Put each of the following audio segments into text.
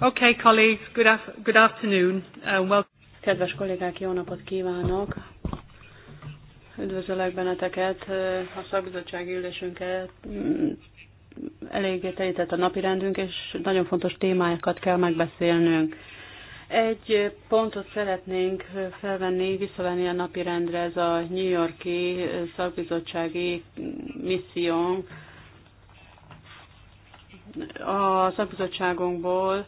Okay, colleagues, good, af- good afternoon. Uh, well- Kedves kollégák, jó napot kívánok! Üdvözöllek benneteket uh, a szakbizottsági ülésünket. Mm, eléggé telített a napi rendünk, és nagyon fontos témákat kell megbeszélnünk. Egy pontot szeretnénk felvenni, visszavenni a napi rendre, ez a New Yorki szakbizottsági missziónk. A szakbizottságunkból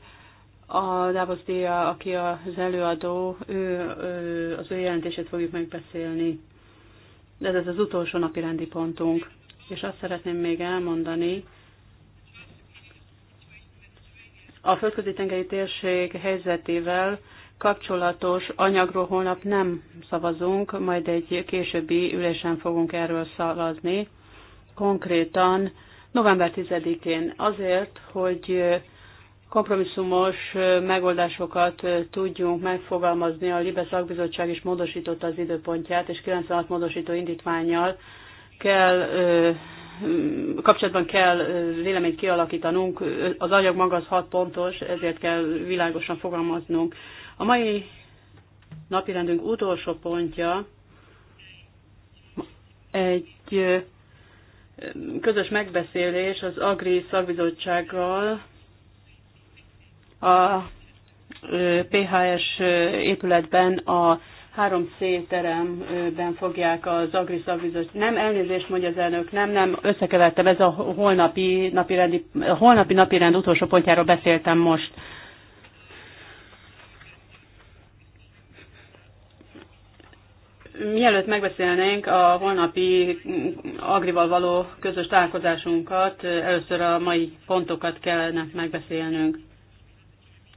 a Davos Dia, aki az előadó, ő, ő, az ő jelentését fogjuk megbeszélni. De ez az utolsó napi rendi pontunk. És azt szeretném még elmondani, a földközi tengeri térség helyzetével kapcsolatos anyagról holnap nem szavazunk, majd egy későbbi ülésen fogunk erről szavazni. Konkrétan november 10-én azért, hogy kompromisszumos megoldásokat tudjunk megfogalmazni. A Libe szakbizottság is módosította az időpontját, és 96 módosító indítványjal kell, kapcsolatban kell véleményt kialakítanunk. Az anyag maga az 6 pontos, ezért kell világosan fogalmaznunk. A mai napirendünk utolsó pontja egy közös megbeszélés az Agri szakbizottsággal, a PHS épületben a három c teremben fogják az agri Nem elnézést mondja az elnök, nem, nem, összekevertem, ez a holnapi napirendi, holnapi napirend utolsó pontjáról beszéltem most. Mielőtt megbeszélnénk a holnapi agrival való közös találkozásunkat, először a mai pontokat kellene megbeszélnünk.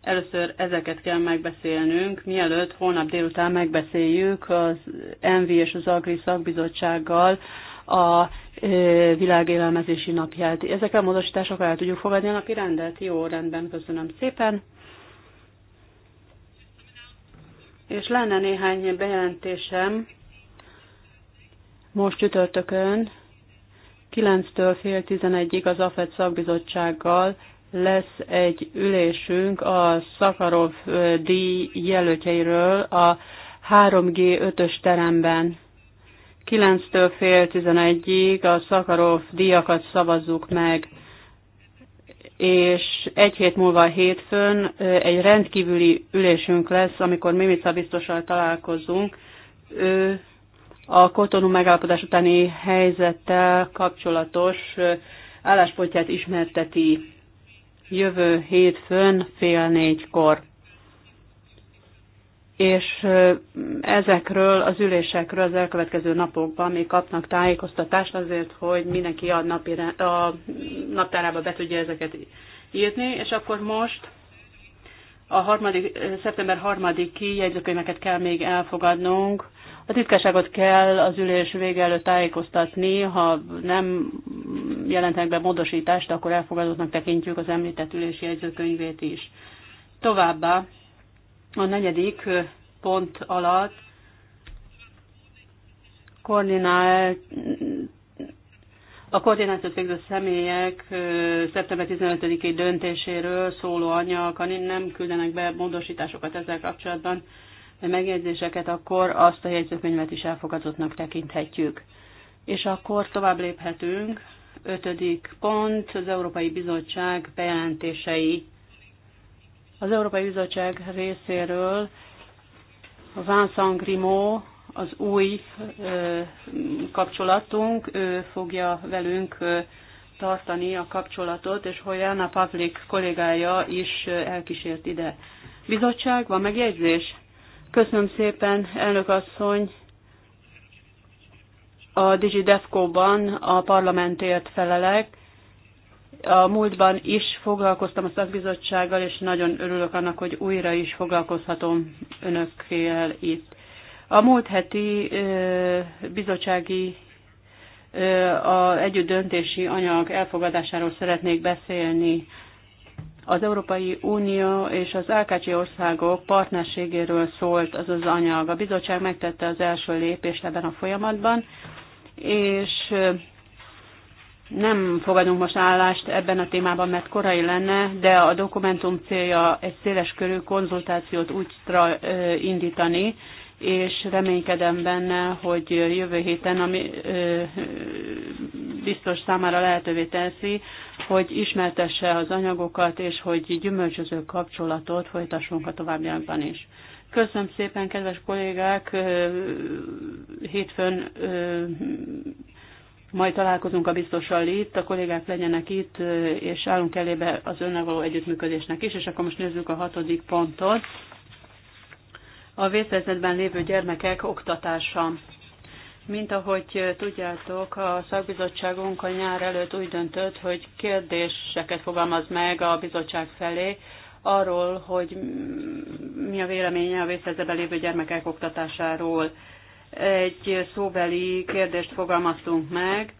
Először ezeket kell megbeszélnünk, mielőtt holnap délután megbeszéljük az ENVI és az AGRI szakbizottsággal a világélelmezési napját. Ezekkel a módosítások el tudjuk fogadni a napi rendet? Jó, rendben, köszönöm szépen. És lenne néhány bejelentésem most csütörtökön, 9-től fél 11-ig az AFED szakbizottsággal lesz egy ülésünk a Szakarov díj jelöltjeiről a 3G5-ös teremben. 9-től fél 11-ig a Szakarov díjakat szavazzuk meg, és egy hét múlva a hétfőn egy rendkívüli ülésünk lesz, amikor Mimica biztosan találkozunk. Ő a kotonú megállapodás utáni helyzettel kapcsolatos álláspontját ismerteti jövő hétfőn fél négykor. És ezekről az ülésekről az elkövetkező napokban még kapnak tájékoztatást azért, hogy mindenki a, napi, a naptárába be tudja ezeket írni, és akkor most a harmadik, szeptember harmadik jegyzőkönyveket kell még elfogadnunk, a titkárságot kell az ülés vége előtt tájékoztatni, ha nem jelentenek be módosítást, akkor elfogadottnak tekintjük az említett ülési jegyzőkönyvét is. Továbbá a negyedik pont alatt koordinált a koordinációt végző személyek szeptember 15-i döntéséről szóló anyag, nem küldenek be módosításokat ezzel kapcsolatban, megjegyzéseket, akkor azt a jegyzőkönyvet is elfogadottnak tekinthetjük. És akkor tovább léphetünk. Ötödik pont, az Európai Bizottság bejelentései. Az Európai Bizottság részéről Vincent Grimaud, az új ö, kapcsolatunk, ő fogja velünk ö, tartani a kapcsolatot, és Holyana Pavlik kollégája is elkísért ide. Bizottság, van megjegyzés? Köszönöm szépen, elnök asszony. A DigiDefco-ban a parlamentért felelek. A múltban is foglalkoztam a szakbizottsággal, és nagyon örülök annak, hogy újra is foglalkozhatom önökkel itt. A múlt heti ö, bizottsági ö, a együtt döntési anyag elfogadásáról szeretnék beszélni. Az Európai Unió és az AKC országok partnerségéről szólt az az anyag. A bizottság megtette az első lépést ebben a folyamatban, és nem fogadunk most állást ebben a témában, mert korai lenne, de a dokumentum célja egy széles körű konzultációt útra indítani, és reménykedem benne, hogy jövő héten, ami biztos számára lehetővé teszi, hogy ismertesse az anyagokat, és hogy gyümölcsöző kapcsolatot folytassunk a továbbiakban is. Köszönöm szépen, kedves kollégák! Hétfőn majd találkozunk a biztossal itt, a kollégák legyenek itt, és állunk elébe az önnel való együttműködésnek is, és akkor most nézzük a hatodik pontot a vészhelyzetben lévő gyermekek oktatása. Mint ahogy tudjátok, a szakbizottságunk a nyár előtt úgy döntött, hogy kérdéseket fogalmaz meg a bizottság felé arról, hogy mi a véleménye a vészhelyzetben lévő gyermekek oktatásáról. Egy szóbeli kérdést fogalmaztunk meg,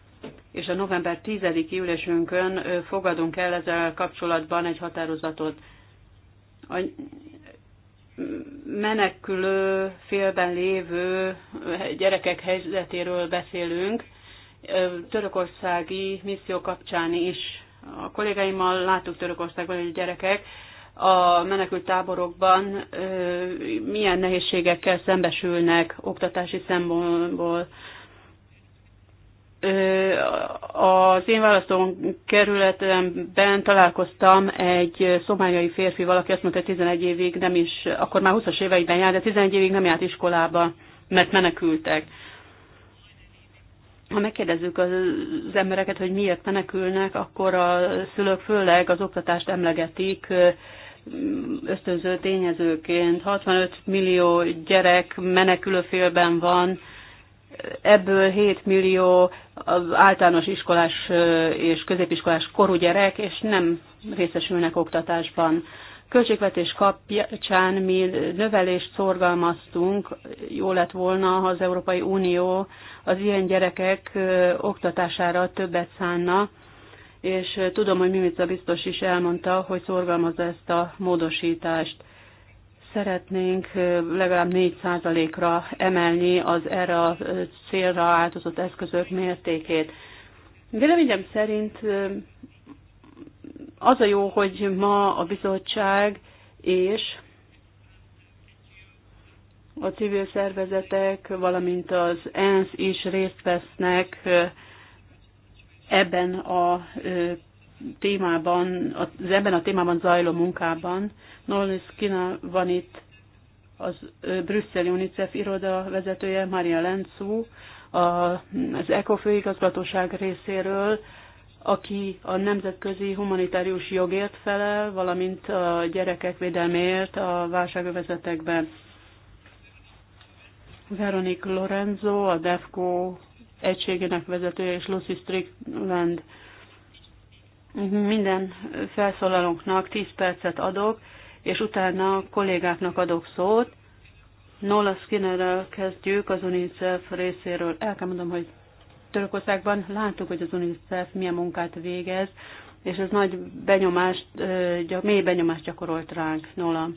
és a november 10-i ülésünkön fogadunk el ezzel kapcsolatban egy határozatot. A menekülő, félben lévő gyerekek helyzetéről beszélünk, törökországi misszió kapcsán is. A kollégáimmal láttuk Törökországban, hogy gyerekek a menekült táborokban milyen nehézségekkel szembesülnek oktatási szempontból, az én választom kerületemben találkoztam egy szomáliai férfival, valaki azt mondta, hogy 11 évig nem is, akkor már 20-as éveiben járt, de 11 évig nem járt iskolába, mert menekültek. Ha megkérdezzük az embereket, hogy miért menekülnek, akkor a szülők főleg az oktatást emlegetik ösztönző tényezőként. 65 millió gyerek menekülőfélben van, ebből 7 millió az általános iskolás és középiskolás korú gyerek, és nem részesülnek oktatásban. Költségvetés kapcsán mi növelést szorgalmaztunk, jó lett volna, ha az Európai Unió az ilyen gyerekek oktatására többet szánna, és tudom, hogy Mimica biztos is elmondta, hogy szorgalmazza ezt a módosítást. Szeretnénk legalább 4%-ra emelni az erre a célra áldozott eszközök mértékét. Véleményem szerint az a jó, hogy ma a bizottság és a civil szervezetek, valamint az ENSZ is részt vesznek ebben a témában, az ebben a témában zajló munkában. Nolnis Kina van itt az brüsszeli UNICEF iroda vezetője, Maria Lenzu, az ECO főigazgatóság részéről, aki a nemzetközi humanitárius jogért felel, valamint a gyerekek védelméért a válságövezetekben. Veronik Lorenzo, a DEFCO egységének vezetője, és Lucy Strickland, minden felszólalónknak 10 percet adok, és utána a kollégáknak adok szót. Nola Skinnerrel kezdjük az UNICEF részéről. El kell mondom, hogy Törökországban láttuk, hogy az UNICEF milyen munkát végez, és ez nagy benyomást, mély benyomást gyakorolt ránk, Nola.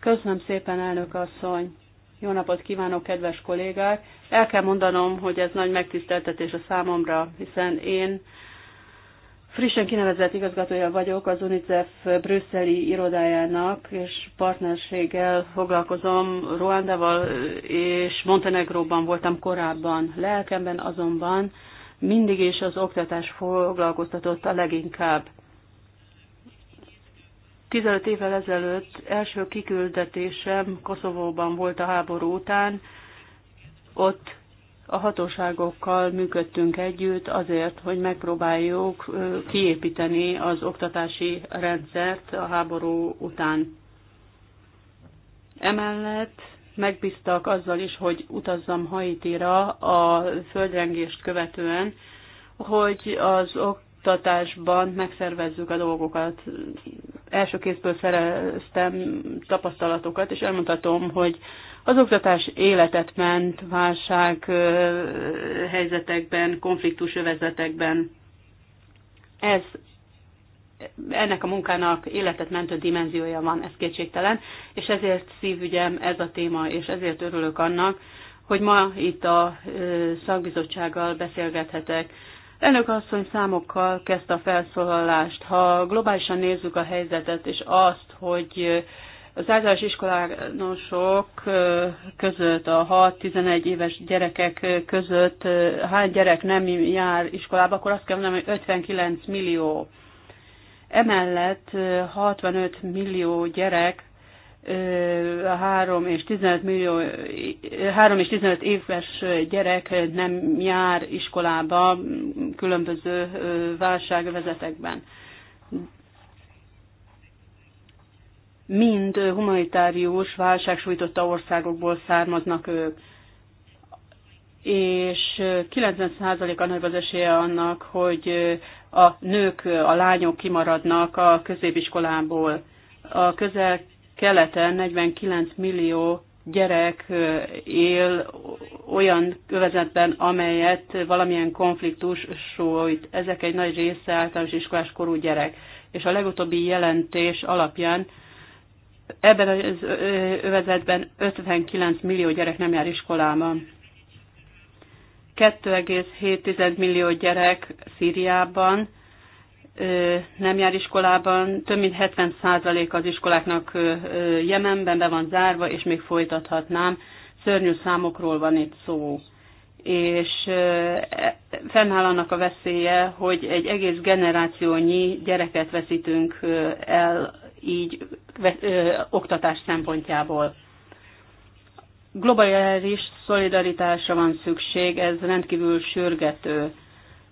Köszönöm szépen, elnök asszony! Jó napot kívánok, kedves kollégák! El kell mondanom, hogy ez nagy megtiszteltetés a számomra, hiszen én Frissen kinevezett igazgatója vagyok az UNICEF brüsszeli irodájának, és partnerséggel foglalkozom Ruandával és Montenegróban voltam korábban. Lelkemben azonban mindig is az oktatás foglalkoztatott a leginkább. 15 évvel ezelőtt első kiküldetésem Koszovóban volt a háború után, ott a hatóságokkal működtünk együtt azért, hogy megpróbáljuk kiépíteni az oktatási rendszert a háború után. Emellett megbíztak azzal is, hogy utazzam Haitira a földrengést követően, hogy az oktatásban megszervezzük a dolgokat. Első kézből szereztem tapasztalatokat, és elmutatom, hogy az oktatás életet ment válság helyzetekben, konfliktus övezetekben. Ez ennek a munkának életet mentő dimenziója van, ez kétségtelen, és ezért szívügyem ez a téma, és ezért örülök annak, hogy ma itt a szakbizottsággal beszélgethetek. Elnök asszony számokkal kezdte a felszólalást. Ha globálisan nézzük a helyzetet, és azt, hogy az általános iskolánosok között, a 6-11 éves gyerekek között hány gyerek nem jár iskolába, akkor azt kell mondanom, hogy 59 millió. Emellett 65 millió gyerek 3 és 15 millió, 3 és 15 éves gyerek nem jár iskolába különböző válságvezetekben mind humanitárius válság sújtotta országokból származnak ők. És 90%-a nagy az esélye annak, hogy a nők, a lányok kimaradnak a középiskolából. A közel-keleten 49 millió gyerek él olyan övezetben, amelyet valamilyen konfliktus sújt. Ezek egy nagy része általános iskolás korú gyerek. És a legutóbbi jelentés alapján Ebben az övezetben 59 millió gyerek nem jár iskolában. 2,7 millió gyerek Szíriában nem jár iskolában, több mint 70% az iskoláknak Jemenben be van zárva, és még folytathatnám, szörnyű számokról van itt szó. És e, fennáll annak a veszélye, hogy egy egész generációnyi gyereket veszítünk el így ö, oktatás szempontjából. Globális szolidaritásra van szükség, ez rendkívül sürgető.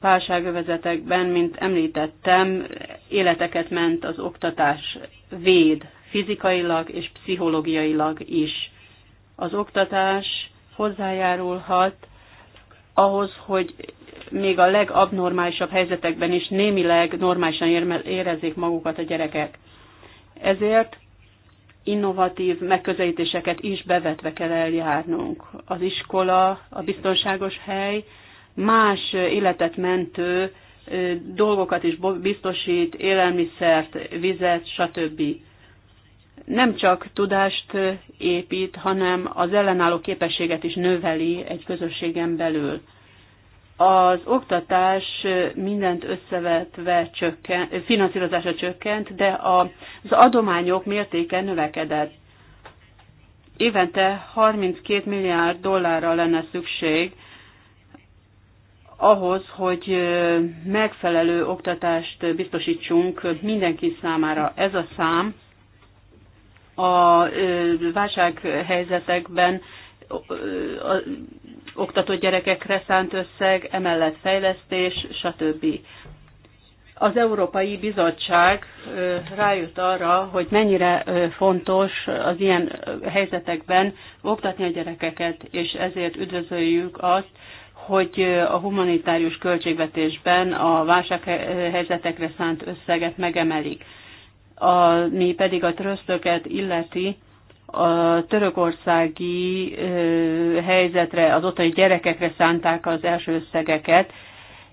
Válságövezetekben, mint említettem, életeket ment az oktatás véd, fizikailag és pszichológiailag is. Az oktatás hozzájárulhat ahhoz, hogy még a legabnormálisabb helyzetekben is némileg normálisan érezzék magukat a gyerekek. Ezért innovatív megközelítéseket is bevetve kell eljárnunk. Az iskola, a biztonságos hely más életet mentő dolgokat is biztosít, élelmiszert, vizet, stb. Nem csak tudást épít, hanem az ellenálló képességet is növeli egy közösségen belül az oktatás mindent összevetve csökkent, finanszírozása csökkent, de az adományok mértéke növekedett. Évente 32 milliárd dollárra lenne szükség ahhoz, hogy megfelelő oktatást biztosítsunk mindenki számára. Ez a szám a válsághelyzetekben oktatott gyerekekre szánt összeg, emellett fejlesztés, stb. Az Európai Bizottság rájut arra, hogy mennyire fontos az ilyen helyzetekben oktatni a gyerekeket, és ezért üdvözöljük azt, hogy a humanitárius költségvetésben a válsághelyzetekre szánt összeget megemelik. A, mi pedig a trösztöket illeti, a törökországi helyzetre, az ottani gyerekekre szánták az első összegeket,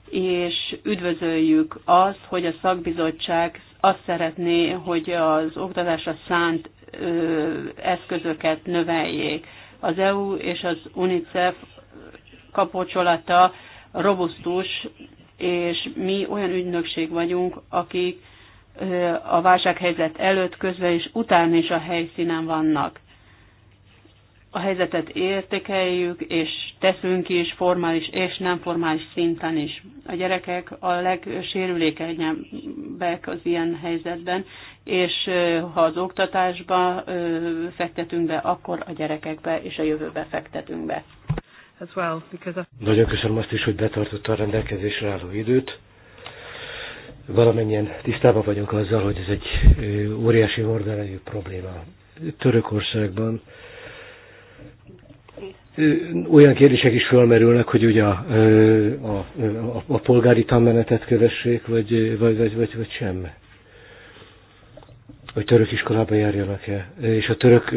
és üdvözöljük azt, hogy a szakbizottság azt szeretné, hogy az oktatásra szánt eszközöket növeljék. Az EU és az UNICEF kapcsolata robusztus, és mi olyan ügynökség vagyunk, akik a válsághelyzet előtt, közben és után is a helyszínen vannak. A helyzetet értékeljük, és teszünk is formális és nem formális szinten is. A gyerekek a legsérülékenyebbek az ilyen helyzetben, és ha az oktatásba fektetünk be, akkor a gyerekekbe és a jövőbe fektetünk be. Nagyon köszönöm azt is, hogy betartotta a rendelkezésre álló időt valamennyien tisztában vagyunk azzal, hogy ez egy óriási horderejű probléma. Törökországban olyan kérdések is felmerülnek, hogy ugye a, a, a, a polgári tanmenetet kövessék, vagy, vagy, vagy, vagy, vagy sem. Hogy török iskolába járjanak-e. És a török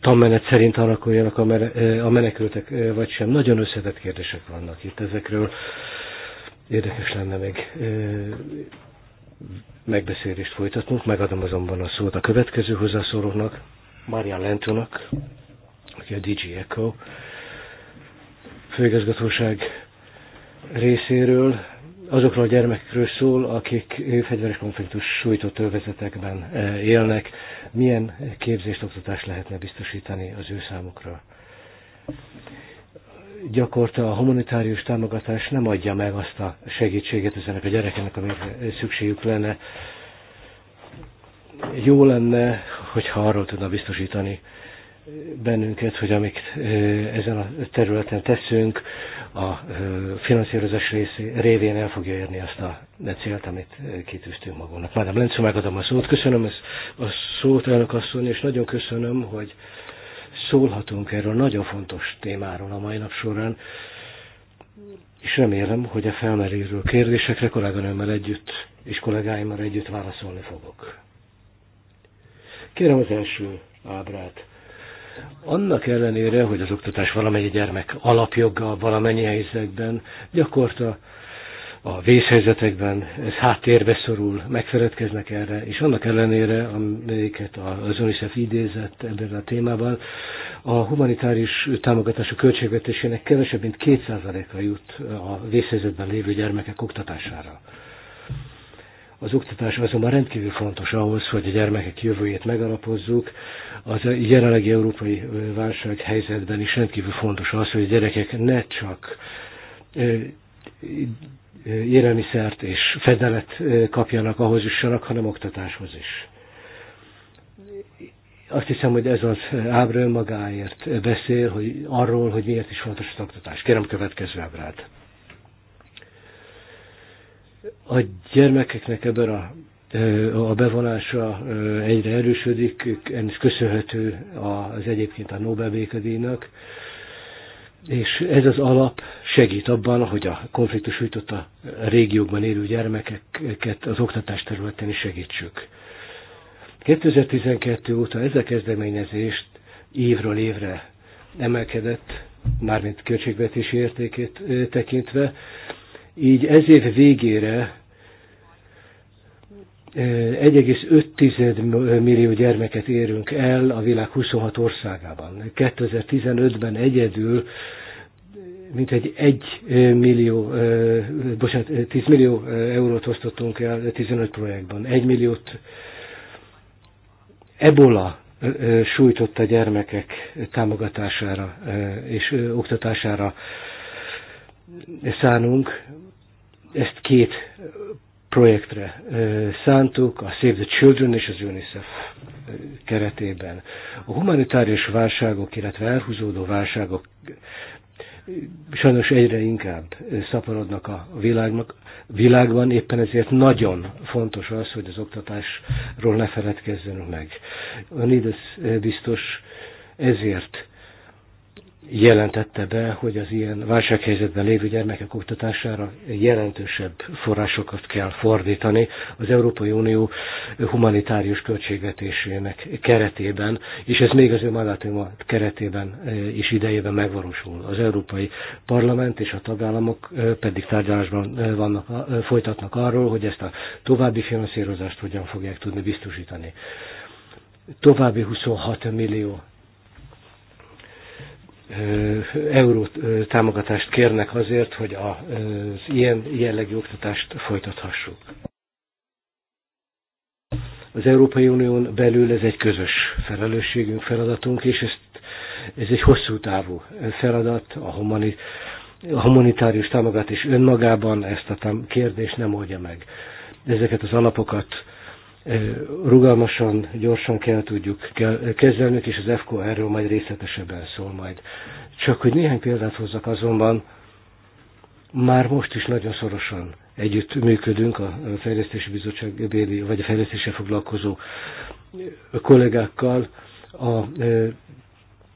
tanmenet szerint alakuljanak a menekültek, vagy sem. Nagyon összetett kérdések vannak itt ezekről Érdekes lenne még megbeszélést folytatnunk, megadom azonban a szót a következő hozzászólónak, Marian Lentónak, aki a DJ Echo főigazgatóság részéről azokról a gyermekről szól, akik fegyveres konfliktus sújtott övezetekben élnek. Milyen képzést, oktatást lehetne biztosítani az ő számukra? gyakorta a humanitárius támogatás nem adja meg azt a segítséget ezenek a gyerekeknek, amire szükségük lenne. Jó lenne, hogyha arról tudna biztosítani bennünket, hogy amit ezen a területen teszünk, a finanszírozás részé, révén el fogja érni azt a célt, amit kitűztünk magunknak. Mádám Lencu, megadom a szót. Köszönöm a szót, elnök asszony, és nagyon köszönöm, hogy szólhatunk erről nagyon fontos témáról a mai nap során, és remélem, hogy a felmerülő kérdésekre kolléganőmmel együtt és kollégáimmal együtt válaszolni fogok. Kérem az első ábrát. Annak ellenére, hogy az oktatás valamennyi gyermek alapjoga valamennyi helyzetben, gyakorta a vészhelyzetekben ez háttérbe szorul, megfeledkeznek erre, és annak ellenére, amelyeket az UNICEF idézett ebben a témában, a humanitárius támogatások költségvetésének kevesebb, mint 2%-a jut a vészhelyzetben lévő gyermekek oktatására. Az oktatás azonban rendkívül fontos ahhoz, hogy a gyermekek jövőjét megalapozzuk. Az jelenlegi európai válság helyzetben is rendkívül fontos az, hogy a gyerekek ne csak élelmiszert és fedelet kapjanak, ahhoz jussanak, hanem oktatáshoz is. Azt hiszem, hogy ez az ábra önmagáért beszél, hogy arról, hogy miért is fontos az oktatás. Kérem következő ábrát. A gyermekeknek ebben a a bevonása egyre erősödik, ennek köszönhető az egyébként a Nobel békedíjnak és ez az alap segít abban, hogy a konfliktus a régiókban élő gyermekeket az oktatás területen is segítsük. 2012 óta ez a kezdeményezést évről évre emelkedett, mármint költségvetési értékét tekintve, így ez év végére 1,5 millió gyermeket érünk el a világ 26 országában. 2015-ben egyedül mintegy 1 millió, bocsánat, 10 millió eurót osztottunk el 15 projektben. 1 milliót ebola sújtott a gyermekek támogatására és oktatására szánunk. Ezt két projektre szántuk, a Save the Children és az UNICEF keretében. A humanitárius válságok, illetve elhúzódó válságok sajnos egyre inkább szaporodnak a világnak, világban, éppen ezért nagyon fontos az, hogy az oktatásról ne feledkezzenünk meg. A NIDES biztos ezért jelentette be, hogy az ilyen válsághelyzetben lévő gyermekek oktatására jelentősebb forrásokat kell fordítani az Európai Unió humanitárius költségvetésének keretében, és ez még az ő mandátumát keretében e, és idejében megvalósul. Az Európai Parlament és a tagállamok e, pedig tárgyalásban e, vannak, folytatnak arról, hogy ezt a további finanszírozást hogyan fogják tudni biztosítani. További 26 millió euró támogatást kérnek azért, hogy az ilyen jellegű oktatást folytathassuk. Az Európai Unión belül ez egy közös felelősségünk, feladatunk, és ezt, ez egy hosszú távú feladat, a, humani, a humanitárius támogatás önmagában ezt a kérdést nem oldja meg. Ezeket az alapokat rugalmasan, gyorsan kell tudjuk kezelnünk, és az FKO erről majd részletesebben szól majd. Csak hogy néhány példát hozzak azonban, már most is nagyon szorosan együtt működünk a Fejlesztési Bizottság béli, vagy a fejlesztéssel foglalkozó kollégákkal a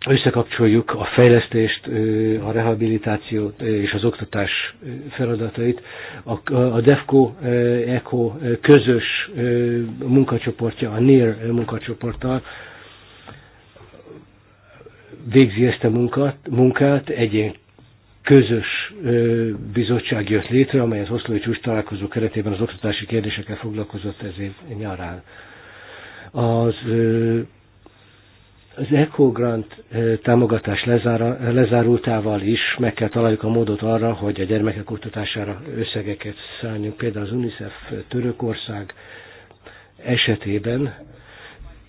összekapcsoljuk a fejlesztést, a rehabilitációt és az oktatás feladatait. A DEFCO ECO közös munkacsoportja, a NIR munkacsoporttal végzi ezt a munkát, munkát egyén közös bizottság jött létre, amely az oszlói csúcs találkozó keretében az oktatási kérdésekkel foglalkozott ezért év nyarán. Az az EcoGrant eh, támogatás lezára, lezárultával is meg kell találjuk a módot arra, hogy a gyermekek oktatására összegeket szálljunk. Például az UNICEF Törökország esetében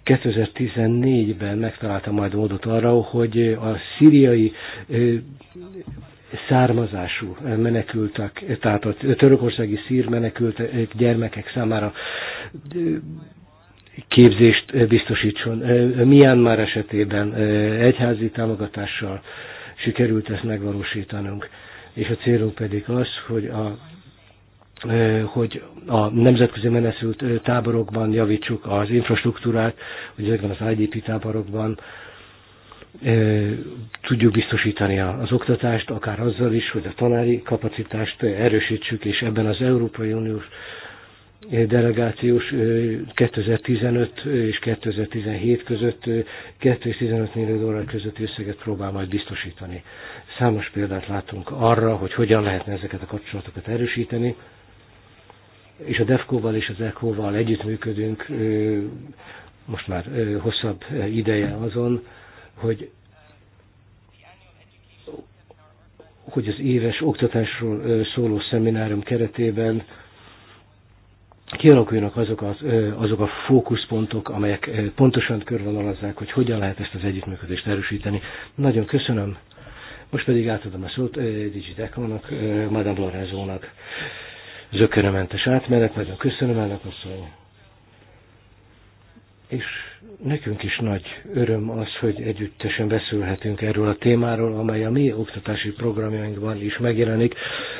2014-ben megtalálta majd a módot arra, hogy a szíriai eh, származású menekültek, tehát a törökországi szír menekültek eh, gyermekek számára képzést eh, biztosítson. Eh, már esetében eh, egyházi támogatással sikerült ezt megvalósítanunk. És a célunk pedig az, hogy a hogy a nemzetközi meneszült táborokban javítsuk az infrastruktúrát, hogy ezekben az IDP táborokban tudjuk biztosítani az oktatást, akár azzal is, hogy a tanári kapacitást erősítsük, és ebben az Európai Uniós delegációs 2015 és 2017 között 2 és 15 millió dollár közötti összeget próbál majd biztosítani. Számos példát látunk arra, hogy hogyan lehetne ezeket a kapcsolatokat erősíteni, és a DEFCO-val és az ECHO-val együttműködünk most már hosszabb ideje azon, hogy hogy az éves oktatásról szóló szeminárium keretében kialakuljanak azok, az, azok a fókuszpontok, amelyek pontosan körvonalazzák, hogy hogyan lehet ezt az együttműködést erősíteni. Nagyon köszönöm. Most pedig átadom a szót Dekonnak, Madame Lorenzónak. zökkönömentes átmenet, nagyon köszönöm a szó. És nekünk is nagy öröm az, hogy együttesen beszélhetünk erről a témáról, amely a mi oktatási programjainkban is megjelenik,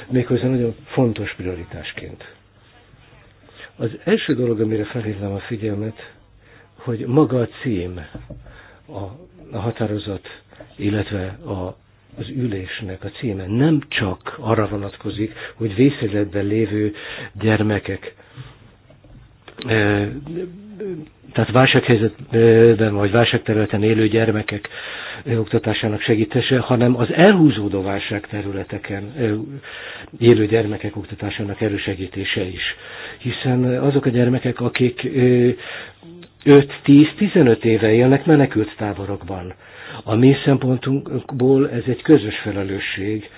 méghozzá nagyon fontos prioritásként az első dolog, amire felhívnám a figyelmet, hogy maga a cím, a, a határozat, illetve a, az ülésnek a címe nem csak arra vonatkozik, hogy vészhelyzetben lévő gyermekek tehát válsághelyzetben vagy válságterületen élő gyermekek oktatásának segítése, hanem az elhúzódó válságterületeken élő gyermekek oktatásának erősegítése is. Hiszen azok a gyermekek, akik 5-10-15 éve élnek menekült táborokban, a mi szempontunkból ez egy közös felelősség,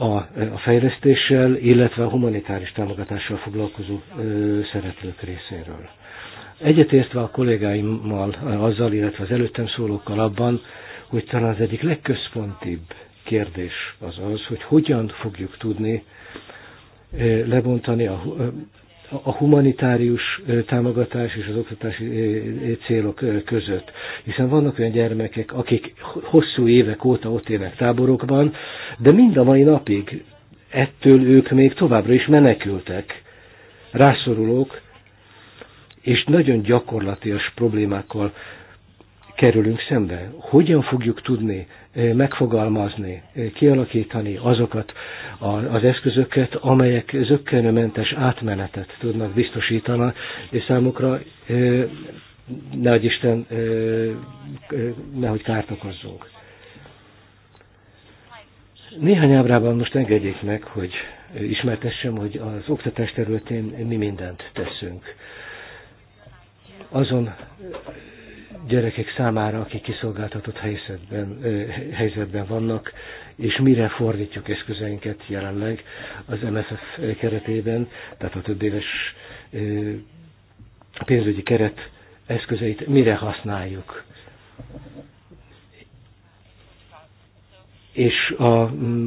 a, a fejlesztéssel, illetve a humanitáris támogatással foglalkozó ö, szereplők részéről. Egyetértve a kollégáimmal azzal, illetve az előttem szólókkal abban, hogy talán az egyik legközpontibb kérdés az az, hogy hogyan fogjuk tudni lebontani a a humanitárius támogatás és az oktatási célok között. Hiszen vannak olyan gyermekek, akik hosszú évek óta ott élnek táborokban, de mind a mai napig ettől ők még továbbra is menekültek, rászorulók, és nagyon gyakorlatias problémákkal kerülünk szembe. Hogyan fogjuk tudni eh, megfogalmazni, eh, kialakítani azokat az eszközöket, amelyek zöggenőmentes átmenetet tudnak biztosítani, és számukra eh, nehogy Isten, nehogy kárt okozzunk. Néhány ábrában most engedjék meg, hogy ismertessem, hogy az oktatás területén mi mindent teszünk. Azon gyerekek számára, akik kiszolgáltatott helyzetben, helyzetben vannak, és mire fordítjuk eszközeinket jelenleg az MFF keretében, tehát a több éves pénzügyi keret eszközeit mire használjuk. És a mm,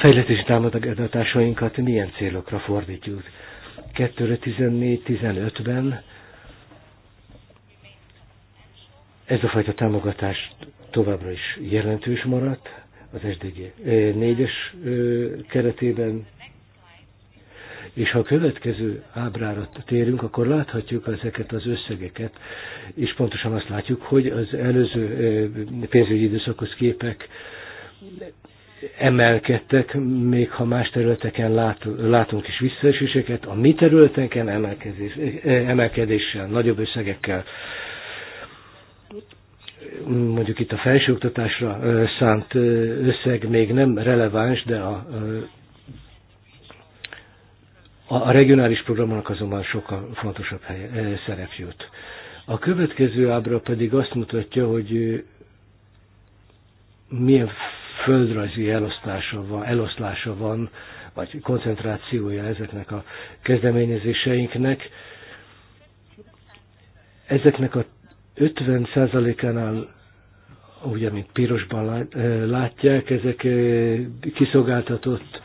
fejlesztési támogatásainkat milyen célokra fordítjuk. 2014-15-ben Ez a fajta támogatás továbbra is jelentős maradt az SDG 4-es eh, eh, keretében, és ha a következő ábrára térünk, akkor láthatjuk ezeket az összegeket, és pontosan azt látjuk, hogy az előző eh, pénzügyi időszakhoz képek emelkedtek, még ha más területeken lát, látunk is visszaeséseket, a mi területeken emelkedés, emelkedéssel, nagyobb összegekkel mondjuk itt a felsőoktatásra szánt összeg még nem releváns, de a, a regionális programnak azonban sokkal fontosabb helye, szerep jut. A következő ábra pedig azt mutatja, hogy milyen földrajzi elosztása van, eloszlása van, vagy koncentrációja ezeknek a kezdeményezéseinknek. Ezeknek a 50%-ánál, ugye, mint pirosban látják, ezek kiszolgáltatott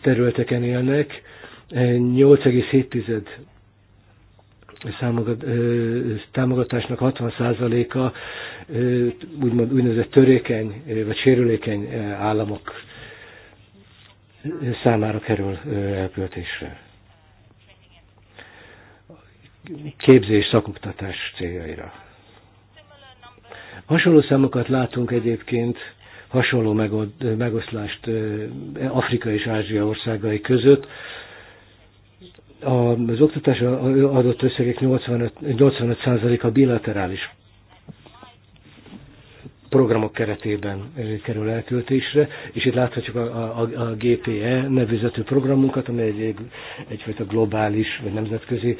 területeken élnek, 8,7 támogatásnak 60%-a úgymond úgynevezett törékeny vagy sérülékeny államok számára kerül elköltésre képzés szakoktatás céljaira. Hasonló számokat látunk egyébként, hasonló megoszlást Afrika és Ázsia országai között. Az oktatás adott összegek 85%-a 85 bilaterális programok keretében kerül elköltésre, és itt láthatjuk a, a, a GPE nevezető programunkat, amely egy, egyfajta globális vagy nemzetközi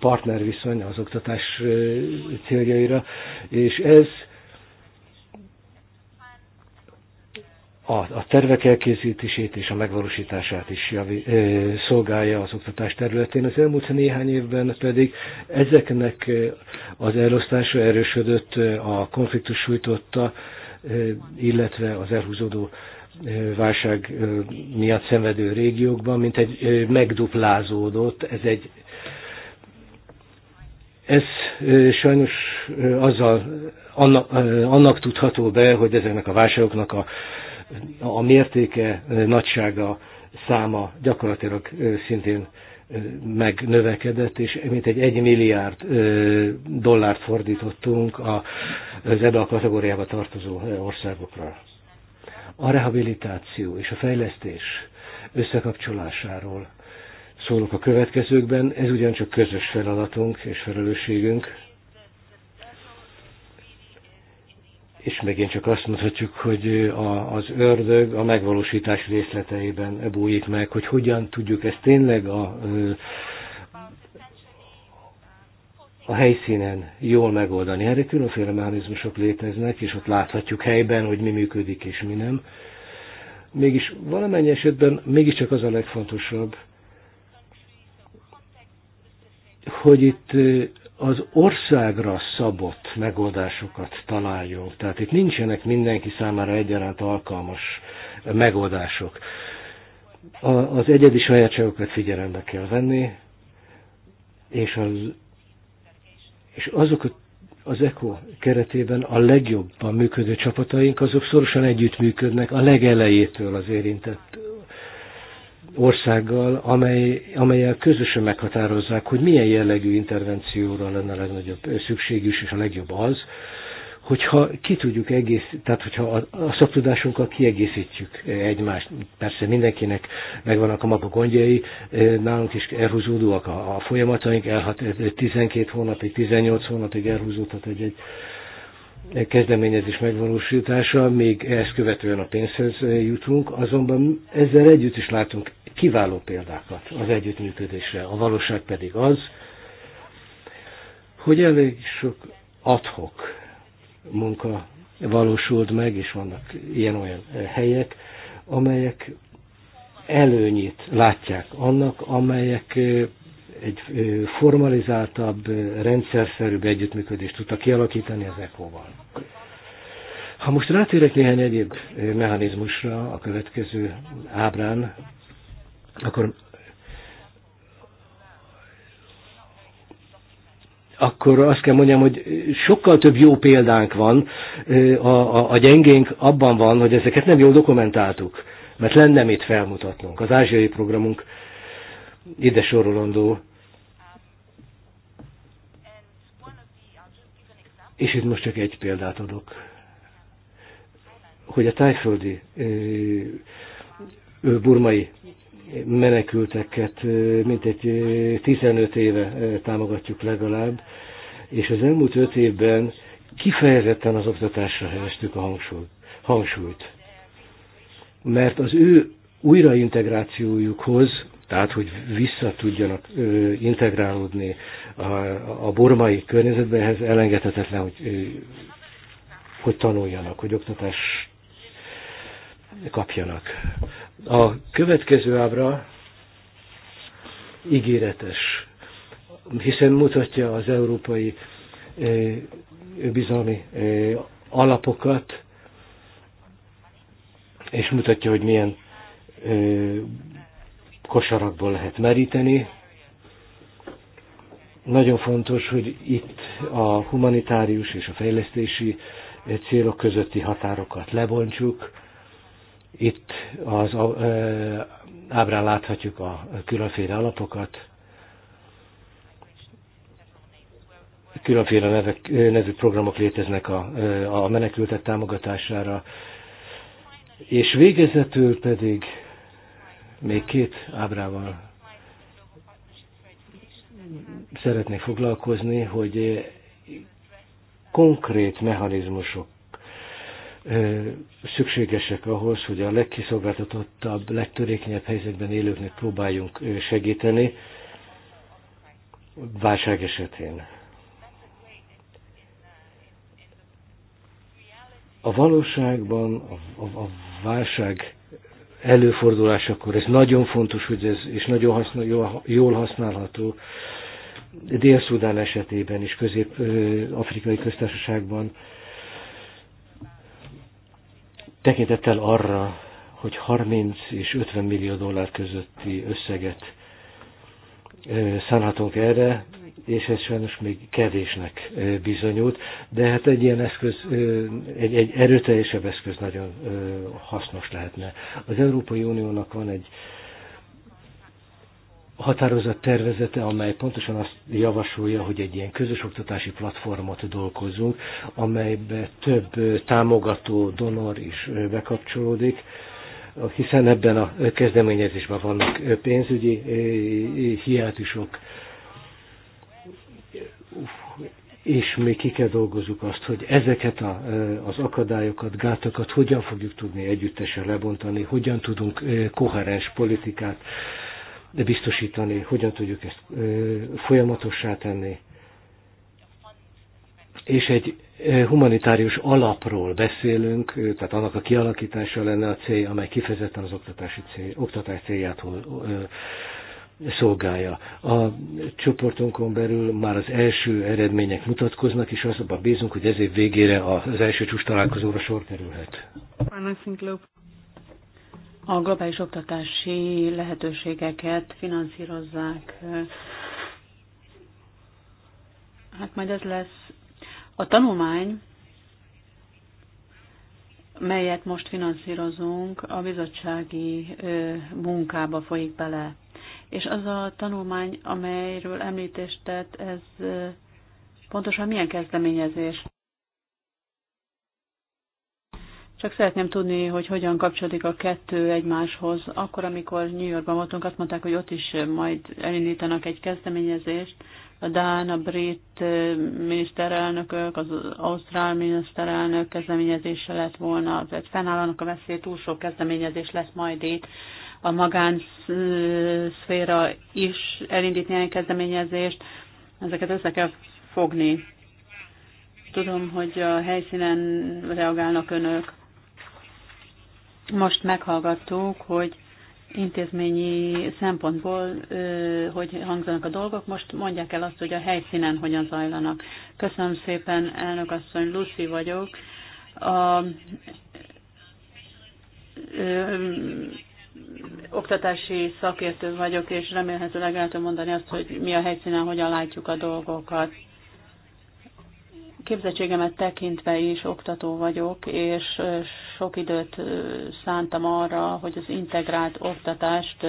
partnerviszony az oktatás céljaira, és ez a, a tervek elkészítését és a megvalósítását is javi, ö, szolgálja az oktatás területén. Az elmúlt néhány évben pedig ezeknek az elosztása erősödött, a konfliktus sújtotta, illetve az elhúzódó válság miatt szenvedő régiókban, mint egy megduplázódott. Ez egy ez sajnos azzal, annak, annak tudható be, hogy ezeknek a válságoknak a a mértéke, nagysága, száma gyakorlatilag szintén megnövekedett, és mint egy 1 milliárd dollárt fordítottunk az ebbe a kategóriába tartozó országokra. A rehabilitáció és a fejlesztés összekapcsolásáról szólok a következőkben, ez ugyancsak közös feladatunk és felelősségünk, és megint csak azt mondhatjuk, hogy a, az ördög a megvalósítás részleteiben bújik meg, hogy hogyan tudjuk ezt tényleg a, a helyszínen jól megoldani. Erre különféle mechanizmusok léteznek, és ott láthatjuk helyben, hogy mi működik és mi nem. Mégis valamennyi esetben mégiscsak az a legfontosabb, hogy itt az országra szabott megoldásokat találjunk. Tehát itt nincsenek mindenki számára egyaránt alkalmas megoldások. A, az egyedi sajátságokat figyelembe kell venni, és, az, és azok a az ECO keretében a legjobban működő csapataink azok szorosan együttműködnek a legelejétől az érintett országgal, amely, amelyel közösen meghatározzák, hogy milyen jellegű intervencióra lenne a legnagyobb szükségűs, és a legjobb az, hogyha ki tudjuk egész, tehát hogyha a, a szaktudásunkkal kiegészítjük egymást, persze mindenkinek megvannak a maga gondjai, nálunk is elhúzódóak a, a folyamataink, elhat 12 hónapig, 18 hónapig elhúzódhat egy, egy kezdeményezés megvalósítása, még ezt követően a pénzhez jutunk, azonban ezzel együtt is látunk kiváló példákat az együttműködésre. A valóság pedig az, hogy elég sok adhok munka valósult meg, és vannak ilyen-olyan helyek, amelyek előnyit látják annak, amelyek egy formalizáltabb, rendszerszerűbb együttműködést tudtak kialakítani az ECO-val. Ha most rátérek néhány egyéb mechanizmusra a következő ábrán, akkor akkor azt kell mondjam, hogy sokkal több jó példánk van, a, a, a gyengénk abban van, hogy ezeket nem jól dokumentáltuk, mert lenne mit felmutatnunk. Az ázsiai programunk ide sorolandó. És itt most csak egy példát adok, hogy a tájföldi burmai menekülteket mint egy 15 éve támogatjuk legalább, és az elmúlt 5 évben kifejezetten az oktatásra helyeztük a hangsúlyt. hangsúlyt. Mert az ő újraintegrációjukhoz, tehát hogy vissza tudjanak integrálódni a, a bormai környezetbe, ehhez elengedhetetlen, hogy, hogy tanuljanak, hogy oktatást kapjanak. A következő ábra ígéretes, hiszen mutatja az európai eh, bizalmi eh, alapokat, és mutatja, hogy milyen eh, kosarakból lehet meríteni. Nagyon fontos, hogy itt a humanitárius és a fejlesztési célok közötti határokat lebontsuk, itt az ábrán láthatjuk a különféle alapokat, különféle nevek, nevű programok léteznek a, a menekültek támogatására, és végezetül pedig még két ábrával szeretnék foglalkozni, hogy konkrét mechanizmusok szükségesek ahhoz, hogy a legkiszolgáltatottabb, legtörékenyebb helyzetben élőknek próbáljunk segíteni válság esetén. A valóságban, a, a, a válság előfordulásakor ez nagyon fontos, hogy ez és nagyon haszna, jól használható. Dél-Szudán esetében is, Közép-Afrikai Köztársaságban tekintettel arra, hogy 30 és 50 millió dollár közötti összeget szánhatunk erre, és ez sajnos még kevésnek bizonyult, de hát egy ilyen eszköz, egy, egy erőteljesebb eszköz nagyon hasznos lehetne. Az Európai Uniónak van egy határozat tervezete, amely pontosan azt javasolja, hogy egy ilyen közös oktatási platformot dolgozunk amelybe több támogató, donor is bekapcsolódik, hiszen ebben a kezdeményezésben vannak pénzügyi hiátusok, és még ki kell dolgozzuk azt, hogy ezeket a, az akadályokat, gátakat hogyan fogjuk tudni együttesen lebontani, hogyan tudunk koherens politikát de biztosítani, hogyan tudjuk ezt folyamatossá tenni. És egy humanitárius alapról beszélünk, tehát annak a kialakítása lenne a cél, amely kifejezetten az oktatási cél, oktatás célját szolgálja. A csoportunkon belül már az első eredmények mutatkoznak, és azonban bízunk, hogy ez év végére az első csúcs találkozóra sor kerülhet a globális oktatási lehetőségeket finanszírozzák. Hát majd ez lesz. A tanulmány, melyet most finanszírozunk, a bizottsági munkába folyik bele. És az a tanulmány, amelyről említést tett, ez pontosan milyen kezdeményezés? Csak szeretném tudni, hogy hogyan kapcsolódik a kettő egymáshoz. Akkor, amikor New Yorkban voltunk, azt mondták, hogy ott is majd elindítanak egy kezdeményezést. A Dán, a brit eh, miniszterelnökök, az ausztrál miniszterelnök kezdeményezése lett volna, tehát fennállanak a veszély, túl sok kezdeményezés lesz majd itt. A magánszféra is elindítni ilyen kezdeményezést. Ezeket össze kell fogni. Tudom, hogy a helyszínen reagálnak önök, most meghallgattuk, hogy intézményi szempontból, hogy hangzanak a dolgok, most mondják el azt, hogy a helyszínen hogyan zajlanak. Köszönöm szépen, elnök asszony, Lucy vagyok. A, ö, oktatási szakértő vagyok, és remélhetőleg el tudom mondani azt, hogy mi a helyszínen, hogyan látjuk a dolgokat képzettségemet tekintve is oktató vagyok, és sok időt szántam arra, hogy az integrált oktatást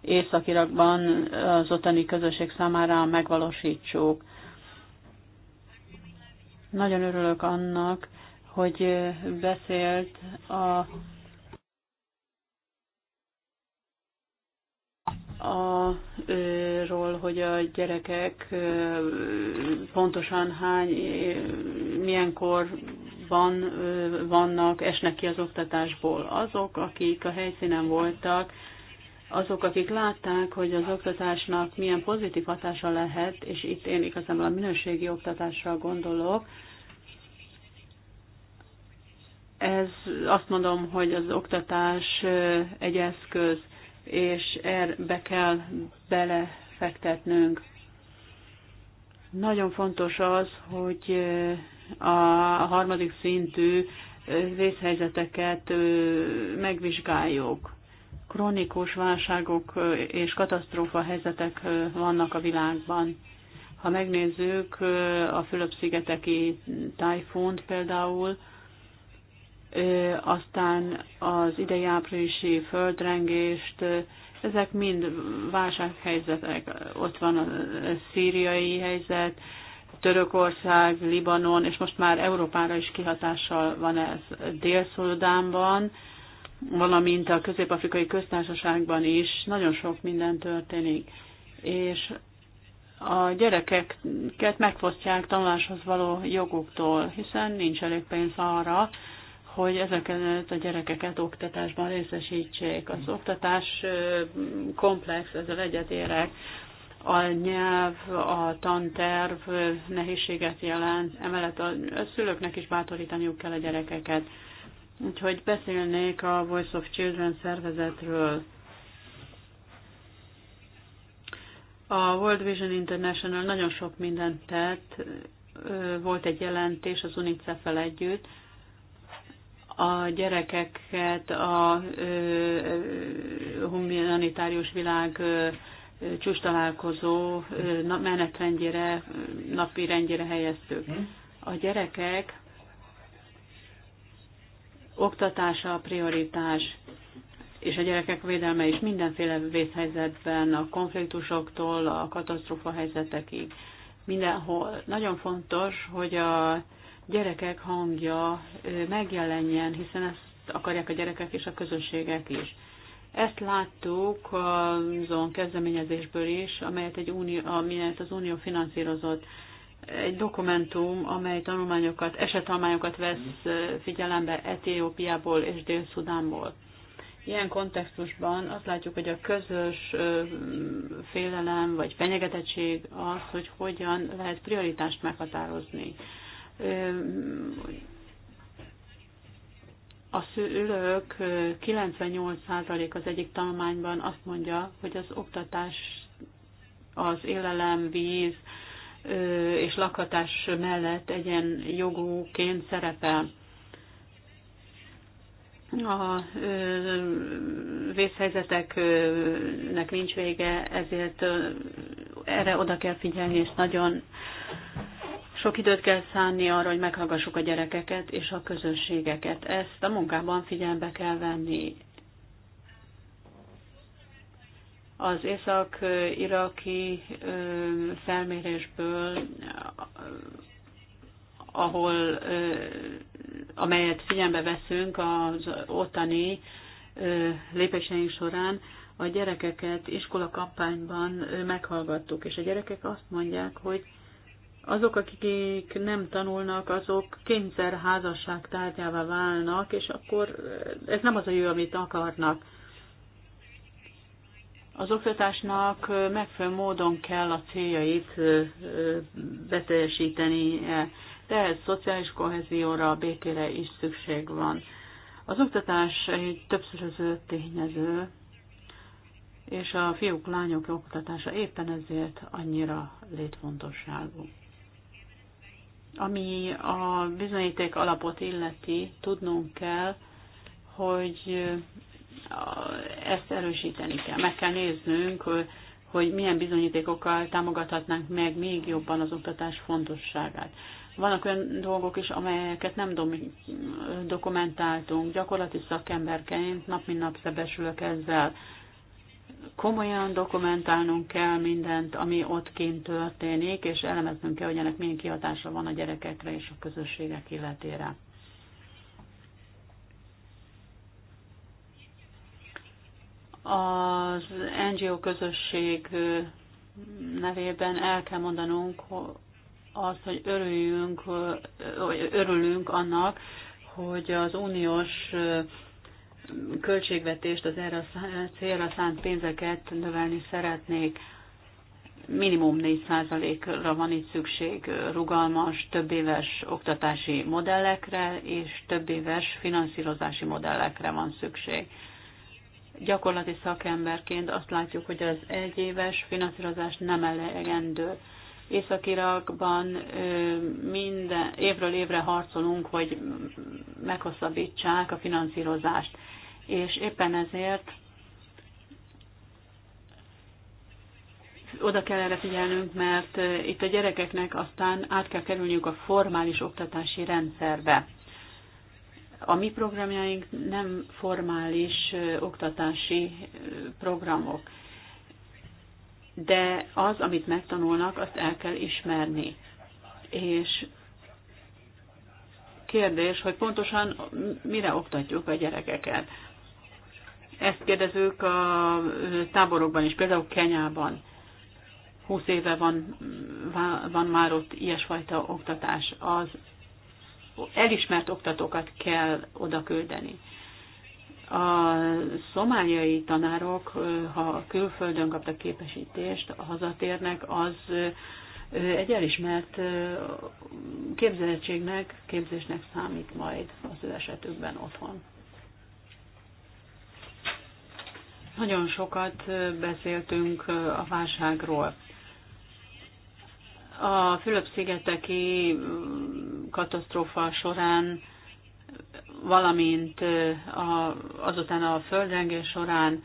Északirakban az ottani közösség számára megvalósítsuk. Nagyon örülök annak, hogy beszélt a arról, hogy a gyerekek pontosan hány, milyen korban vannak, esnek ki az oktatásból. Azok, akik a helyszínen voltak, azok, akik látták, hogy az oktatásnak milyen pozitív hatása lehet, és itt én igazából a minőségi oktatásra gondolok, ez azt mondom, hogy az oktatás egy eszköz, és erbe kell belefektetnünk. Nagyon fontos az, hogy a harmadik szintű vészhelyzeteket megvizsgáljuk. Kronikus válságok és katasztrófa helyzetek vannak a világban. Ha megnézzük a Fülöp-szigeteki tájfont például, aztán az idei áprilisi földrengést, ezek mind válsághelyzetek. Ott van a szíriai helyzet, Törökország, Libanon, és most már Európára is kihatással van ez Dél-Szudánban, valamint a Közép-Afrikai Köztársaságban is nagyon sok minden történik. És a gyerekeket megfosztják tanuláshoz való joguktól, hiszen nincs elég pénz arra, hogy ezeket a gyerekeket oktatásban részesítsék. Az oktatás komplex, ezzel egyetérek. A nyelv, a tanterv nehézséget jelent, emellett a szülőknek is bátorítaniuk kell a gyerekeket. Úgyhogy beszélnék a Voice of Children szervezetről. A World Vision International nagyon sok mindent tett, volt egy jelentés az UNICEF-el együtt, a gyerekeket a humanitárius világ csúcs találkozó menetrendjére, napi rendjére helyeztük. Hm? A gyerekek oktatása a prioritás, és a gyerekek védelme is mindenféle vészhelyzetben, a konfliktusoktól a katasztrófa helyzetekig. Mindenhol nagyon fontos, hogy a gyerekek hangja megjelenjen, hiszen ezt akarják a gyerekek és a közönségek is. Ezt láttuk azon kezdeményezésből is, amelyet, egy unió, amelyet az Unió finanszírozott. Egy dokumentum, amely tanulmányokat, esetalmányokat vesz figyelembe Etiópiából és Dél-Szudánból. Ilyen kontextusban azt látjuk, hogy a közös félelem vagy fenyegetettség az, hogy hogyan lehet prioritást meghatározni a szülők 98% az egyik tanulmányban azt mondja, hogy az oktatás, az élelem, víz és lakhatás mellett egyen jogúként szerepel. A vészhelyzeteknek nincs vége, ezért erre oda kell figyelni, és nagyon sok időt kell szánni arra, hogy meghallgassuk a gyerekeket és a közösségeket. Ezt a munkában figyelembe kell venni. Az észak-iraki felmérésből, ahol, amelyet figyelembe veszünk az ottani lépéseink során, a gyerekeket iskola kampányban meghallgattuk, és a gyerekek azt mondják, hogy azok, akik nem tanulnak, azok kényszer házasság tárgyává válnak, és akkor ez nem az a jó amit akarnak. Az oktatásnak megfelelő módon kell a céljait beteljesíteni, de ez szociális kohézióra, békére is szükség van. Az oktatás egy többszöröző tényező, és a fiúk-lányok oktatása éppen ezért annyira létfontosságú. Ami a bizonyíték alapot illeti, tudnunk kell, hogy ezt erősíteni kell. Meg kell néznünk, hogy milyen bizonyítékokkal támogathatnánk meg még jobban az oktatás fontosságát. Vannak olyan dolgok is, amelyeket nem dokumentáltunk. Gyakorlati szakemberként nap mint nap szebesülök ezzel komolyan dokumentálnunk kell mindent, ami ott kint történik, és elemeznünk kell, hogy ennek milyen kihatása van a gyerekekre és a közösségek illetére. Az NGO közösség nevében el kell mondanunk azt, hogy örüljünk, örülünk annak, hogy az uniós költségvetést, az erre célra szánt pénzeket növelni szeretnék. Minimum 4%-ra van itt szükség rugalmas, többéves oktatási modellekre és többéves finanszírozási modellekre van szükség. Gyakorlati szakemberként azt látjuk, hogy az egyéves finanszírozás nem elegendő. Észak-Irakban minden évről évre harcolunk, hogy meghosszabbítsák a finanszírozást és éppen ezért oda kell erre figyelnünk, mert itt a gyerekeknek aztán át kell kerülniük a formális oktatási rendszerbe. A mi programjaink nem formális oktatási programok, de az, amit megtanulnak, azt el kell ismerni. És kérdés, hogy pontosan mire oktatjuk a gyerekeket. Ezt kérdezők a táborokban is, például Kenyában. 20 éve van, van már ott ilyesfajta oktatás. Az elismert oktatókat kell oda küldeni. A szomáliai tanárok, ha külföldön kaptak képesítést, hazatérnek, az egy elismert képzettségnek, képzésnek számít majd az ő esetükben otthon. Nagyon sokat beszéltünk a válságról. A Fülöp-szigeteki mm, katasztrófa során, valamint azután a földrengés során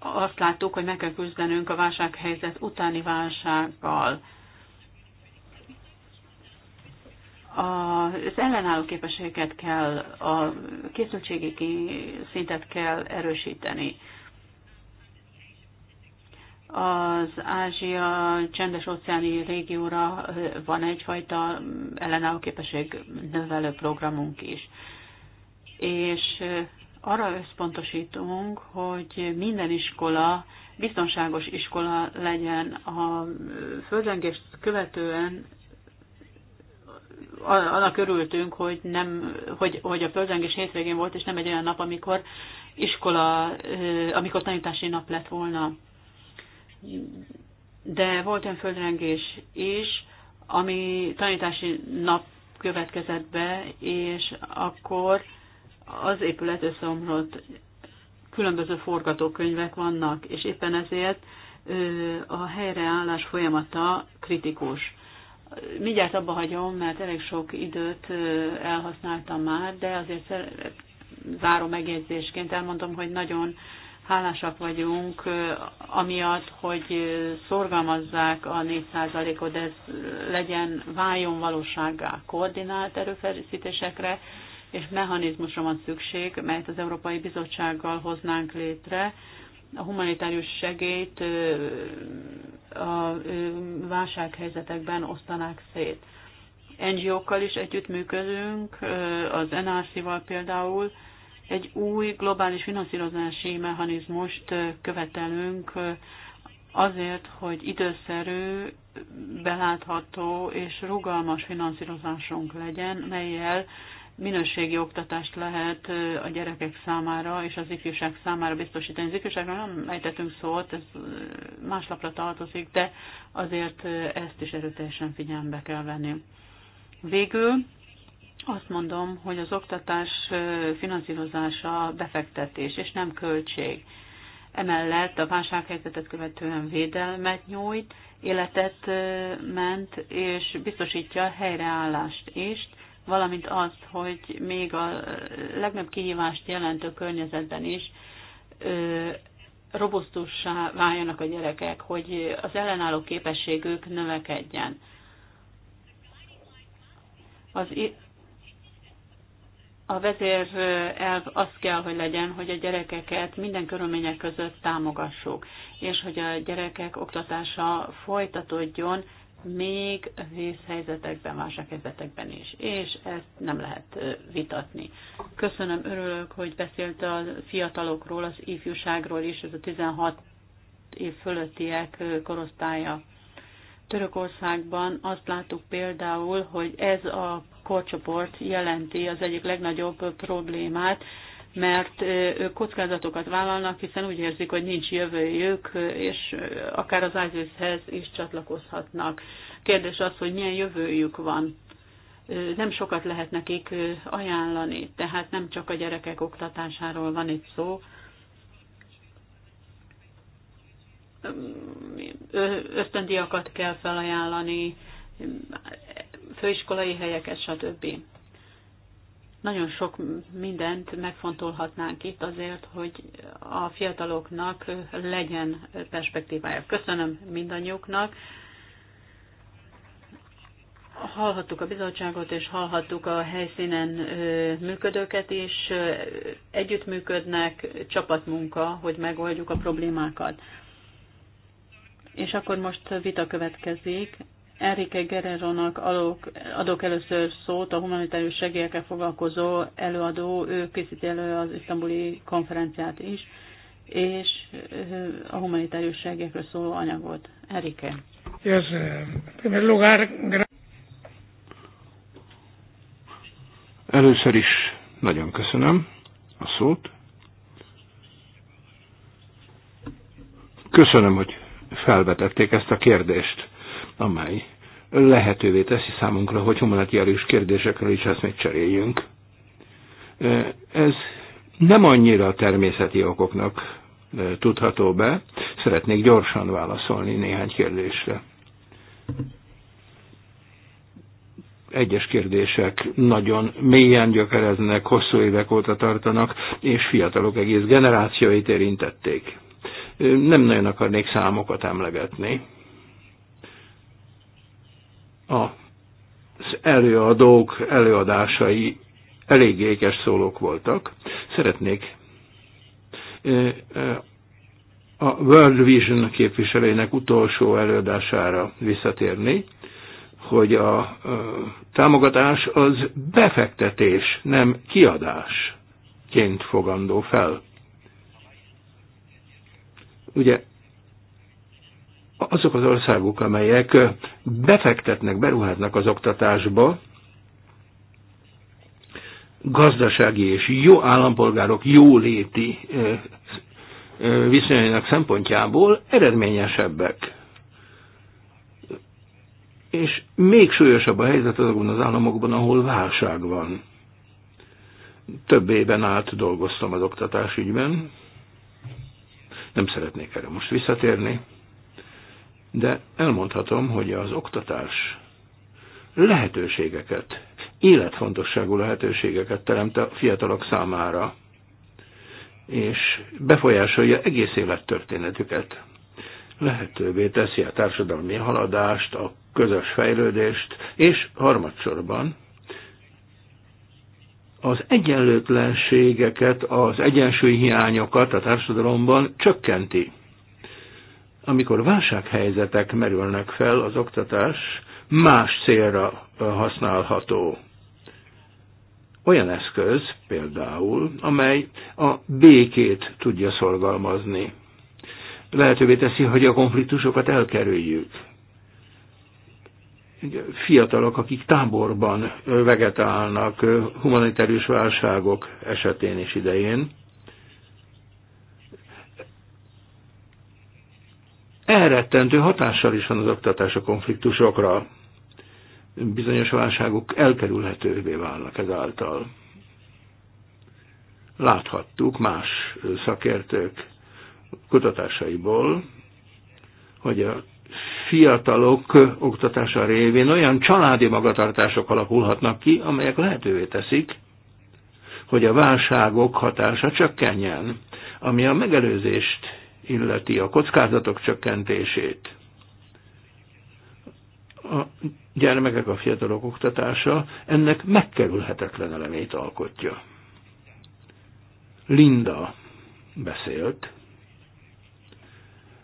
azt láttuk, hogy meg kell küzdenünk a válsághelyzet utáni válsággal. Az ellenálló képességeket kell, a készültségi szintet kell erősíteni. Az Ázsia csendes óceáni régióra van egyfajta ellenálló képesség növelő programunk is. És arra összpontosítunk, hogy minden iskola biztonságos iskola legyen a földrengést követően annak örültünk, hogy, nem, hogy, hogy a földrengés hétvégén volt, és nem egy olyan nap, amikor iskola, amikor tanítási nap lett volna. De volt olyan földrengés is, ami tanítási nap következett be, és akkor az épület összeomlott, különböző forgatókönyvek vannak, és éppen ezért a helyreállás folyamata kritikus. Mindjárt abba hagyom, mert elég sok időt elhasználtam már, de azért záró megjegyzésként elmondom, hogy nagyon hálásak vagyunk, amiatt, hogy szorgalmazzák a 4%-ot, ez legyen váljon valósággá koordinált erőfeszítésekre, és mechanizmusra van szükség, melyet az Európai Bizottsággal hoznánk létre, a humanitárius segélyt a válsághelyzetekben osztanák szét. NGO-kkal is együttműködünk, az NRC-val például egy új globális finanszírozási mechanizmust követelünk azért, hogy időszerű, belátható és rugalmas finanszírozásunk legyen, melyel minőségi oktatást lehet a gyerekek számára és az ifjúság számára biztosítani. Az ifjúságra nem ejtettünk szót, ez más lapra tartozik, de azért ezt is erőteljesen figyelembe kell venni. Végül azt mondom, hogy az oktatás finanszírozása befektetés és nem költség. Emellett a válsághelyzetet követően védelmet nyújt, életet ment, és biztosítja a helyreállást is, valamint azt, hogy még a legnagyobb kihívást jelentő környezetben is robosztussá váljanak a gyerekek, hogy az ellenálló képességük növekedjen. Az a vezér elv az kell, hogy legyen, hogy a gyerekeket minden körülmények között támogassuk, és hogy a gyerekek oktatása folytatódjon, még vészhelyzetekben, válsághelyzetekben is, és ezt nem lehet vitatni. Köszönöm, örülök, hogy beszélt a fiatalokról, az ifjúságról is, ez a 16 év fölöttiek korosztálya. Törökországban azt láttuk például, hogy ez a korcsoport jelenti az egyik legnagyobb problémát, mert ők kockázatokat vállalnak, hiszen úgy érzik, hogy nincs jövőjük, és akár az ISIS-hez is csatlakozhatnak. Kérdés az, hogy milyen jövőjük van. Nem sokat lehet nekik ajánlani, tehát nem csak a gyerekek oktatásáról van itt szó, ösztöndiakat kell felajánlani, főiskolai helyeket, stb. Nagyon sok mindent megfontolhatnánk itt azért, hogy a fiataloknak legyen perspektívája. Köszönöm mindannyiuknak. Hallhattuk a bizottságot, és hallhattuk a helyszínen működőket is. Együttműködnek, csapatmunka, hogy megoldjuk a problémákat. És akkor most vita következik Enrique Guerrero-nak adok, adok először szót, a humanitárius segélyekkel foglalkozó előadó, ő készíti elő az isztambuli konferenciát is, és a humanitárius segélyekről szóló anyagot. Enrique. Yes, uh, primer lugar, Először is nagyon köszönöm a szót. Köszönöm, hogy felvetették ezt a kérdést amely lehetővé teszi számunkra, hogy humanitárius kérdésekről is még cseréljünk. Ez nem annyira a természeti okoknak tudható be. Szeretnék gyorsan válaszolni néhány kérdésre. Egyes kérdések nagyon mélyen gyökereznek, hosszú évek óta tartanak, és fiatalok egész generációit érintették. Nem nagyon akarnék számokat emlegetni az előadók előadásai elég ékes szólók voltak. Szeretnék a World Vision képviselőjének utolsó előadására visszatérni, hogy a támogatás az befektetés, nem kiadásként fogandó fel. Ugye azok az országok, amelyek befektetnek, beruháznak az oktatásba, gazdasági és jó állampolgárok jóléti eh, eh, viszonyainak szempontjából eredményesebbek. És még súlyosabb a helyzet azokban az államokban, ahol válság van. Több éven át dolgoztam az oktatásügyben. Nem szeretnék erre most visszatérni de elmondhatom, hogy az oktatás lehetőségeket, életfontosságú lehetőségeket teremt a fiatalok számára, és befolyásolja egész élettörténetüket. Lehetővé teszi a társadalmi haladást, a közös fejlődést, és harmadsorban az egyenlőtlenségeket, az egyensúlyhiányokat a társadalomban csökkenti amikor válsághelyzetek merülnek fel, az oktatás más célra használható. Olyan eszköz például, amely a békét tudja szorgalmazni. Lehetővé teszi, hogy a konfliktusokat elkerüljük. Fiatalok, akik táborban vegetálnak humanitárius válságok esetén és idején, elrettentő hatással is van az oktatás a konfliktusokra. Bizonyos válságok elkerülhetővé válnak ezáltal. Láthattuk más szakértők kutatásaiból, hogy a fiatalok oktatása révén olyan családi magatartások alakulhatnak ki, amelyek lehetővé teszik, hogy a válságok hatása csökkenjen, ami a megelőzést illeti a kockázatok csökkentését, a gyermekek, a fiatalok oktatása ennek megkerülhetetlen elemét alkotja. Linda beszélt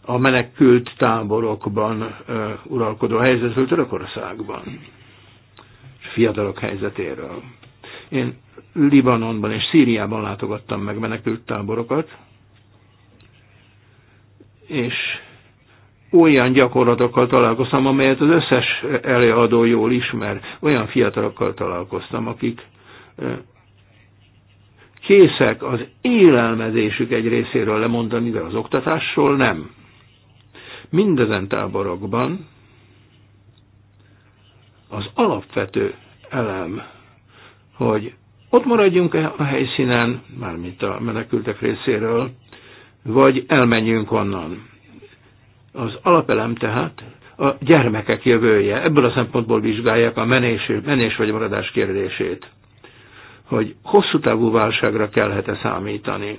a menekült táborokban ö, uralkodó helyzetről Törökországban, fiatalok helyzetéről. Én Libanonban és Szíriában látogattam meg menekült táborokat, és olyan gyakorlatokkal találkoztam, amelyet az összes előadó jól ismer. Olyan fiatalokkal találkoztam, akik készek az élelmezésük egy részéről lemondani, de az oktatásról nem. Mindezen táborokban az alapvető elem, hogy ott maradjunk a helyszínen, mármint a menekültek részéről, vagy elmenjünk onnan. Az alapelem tehát a gyermekek jövője. Ebből a szempontból vizsgálják a menés, menés vagy maradás kérdését, hogy hosszú távú válságra kellhet-e számítani.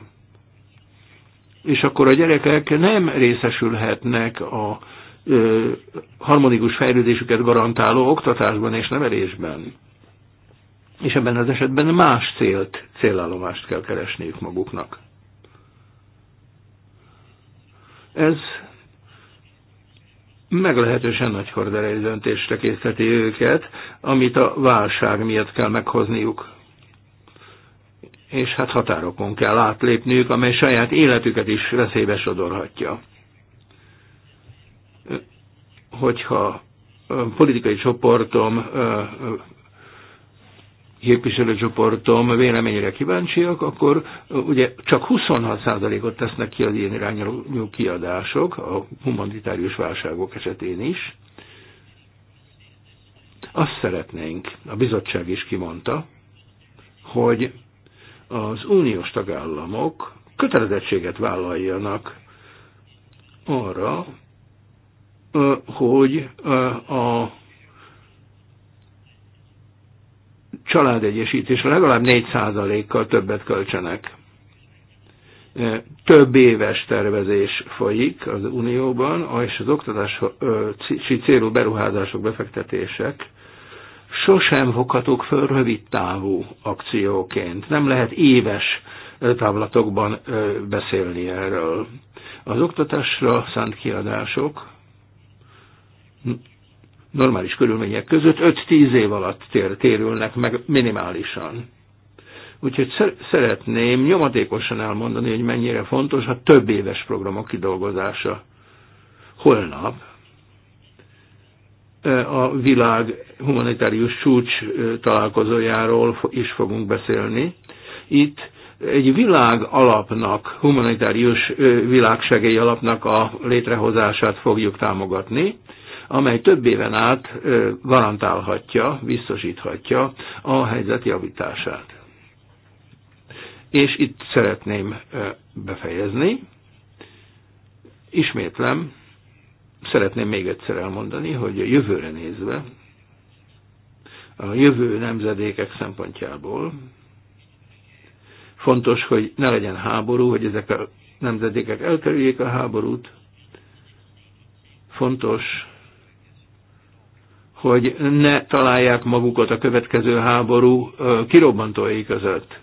És akkor a gyerekek nem részesülhetnek a ö, harmonikus fejlődésüket garantáló oktatásban és nevelésben. És ebben az esetben más célt, célállomást kell keresniük maguknak. Ez meglehetősen nagy horderejű döntésre készíteti őket, amit a válság miatt kell meghozniuk. És hát határokon kell átlépniük, amely saját életüket is veszélybe sodorhatja. Hogyha politikai csoportom képviselőcsoportom véleményére kíváncsiak, akkor ugye csak 26%-ot tesznek ki az ilyen irányú kiadások a humanitárius válságok esetén is. Azt szeretnénk, a bizottság is kimondta, hogy az uniós tagállamok kötelezettséget vállaljanak arra, hogy a családegyesítésre legalább 4%-kal többet költsenek. E, több éves tervezés folyik az Unióban, és az oktatási célú beruházások, befektetések sosem foghatók föl rövid távú akcióként. Nem lehet éves táblatokban beszélni erről. Az oktatásra szánt kiadások normális körülmények között 5-10 év alatt tér, térülnek meg minimálisan. Úgyhogy szeretném nyomatékosan elmondani, hogy mennyire fontos a több éves programok kidolgozása. Holnap a világ humanitárius csúcs találkozójáról is fogunk beszélni. Itt egy világ alapnak, humanitárius világsegély alapnak a létrehozását fogjuk támogatni amely több éven át garantálhatja, biztosíthatja a helyzet javítását. És itt szeretném befejezni. Ismétlem, szeretném még egyszer elmondani, hogy a jövőre nézve, a jövő nemzedékek szempontjából fontos, hogy ne legyen háború, hogy ezek a nemzedékek elkerüljék a háborút. Fontos, hogy ne találják magukat a következő háború kirobbantói között.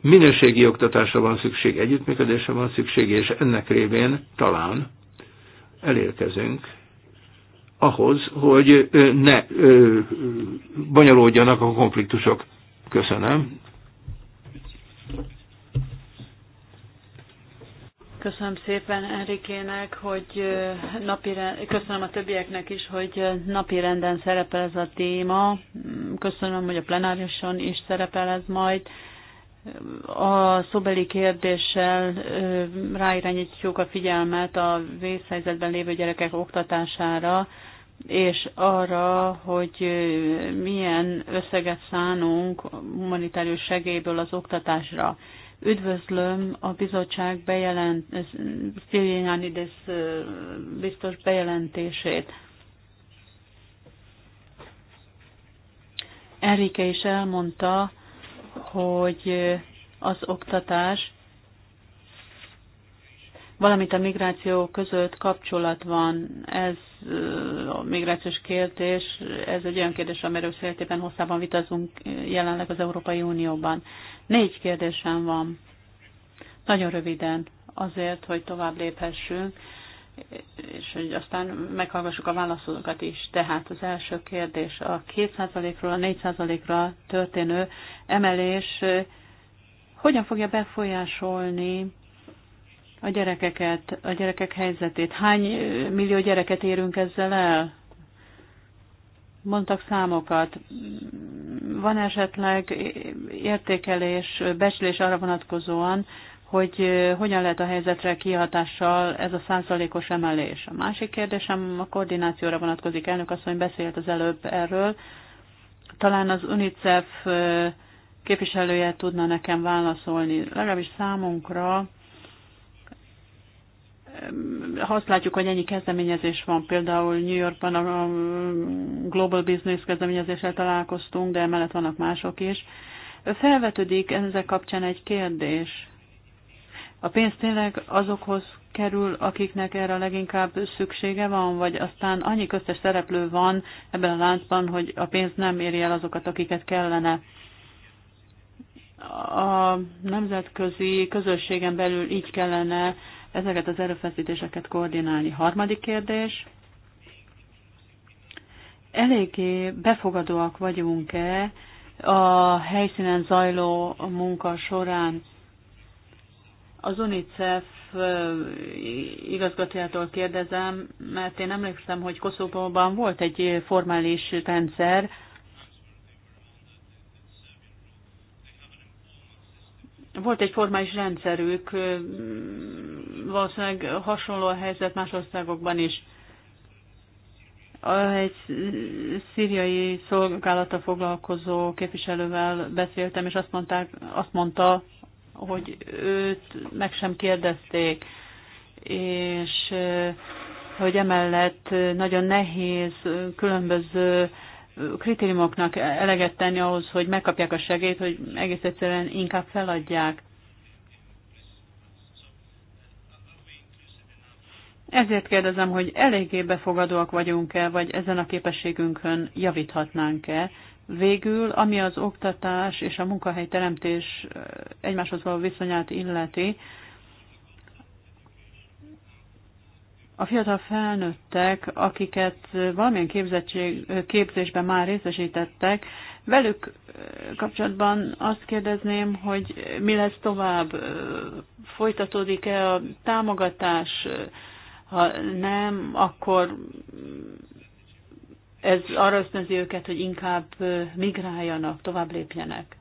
Minőségi oktatásra van szükség, együttműködésre van szükség, és ennek révén talán elérkezünk ahhoz, hogy ne bonyolódjanak a konfliktusok. Köszönöm. Köszönöm szépen Enrikének, hogy napi, köszönöm a többieknek is, hogy napi renden szerepel ez a téma. Köszönöm, hogy a plenárison is szerepel ez majd. A szobeli kérdéssel ráirányítjuk a figyelmet a vészhelyzetben lévő gyerekek oktatására, és arra, hogy milyen összeget szánunk humanitárius segélyből az oktatásra Üdvözlöm a bizottság bejelent, Stylianides biztos bejelentését. Erike is elmondta, hogy az oktatás valamint a migráció között kapcsolat van. Ez a migrációs kérdés, ez egy olyan kérdés, amiről szeretében hosszában vitazunk jelenleg az Európai Unióban. Négy kérdésem van. Nagyon röviden, azért, hogy tovább léphessünk, és hogy aztán meghallgassuk a válaszokat is. Tehát az első kérdés a 2%-ról a 4%-ra történő emelés hogyan fogja befolyásolni a gyerekeket, a gyerekek helyzetét. Hány millió gyereket érünk ezzel el? Mondtak számokat. Van esetleg értékelés, becslés arra vonatkozóan, hogy hogyan lehet a helyzetre kihatással ez a százalékos emelés. A másik kérdésem a koordinációra vonatkozik. Elnök asszony beszélt az előbb erről. Talán az UNICEF képviselője tudna nekem válaszolni. Legalábbis számunkra azt látjuk, hogy ennyi kezdeményezés van. Például New Yorkban a Global Business kezdeményezéssel találkoztunk, de emellett vannak mások is. Felvetődik ezzel kapcsán egy kérdés. A pénz tényleg azokhoz kerül, akiknek erre a leginkább szüksége van, vagy aztán annyi köztes szereplő van ebben a láncban, hogy a pénz nem éri el azokat, akiket kellene. A nemzetközi közösségen belül így kellene ezeket az erőfeszítéseket koordinálni. Harmadik kérdés, eléggé befogadóak vagyunk-e a helyszínen zajló munka során? Az UNICEF igazgatójától kérdezem, mert én emlékszem, hogy Koszovóban volt egy formális rendszer, volt egy formális rendszerük, valószínűleg hasonló a helyzet más országokban is. Egy szíriai szolgálata foglalkozó képviselővel beszéltem, és azt, mondták, azt mondta, hogy őt meg sem kérdezték, és eh, hogy emellett nagyon nehéz különböző kritériumoknak eleget tenni ahhoz, hogy megkapják a segélyt, hogy egész egyszerűen inkább feladják. Ezért kérdezem, hogy eléggé befogadóak vagyunk-e, vagy ezen a képességünkön javíthatnánk-e. Végül, ami az oktatás és a munkahely teremtés eh, egymáshoz való viszonyát illeti, a fiatal felnőttek, akiket valamilyen képzésben már részesítettek, velük eh, kapcsolatban azt kérdezném, hogy mi lesz tovább, eh, folytatódik-e a támogatás, ha nem, akkor ez arra ösztönzi őket, hogy inkább migráljanak, tovább lépjenek.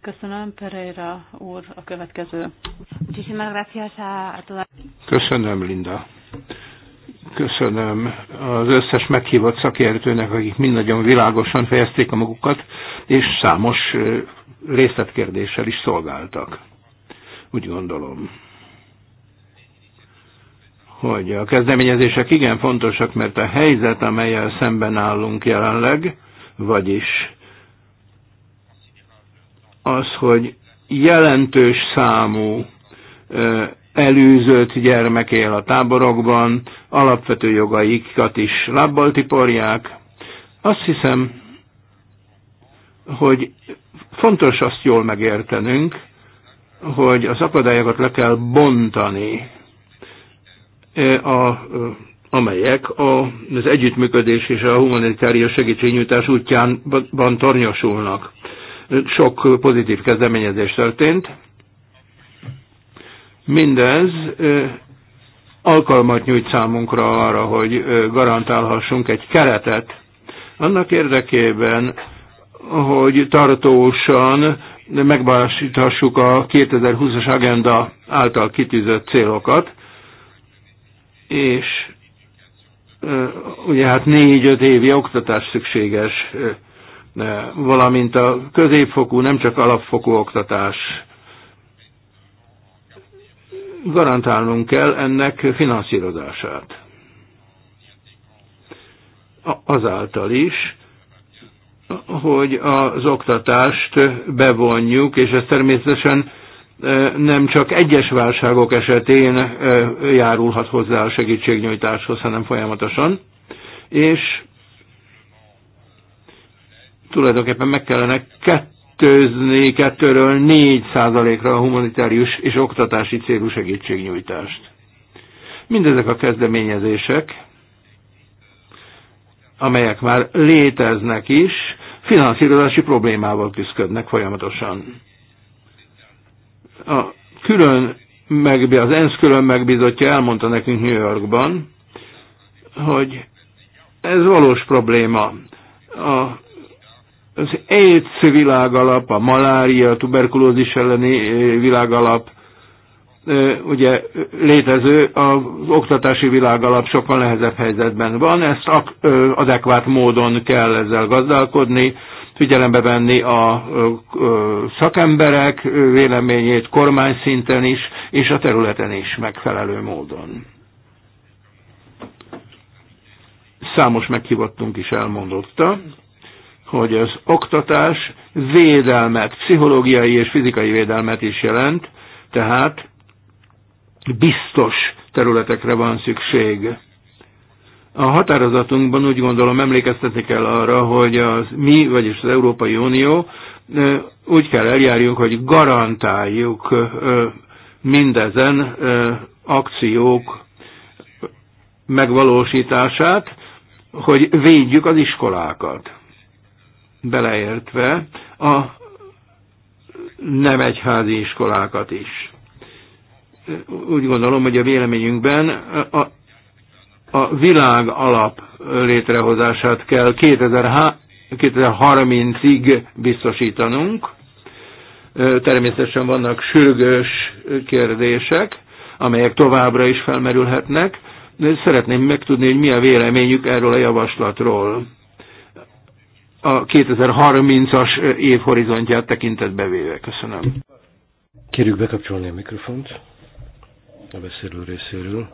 Köszönöm, Pereira úr, a következő. Köszönöm, Linda. Köszönöm az összes meghívott szakértőnek, akik mind nagyon világosan fejezték a magukat, és számos részletkérdéssel is szolgáltak. Úgy gondolom hogy a kezdeményezések igen fontosak, mert a helyzet, amelyel szemben állunk jelenleg, vagyis az, hogy jelentős számú előzött gyermek él a táborokban, alapvető jogaikat is lábbal tiporják. Azt hiszem, hogy fontos azt jól megértenünk, hogy az akadályokat le kell bontani, E, a, e, amelyek a, az együttműködés és a humanitárius segítségnyújtás útjánban tornyosulnak. Sok pozitív kezdeményezés történt. Mindez e, alkalmat nyújt számunkra arra, hogy garantálhassunk egy keretet annak érdekében, hogy tartósan megválasíthassuk a 2020-as agenda által kitűzött célokat, és ugye hát négy-öt évi oktatás szükséges, valamint a középfokú, nem csak alapfokú oktatás. Garantálnunk kell ennek finanszírozását. Azáltal is, hogy az oktatást bevonjuk, és ez természetesen nem csak egyes válságok esetén járulhat hozzá a segítségnyújtáshoz, hanem folyamatosan, és tulajdonképpen meg kellene kettőzni kettőről négy százalékra a humanitárius és oktatási célú segítségnyújtást. Mindezek a kezdeményezések, amelyek már léteznek is, finanszírozási problémával küzdködnek folyamatosan a külön megbi, az ENSZ külön megbízottja elmondta nekünk New Yorkban, hogy ez valós probléma. A, az AIDS világalap, a malária, a tuberkulózis elleni világalap, ugye létező, az oktatási világalap sokkal nehezebb helyzetben van, ezt adekvát módon kell ezzel gazdálkodni, figyelembe venni a szakemberek véleményét kormányszinten is, és a területen is megfelelő módon. Számos meghívottunk is elmondotta, hogy az oktatás védelmet, pszichológiai és fizikai védelmet is jelent, tehát biztos területekre van szükség a határozatunkban úgy gondolom emlékeztetni kell arra, hogy az mi, vagyis az Európai Unió úgy kell eljárjunk, hogy garantáljuk mindezen akciók megvalósítását, hogy védjük az iskolákat, beleértve a nem egyházi iskolákat is. Úgy gondolom, hogy a véleményünkben a a világ alap létrehozását kell 2030-ig biztosítanunk. Természetesen vannak sürgős kérdések, amelyek továbbra is felmerülhetnek. De szeretném megtudni, hogy mi a véleményük erről a javaslatról a 2030-as év horizontját tekintetbe véve. Köszönöm. Kérjük bekapcsolni a mikrofont a beszélő részéről.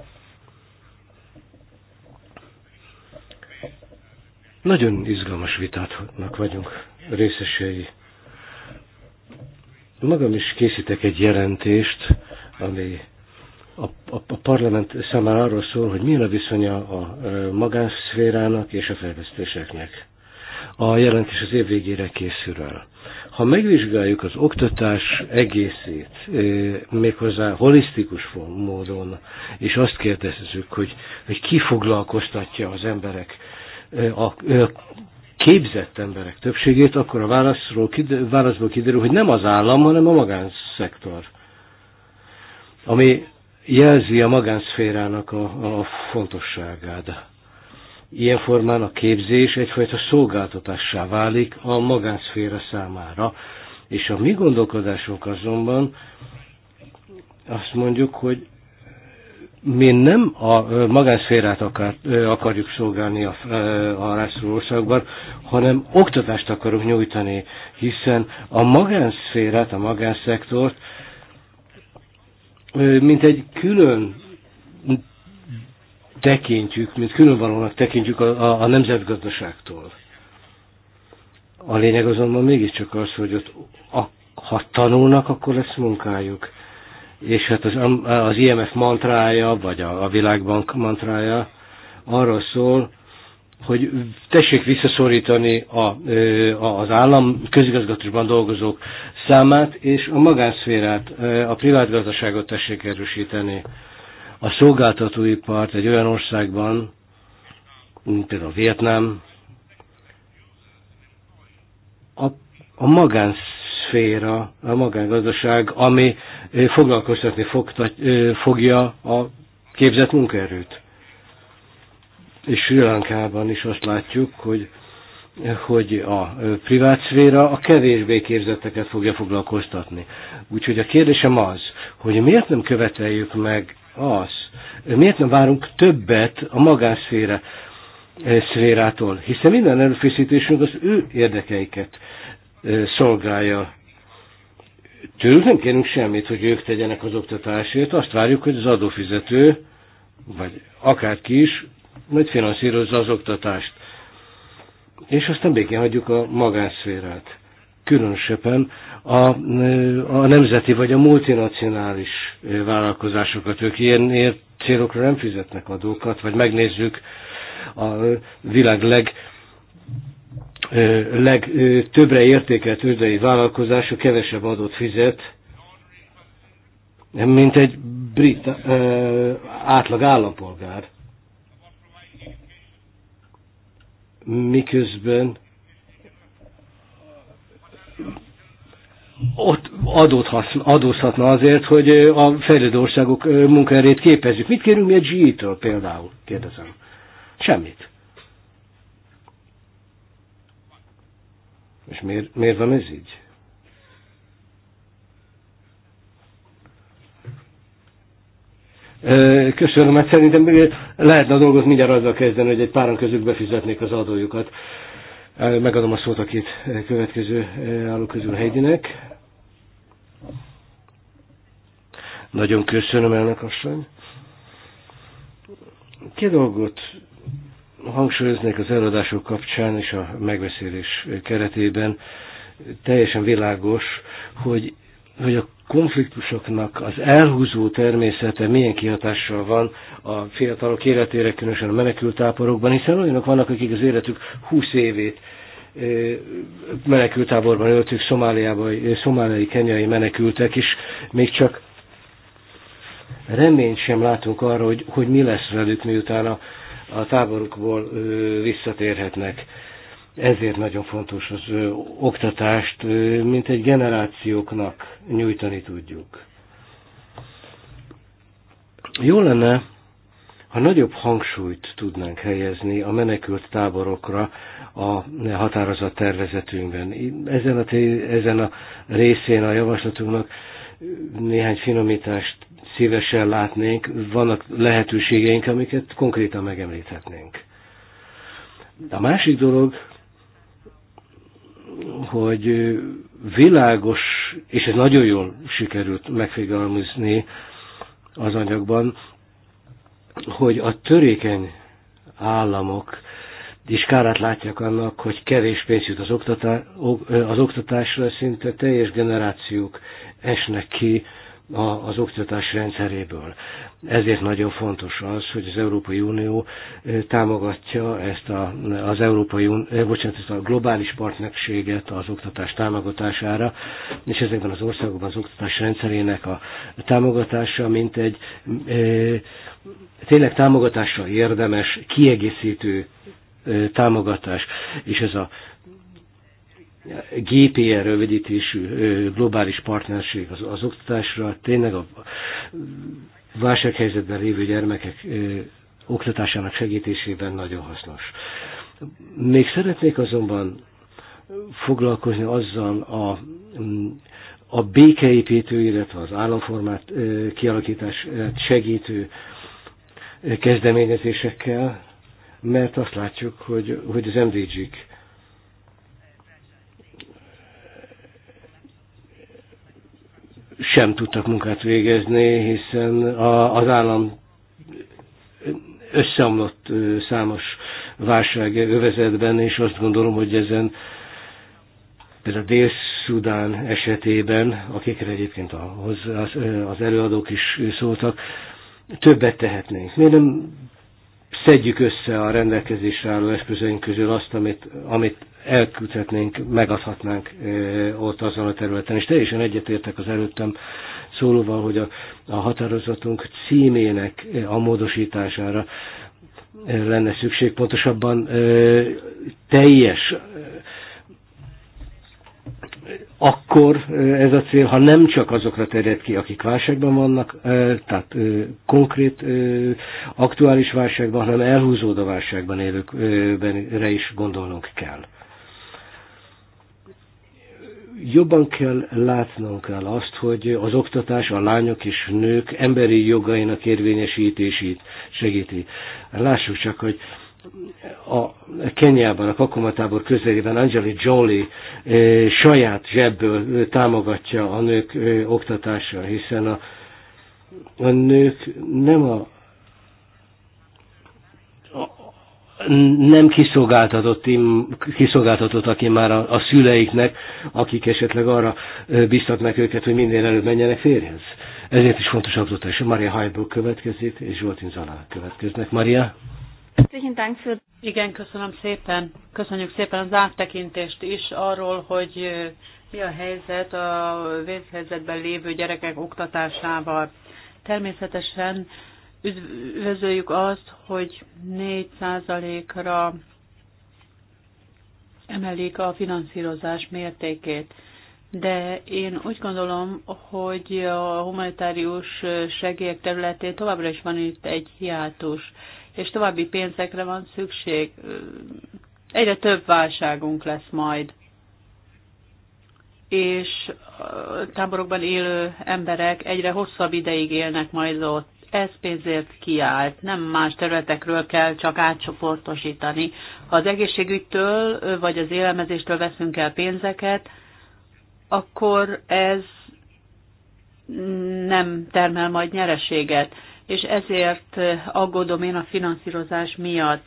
Nagyon izgalmas vitátnak vagyunk részesei. Magam is készítek egy jelentést, ami a, a, a parlament számára arról szól, hogy milyen a viszonya a magánszférának és a fejlesztéseknek. A jelentés az év végére készül el. Ha megvizsgáljuk az oktatás egészét, e, méghozzá holisztikus módon, és azt kérdezzük, hogy, hogy ki foglalkoztatja az emberek a képzett emberek többségét, akkor a válaszról válaszból kiderül, hogy nem az állam, hanem a magánszektor, ami jelzi a magánszférának a, a fontosságát. Ilyen formán a képzés egyfajta szolgáltatássá válik a magánszféra számára, és a mi gondolkodásunk azonban azt mondjuk, hogy mi nem a magánszférát akar, akarjuk szolgálni a, a rászorulóságban, hanem oktatást akarunk nyújtani, hiszen a magánszférát, a magánszektort, mint egy külön tekintjük, mint különvalónak tekintjük a, a, a nemzetgazdaságtól. A lényeg azonban mégiscsak az, hogy ott, a, ha tanulnak, akkor lesz munkájuk és hát az, az IMF mantrája, vagy a, a Világbank mantrája arról szól, hogy tessék visszaszorítani a, az állam közigazgatásban dolgozók számát, és a magánszférát, a gazdaságot tessék erősíteni. A szolgáltatóipart egy olyan országban, mint például Vietnám, a, a magánsz szféra, a magángazdaság, ami foglalkoztatni fogja a képzett munkaerőt. És Sri Lankában is azt látjuk, hogy hogy a privát szféra a kevésbé képzetteket fogja foglalkoztatni. Úgyhogy a kérdésem az, hogy miért nem követeljük meg azt, miért nem várunk többet a magánszféra szférától, hiszen minden erőfeszítésünk az ő érdekeiket szolgálja. Tőlük nem kérünk semmit, hogy ők tegyenek az oktatásért, azt várjuk, hogy az adófizető, vagy akárki is, majd finanszírozza az oktatást. És aztán békén hagyjuk a magánszférát. Különösebben a, a nemzeti vagy a multinacionális vállalkozásokat, ők ilyenért célokra nem fizetnek adókat, vagy megnézzük a világ leg legtöbbre értékelt tőzsdei vállalkozások kevesebb adót fizet, mint egy brit átlag állampolgár. Miközben ott adót adózhatna azért, hogy a fejlődő országok munkaerét képezzük. Mit kérünk mi a GE-től például? Kérdezem. Semmit. És miért, miért van ez így? Köszönöm, mert hát szerintem lehetne a dolgot mindjárt azzal kezdeni, hogy egy páran közük befizetnék az adójukat. Megadom a szót a két következő álló közül Heidinek. Nagyon köszönöm, elnök asszony. Két dolgot hangsúlyoznék az előadások kapcsán és a megbeszélés keretében, teljesen világos, hogy, hogy a konfliktusoknak az elhúzó természete milyen kihatással van a fiatalok életére, különösen a menekültáborokban, hiszen olyanok vannak, akik az életük 20 évét menekültáborban öltük, szomáliai, szomáliai, kenyai menekültek, és még csak reményt sem látunk arra, hogy, hogy mi lesz velük, miután a a táborukból visszatérhetnek. Ezért nagyon fontos az oktatást, mint egy generációknak nyújtani tudjuk. Jó lenne, ha nagyobb hangsúlyt tudnánk helyezni a menekült táborokra a határozat tervezetünkben. Ezen a, ezen a részén a javaslatunknak néhány finomítást szívesen látnénk, vannak lehetőségeink, amiket konkrétan megemlíthetnénk. A másik dolog, hogy világos, és ez nagyon jól sikerült megfogalmazni az anyagban, hogy a törékeny államok és kárát látják annak, hogy kevés pénz jut az, oktatá, az oktatásra, szinte teljes generációk esnek ki a, az oktatás rendszeréből. Ezért nagyon fontos az, hogy az Európai Unió támogatja ezt a, az Európai Unió, bocsánat, ezt a globális partnerséget az oktatás támogatására, és ezekben az országokban az oktatás rendszerének a támogatása, mint egy e, tényleg támogatásra érdemes kiegészítő támogatás, és ez a GPR rövidítésű globális partnerség az, az oktatásra tényleg a válsághelyzetben lévő gyermekek oktatásának segítésében nagyon hasznos. Még szeretnék azonban foglalkozni azzal a, a békeépítő, illetve az államformát kialakítását segítő kezdeményezésekkel, mert azt látjuk, hogy, hogy az MDG-k sem tudtak munkát végezni, hiszen a, az állam összeomlott számos válság övezetben, és azt gondolom, hogy ezen például Dél-Szudán esetében, akikre egyébként az, az előadók is szóltak, többet tehetnénk. Miért nem szedjük össze a rendelkezésre álló eszközeink közül azt, amit, amit elküldhetnénk, megadhatnánk ott azon a területen. És teljesen egyetértek az előttem szólóval, hogy a, a határozatunk címének a módosítására lenne szükség, pontosabban teljes akkor ez a cél, ha nem csak azokra terjed ki, akik válságban vannak, tehát konkrét, aktuális válságban, hanem elhúzódó válságban élőkre is gondolnunk kell. Jobban kell látnunk kell azt, hogy az oktatás a lányok és nők emberi jogainak érvényesítését segíti. Lássuk csak, hogy a Kenyában, a Kakomatábor közelében Angeli Jolie eh, saját zsebből eh, támogatja a nők eh, oktatása, hiszen a, a nők nem a, a nem kiszolgáltatott, kiszolgáltatottak aki már a, a szüleiknek, akik esetleg arra biztatnak őket, hogy minél előbb menjenek férjhez. Ezért is fontos a Maria Hajbó következik, és Zsoltin Zalá következnek. Maria? Igen, köszönöm szépen. Köszönjük szépen az áttekintést is arról, hogy mi a helyzet a vészhelyzetben lévő gyerekek oktatásával. Természetesen üdvözöljük azt, hogy 4%-ra emelik a finanszírozás mértékét. De én úgy gondolom, hogy a humanitárius segélyek területén továbbra is van itt egy hiátus és további pénzekre van szükség. Egyre több válságunk lesz majd és táborokban élő emberek egyre hosszabb ideig élnek majd ott. Ez pénzért kiállt, nem más területekről kell csak átcsoportosítani. Ha az egészségügytől vagy az élelmezéstől veszünk el pénzeket, akkor ez nem termel majd nyereséget és ezért aggódom én a finanszírozás miatt.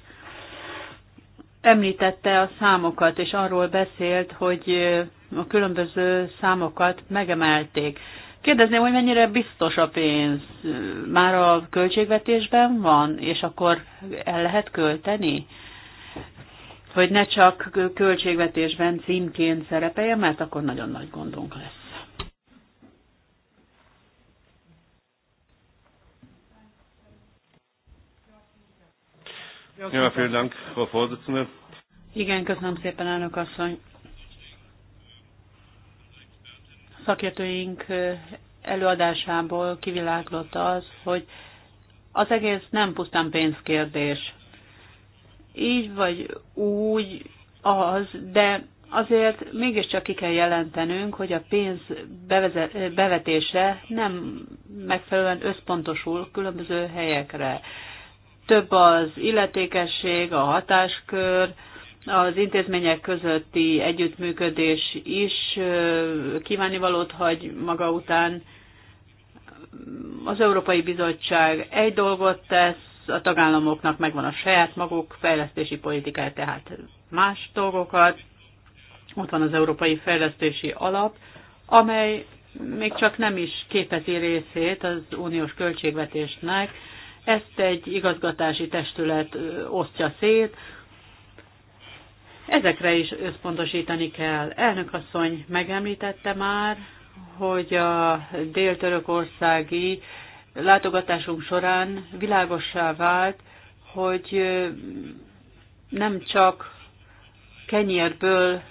Említette a számokat, és arról beszélt, hogy a különböző számokat megemelték. Kérdezném, hogy mennyire biztos a pénz? Már a költségvetésben van, és akkor el lehet költeni? Hogy ne csak költségvetésben címként szerepeljen, mert akkor nagyon nagy gondunk lesz. Ja, vielen Dank, Frau Vorsitzende. Igen, köszönöm szépen, elnök asszony. Szakértőink előadásából kiviláglott az, hogy az egész nem pusztán pénzkérdés. Így vagy úgy az, de azért mégiscsak ki kell jelentenünk, hogy a pénz bevetése nem megfelelően összpontosul különböző helyekre több az illetékesség, a hatáskör, az intézmények közötti együttműködés is kívánivalót hagy maga után. Az Európai Bizottság egy dolgot tesz, a tagállamoknak megvan a saját maguk fejlesztési politikája, tehát más dolgokat. Ott van az Európai Fejlesztési Alap, amely még csak nem is képezi részét az uniós költségvetésnek, ezt egy igazgatási testület osztja szét. Ezekre is összpontosítani kell. Elnök asszony megemlítette már, hogy a dél-törökországi látogatásunk során világossá vált, hogy nem csak kenyérből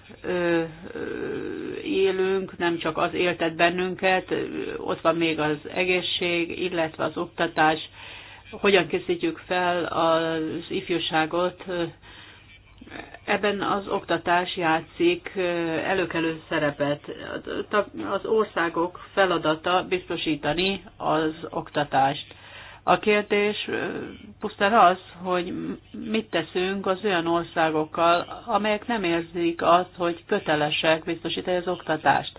élünk, nem csak az éltet bennünket, ott van még az egészség, illetve az oktatás, hogyan készítjük fel az ifjúságot, ebben az oktatás játszik előkelő szerepet. Az országok feladata biztosítani az oktatást. A kérdés pusztán az, hogy mit teszünk az olyan országokkal, amelyek nem érzik azt, hogy kötelesek biztosítani az oktatást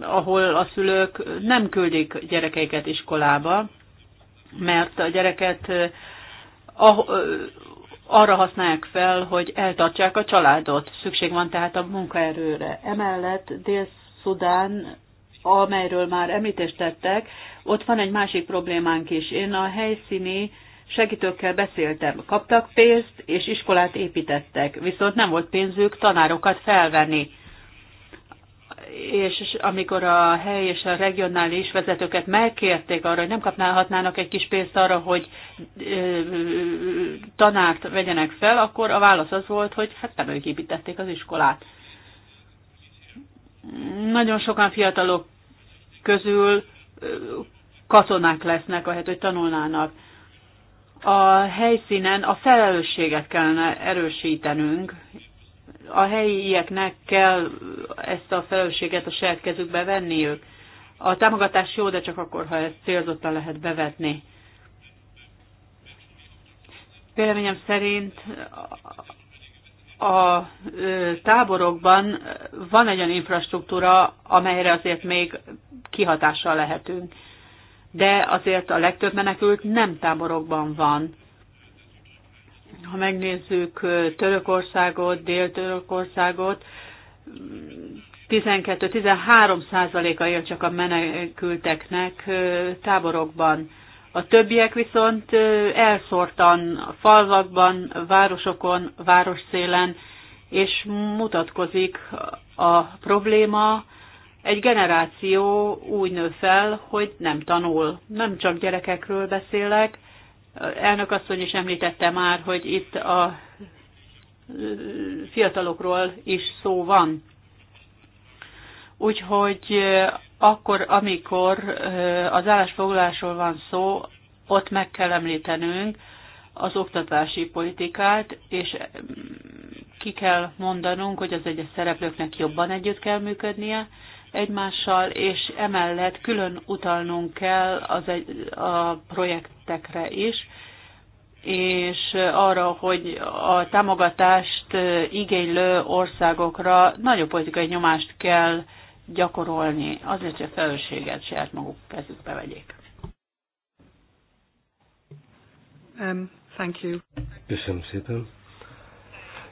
ahol a szülők nem küldik gyerekeiket iskolába, mert a gyereket arra használják fel, hogy eltartsák a családot. Szükség van tehát a munkaerőre. Emellett Dél-Szudán, amelyről már említést tettek, ott van egy másik problémánk is. Én a helyszíni segítőkkel beszéltem. Kaptak pénzt, és iskolát építettek, viszont nem volt pénzük tanárokat felvenni és amikor a helyi és a regionális vezetőket megkérték arra, hogy nem kapnálhatnának egy kis pénzt arra, hogy tanárt vegyenek fel, akkor a válasz az volt, hogy hát nem ők építették az iskolát. Nagyon sokan fiatalok közül katonák lesznek, ahelyett, hogy tanulnának. A helyszínen a felelősséget kellene erősítenünk, a helyieknek kell ezt a felelősséget a saját kezükbe venniük. A támogatás jó, de csak akkor, ha ezt célzottan lehet bevetni. Véleményem szerint a táborokban van egy olyan infrastruktúra, amelyre azért még kihatással lehetünk. De azért a legtöbb menekült nem táborokban van ha megnézzük Törökországot, Dél-Törökországot, 12-13 százaléka él csak a menekülteknek táborokban. A többiek viszont elszórtan a falvakban, városokon, városszélen, és mutatkozik a probléma. Egy generáció úgy nő fel, hogy nem tanul. Nem csak gyerekekről beszélek, Elnök asszony is említette már, hogy itt a fiatalokról is szó van. Úgyhogy akkor, amikor az állásfoglalásról van szó, ott meg kell említenünk az oktatási politikát, és ki kell mondanunk, hogy az egyes szereplőknek jobban együtt kell működnie, egymással, és emellett külön utalnunk kell az egy, a projektekre is, és arra, hogy a támogatást igénylő országokra nagyobb politikai nyomást kell gyakorolni, azért, hogy a felelősséget saját maguk kezükbe vegyék. Um, thank you. Köszönöm szépen.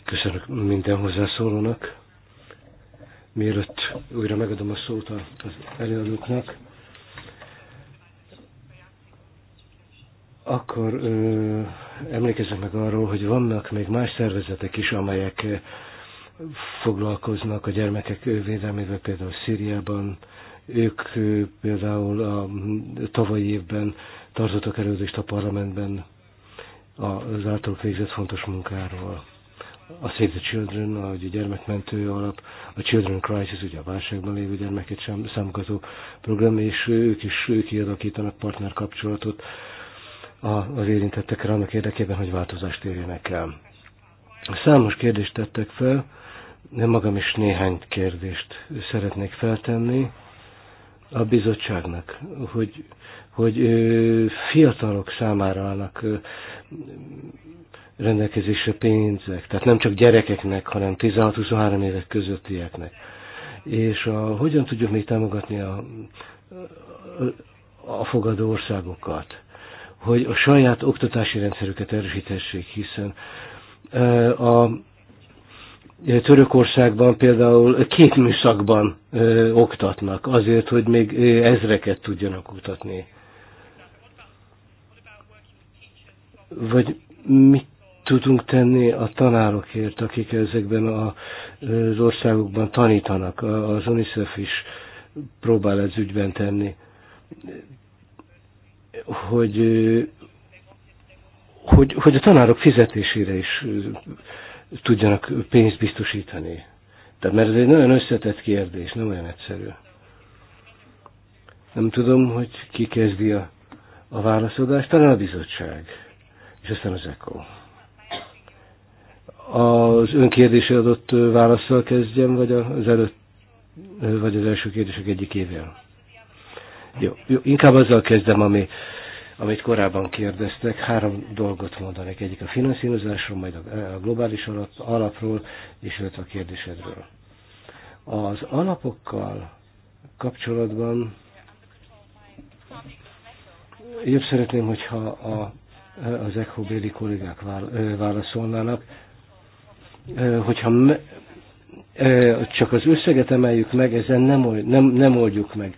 Köszönöm, minden hozzászólónak mielőtt újra megadom a szót az előadóknak, akkor ö, emlékezzek meg arról, hogy vannak még más szervezetek is, amelyek foglalkoznak a gyermekek védelmével, például Szíriában. Ők például a tavalyi évben tartottak előzést a parlamentben az általuk végzett fontos munkáról a Save the Children, a gyermekmentő alap, a Children Crisis, ugye a válságban lévő gyermeket számogató program, és ők is ők partner kapcsolatot az érintettekre annak érdekében, hogy változást érjenek el. Számos kérdést tettek fel, de magam is néhány kérdést szeretnék feltenni a bizottságnak, hogy, hogy fiatalok számára állnak rendelkezésre pénzek, tehát nem csak gyerekeknek, hanem 16-23 évek közöttieknek. És a, hogyan tudjuk még támogatni a, a fogadó országokat, hogy a saját oktatási rendszerüket erősíthessék, hiszen a Törökországban például két műszakban oktatnak, azért, hogy még ezreket tudjanak oktatni. Vagy mit tudunk tenni a tanárokért, akik ezekben az országokban tanítanak. Az UNICEF is próbál ez ügyben tenni, hogy, hogy, hogy a tanárok fizetésére is tudjanak pénzt biztosítani. Tehát mert ez egy nagyon összetett kérdés, nem olyan egyszerű. Nem tudom, hogy ki kezdi a, a válaszodást, talán a bizottság, és aztán az ECO az önkérdésre adott válaszsal kezdjem, vagy az előtt, vagy az első kérdések egyikével? Jó, jó, inkább azzal kezdem, ami, amit korábban kérdeztek. Három dolgot mondanék. Egyik a finanszírozásról, majd a, globális alap, alapról, és öt a kérdésedről. Az alapokkal kapcsolatban jobb szeretném, hogyha a, az ECHO béli kollégák válaszolnának hogyha csak az összeget emeljük meg, ezen nem, nem, nem oldjuk meg.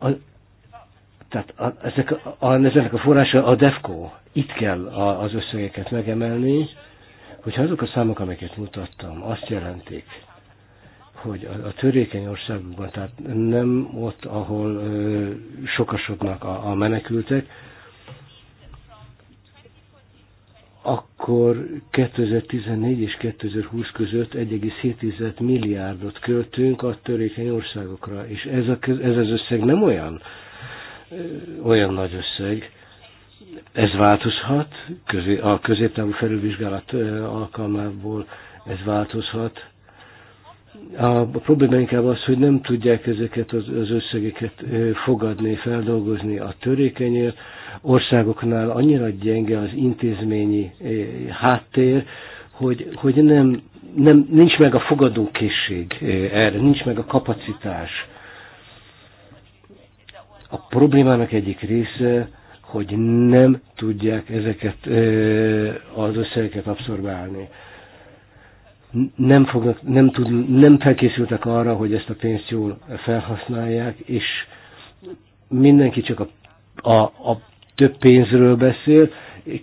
A, tehát a, ezek, a, ezeknek a forrása a DEFCO. Itt kell a, az összegeket megemelni, hogyha azok a számok, amiket mutattam, azt jelentik, hogy a, a törékeny országokban, tehát nem ott, ahol ö, sokasodnak a, a menekültek, akkor 2014 és 2020 között 1,7 milliárdot költünk a törékeny országokra, és ez, a, ez az összeg nem olyan, olyan nagy összeg. Ez változhat, a középtávú felülvizsgálat alkalmából ez változhat, a probléma inkább az, hogy nem tudják ezeket az, az összegeket fogadni, feldolgozni a törékenyért. Országoknál annyira gyenge az intézményi háttér, hogy, hogy nem, nem, nincs meg a fogadókészség erre, nincs meg a kapacitás. A problémának egyik része, hogy nem tudják ezeket az összegeket abszorbálni nem, fognak, nem, tud, nem felkészültek arra, hogy ezt a pénzt jól felhasználják, és mindenki csak a, a, a több pénzről beszél,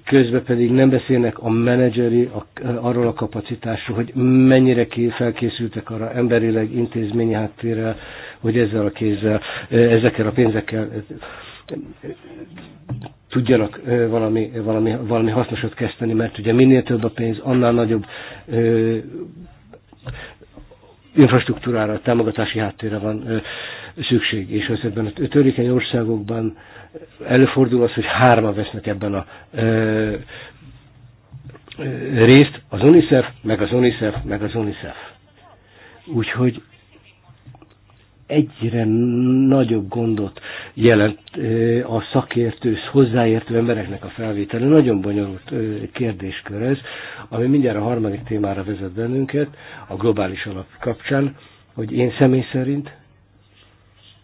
közben pedig nem beszélnek a menedzseri, a, arról a kapacitásról, hogy mennyire ki felkészültek arra emberileg, intézményi háttérrel, hogy ezzel a kézzel, ezekkel a pénzekkel tudjanak valami, valami, valami hasznosat kezdeni, mert ugye minél több a pénz, annál nagyobb ö, infrastruktúrára, támogatási háttérre van ö, szükség, és ebben a törékeny országokban előfordul az, hogy hárma vesznek ebben a ö, részt, az UNICEF, meg az UNICEF, meg az UNICEF. Úgyhogy egyre nagyobb gondot jelent a szakértő, hozzáértő embereknek a felvétele. Nagyon bonyolult kérdéskör ez, ami mindjárt a harmadik témára vezet bennünket, a globális alap kapcsán, hogy én személy szerint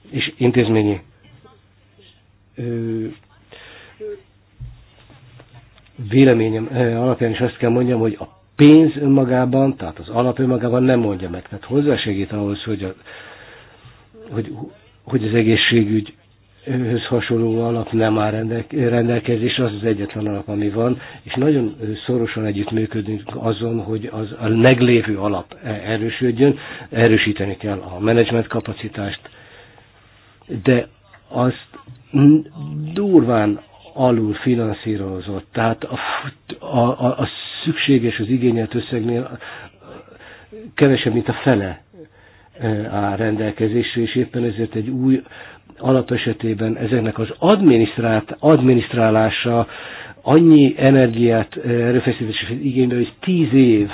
és intézményi véleményem alapján is azt kell mondjam, hogy a pénz önmagában, tehát az alap önmagában nem mondja meg. Tehát hozzásegít ahhoz, hogy a hogy, hogy az egészségügy őhöz hasonló alap nem áll rendelkezés, az az egyetlen alap, ami van, és nagyon szorosan együttműködünk azon, hogy az a meglévő alap erősödjön, erősíteni kell a menedzsment kapacitást, de azt durván alul finanszírozott, tehát a, a, a, a szükséges, az igényelt összegnél kevesebb, mint a fele áll rendelkezésre, és éppen ezért egy új alap esetében ezeknek az adminisztrált, adminisztrálása annyi energiát, erőfeszítését igénybe, hogy tíz év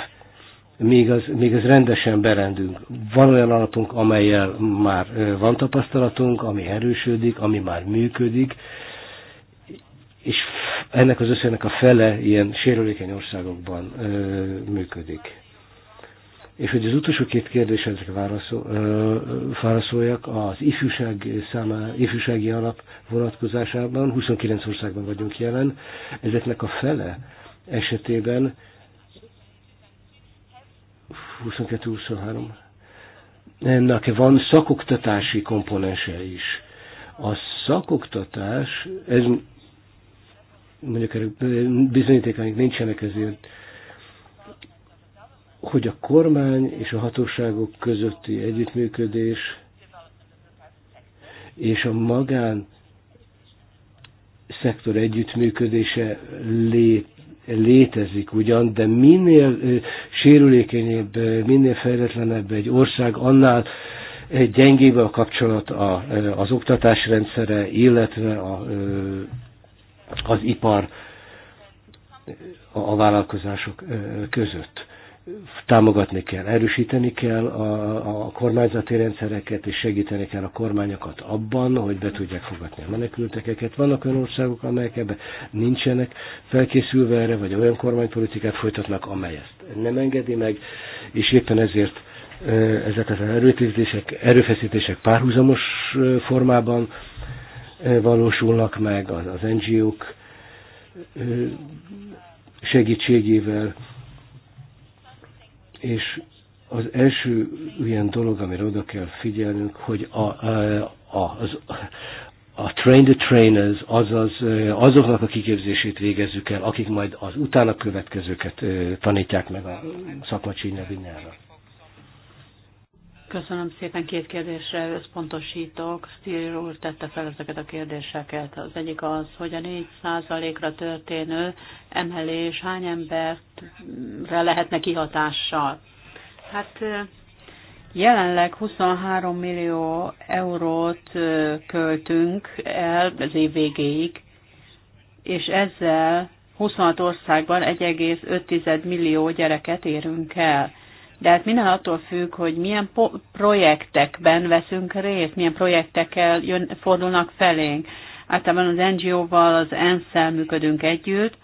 még az, még az rendesen berendünk. Van olyan alapunk, amelyel már van tapasztalatunk, ami erősödik, ami már működik, és ennek az összenek a fele ilyen sérülékeny országokban működik. És hogy az utolsó két kérdéshez válaszol, válaszoljak, az ifjúság száma ifjúsági alap vonatkozásában 29 országban vagyunk jelen, ezeknek a fele esetében 22-23 ennek van szakoktatási komponense is. A szakoktatás, ez mondjuk bizonyítékaink nincsenek ezért, hogy a kormány és a hatóságok közötti együttműködés és a magán szektor együttműködése lé, létezik ugyan, de minél sérülékenyebb, minél fejletlenebb egy ország, annál gyengébb a kapcsolat a, az oktatás rendszere, illetve a, az ipar a, a vállalkozások között támogatni kell, erősíteni kell a, a kormányzati rendszereket, és segíteni kell a kormányokat abban, hogy be tudják fogadni a menekültekeket. Vannak olyan országok, amelyek ebben nincsenek felkészülve erre, vagy olyan kormánypolitikát folytatnak, amely ezt nem engedi meg, és éppen ezért ezek az erőfeszítések, erőfeszítések párhuzamos formában valósulnak meg az NGO-k segítségével, és az első ilyen dolog, amire oda kell figyelnünk, hogy a, a, az, a train the trainers, azaz azoknak a kiképzését végezzük el, akik majd az utána következőket tanítják meg a szakma Köszönöm szépen, két kérdésre összpontosítok. Stír úr tette fel ezeket a kérdéseket. Az egyik az, hogy a 4%-ra történő emelés hány emberre lehetne kihatással? Hát jelenleg 23 millió eurót költünk el az év végéig, és ezzel 26 országban 1,5 millió gyereket érünk el de hát minden attól függ, hogy milyen projektekben veszünk részt, milyen projektekkel jön, fordulnak felénk. Általában az NGO-val, az ENSZ-szel működünk együtt,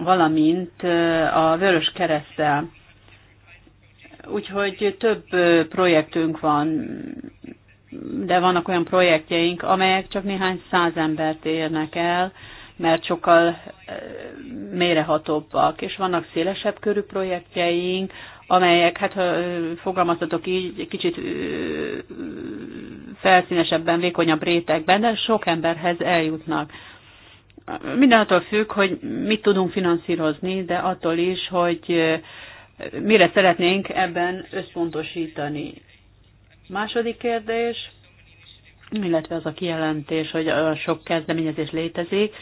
valamint a Vörös Keresztel. Úgyhogy több projektünk van, de vannak olyan projektjeink, amelyek csak néhány száz embert érnek el, mert sokkal mérehatóbbak, és vannak szélesebb körű projektjeink, amelyek, hát ha fogalmaztatok így, kicsit felszínesebben, vékonyabb rétegben, de sok emberhez eljutnak. Minden attól függ, hogy mit tudunk finanszírozni, de attól is, hogy mire szeretnénk ebben összpontosítani. Második kérdés, illetve az a kijelentés, hogy a sok kezdeményezés létezik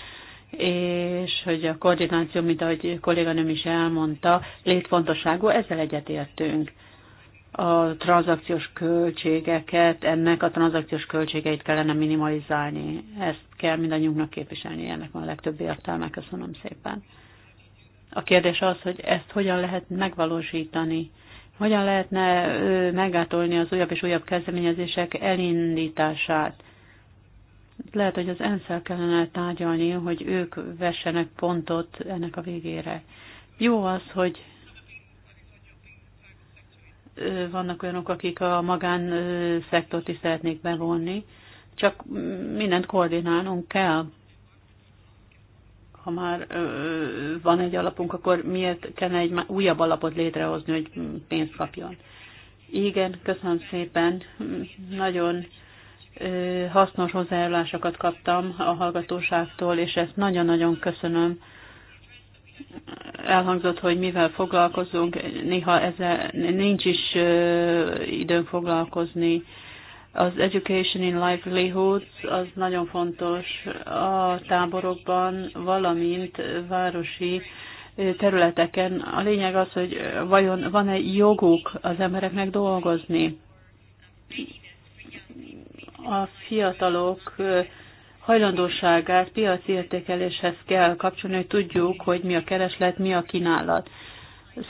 és hogy a koordináció, mint ahogy kolléganőm is elmondta, létfontosságú, ezzel egyetértünk. A tranzakciós költségeket, ennek a tranzakciós költségeit kellene minimalizálni. Ezt kell mindannyiunknak képviselni, ennek van a legtöbb értelme. Köszönöm szépen. A kérdés az, hogy ezt hogyan lehet megvalósítani, hogyan lehetne megátolni az újabb és újabb kezdeményezések elindítását lehet, hogy az ensz kellene tárgyalni, hogy ők vessenek pontot ennek a végére. Jó az, hogy vannak olyanok, akik a magánszektort is szeretnék bevonni, csak mindent koordinálnunk kell. Ha már van egy alapunk, akkor miért kellene egy újabb alapot létrehozni, hogy pénzt kapjon? Igen, köszönöm szépen. Nagyon hasznos hozzájárulásokat kaptam a hallgatóságtól, és ezt nagyon-nagyon köszönöm. Elhangzott, hogy mivel foglalkozunk, néha ezzel nincs is időn foglalkozni. Az Education in Livelihoods az nagyon fontos a táborokban, valamint városi területeken. A lényeg az, hogy vajon van-e joguk az embereknek dolgozni a fiatalok hajlandóságát piaci értékeléshez kell kapcsolni, hogy tudjuk, hogy mi a kereslet, mi a kínálat.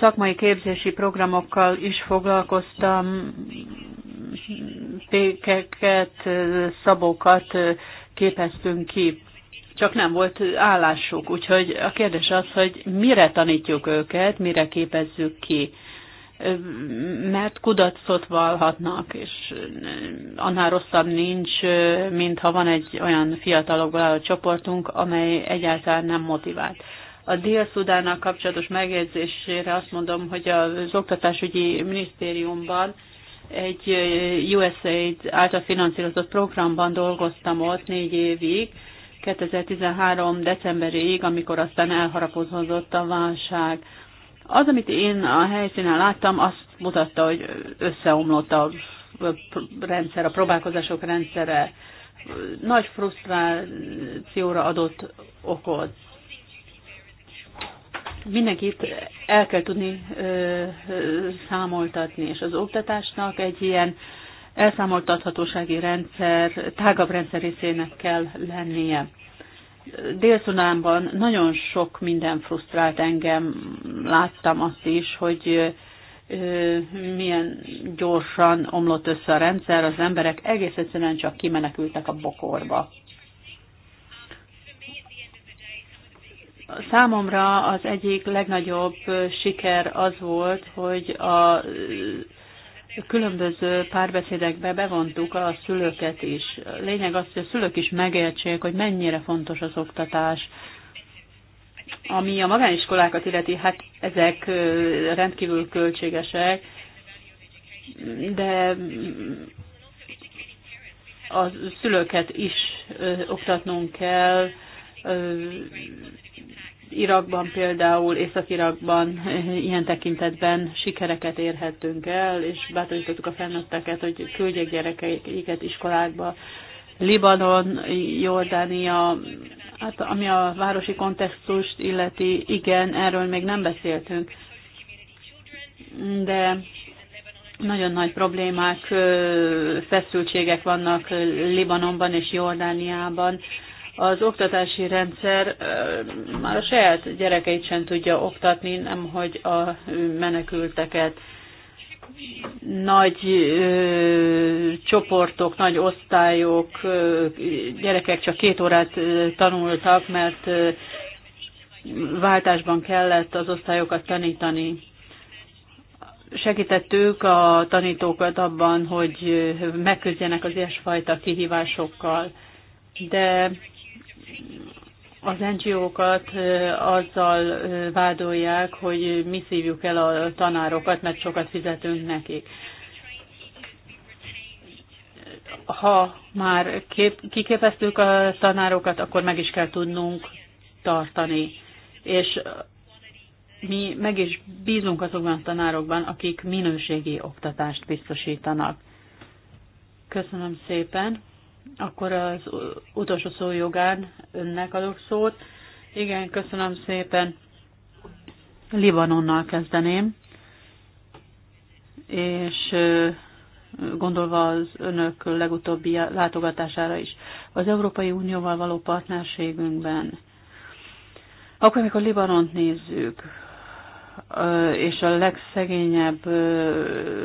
Szakmai képzési programokkal is foglalkoztam, pékeket, szabókat képeztünk ki, csak nem volt állásuk. Úgyhogy a kérdés az, hogy mire tanítjuk őket, mire képezzük ki mert kudarcot vallhatnak, és annál rosszabb nincs, mint ha van egy olyan fiatalokból álló csoportunk, amely egyáltalán nem motivált. A Dél-Szudánnal kapcsolatos megjegyzésére azt mondom, hogy az Oktatásügyi Minisztériumban egy USAID által finanszírozott programban dolgoztam ott négy évig, 2013. decemberéig, amikor aztán elharapozott a válság. Az, amit én a helyszínen láttam, azt mutatta, hogy összeomlott a rendszer, a próbálkozások rendszere. Nagy frusztrációra adott okot. Mindenkit el kell tudni ö, ö, számoltatni, és az oktatásnak egy ilyen elszámoltathatósági rendszer, tágabb rendszer részének kell lennie. Dél-Szudánban nagyon sok minden frusztrált engem. Láttam azt is, hogy milyen gyorsan omlott össze a rendszer, az emberek egész egyszerűen csak kimenekültek a bokorba. Számomra az egyik legnagyobb siker az volt, hogy a különböző párbeszédekbe bevontuk a szülőket is. Lényeg az, hogy a szülők is megértsék, hogy mennyire fontos az oktatás. Ami a magániskolákat illeti, hát ezek rendkívül költségesek, de a szülőket is oktatnunk kell, Irakban például, Észak-Irakban ilyen tekintetben sikereket érhettünk el, és bátorítottuk a felnőtteket, hogy küldjék gyerekeiket iskolákba. Libanon, Jordánia, hát ami a városi kontextust illeti, igen, erről még nem beszéltünk, de nagyon nagy problémák, feszültségek vannak Libanonban és Jordániában az oktatási rendszer már a saját gyerekeit sem tudja oktatni, nemhogy hogy a menekülteket. Nagy ö, csoportok, nagy osztályok, ö, gyerekek csak két órát ö, tanultak, mert ö, váltásban kellett az osztályokat tanítani. Segítettük a tanítókat abban, hogy megküzdjenek az ilyesfajta kihívásokkal, de az NGO-kat azzal vádolják, hogy mi szívjuk el a tanárokat, mert sokat fizetünk nekik. Ha már kép, kiképeztük a tanárokat, akkor meg is kell tudnunk tartani. És mi meg is bízunk azokban a tanárokban, akik minőségi oktatást biztosítanak. Köszönöm szépen! Akkor az utolsó szó jogán önnek adok szót. Igen, köszönöm szépen. Libanonnal kezdeném, és gondolva az önök legutóbbi látogatására is, az Európai Unióval való partnerségünkben. Akkor, amikor Libanont nézzük, és a legszegényebb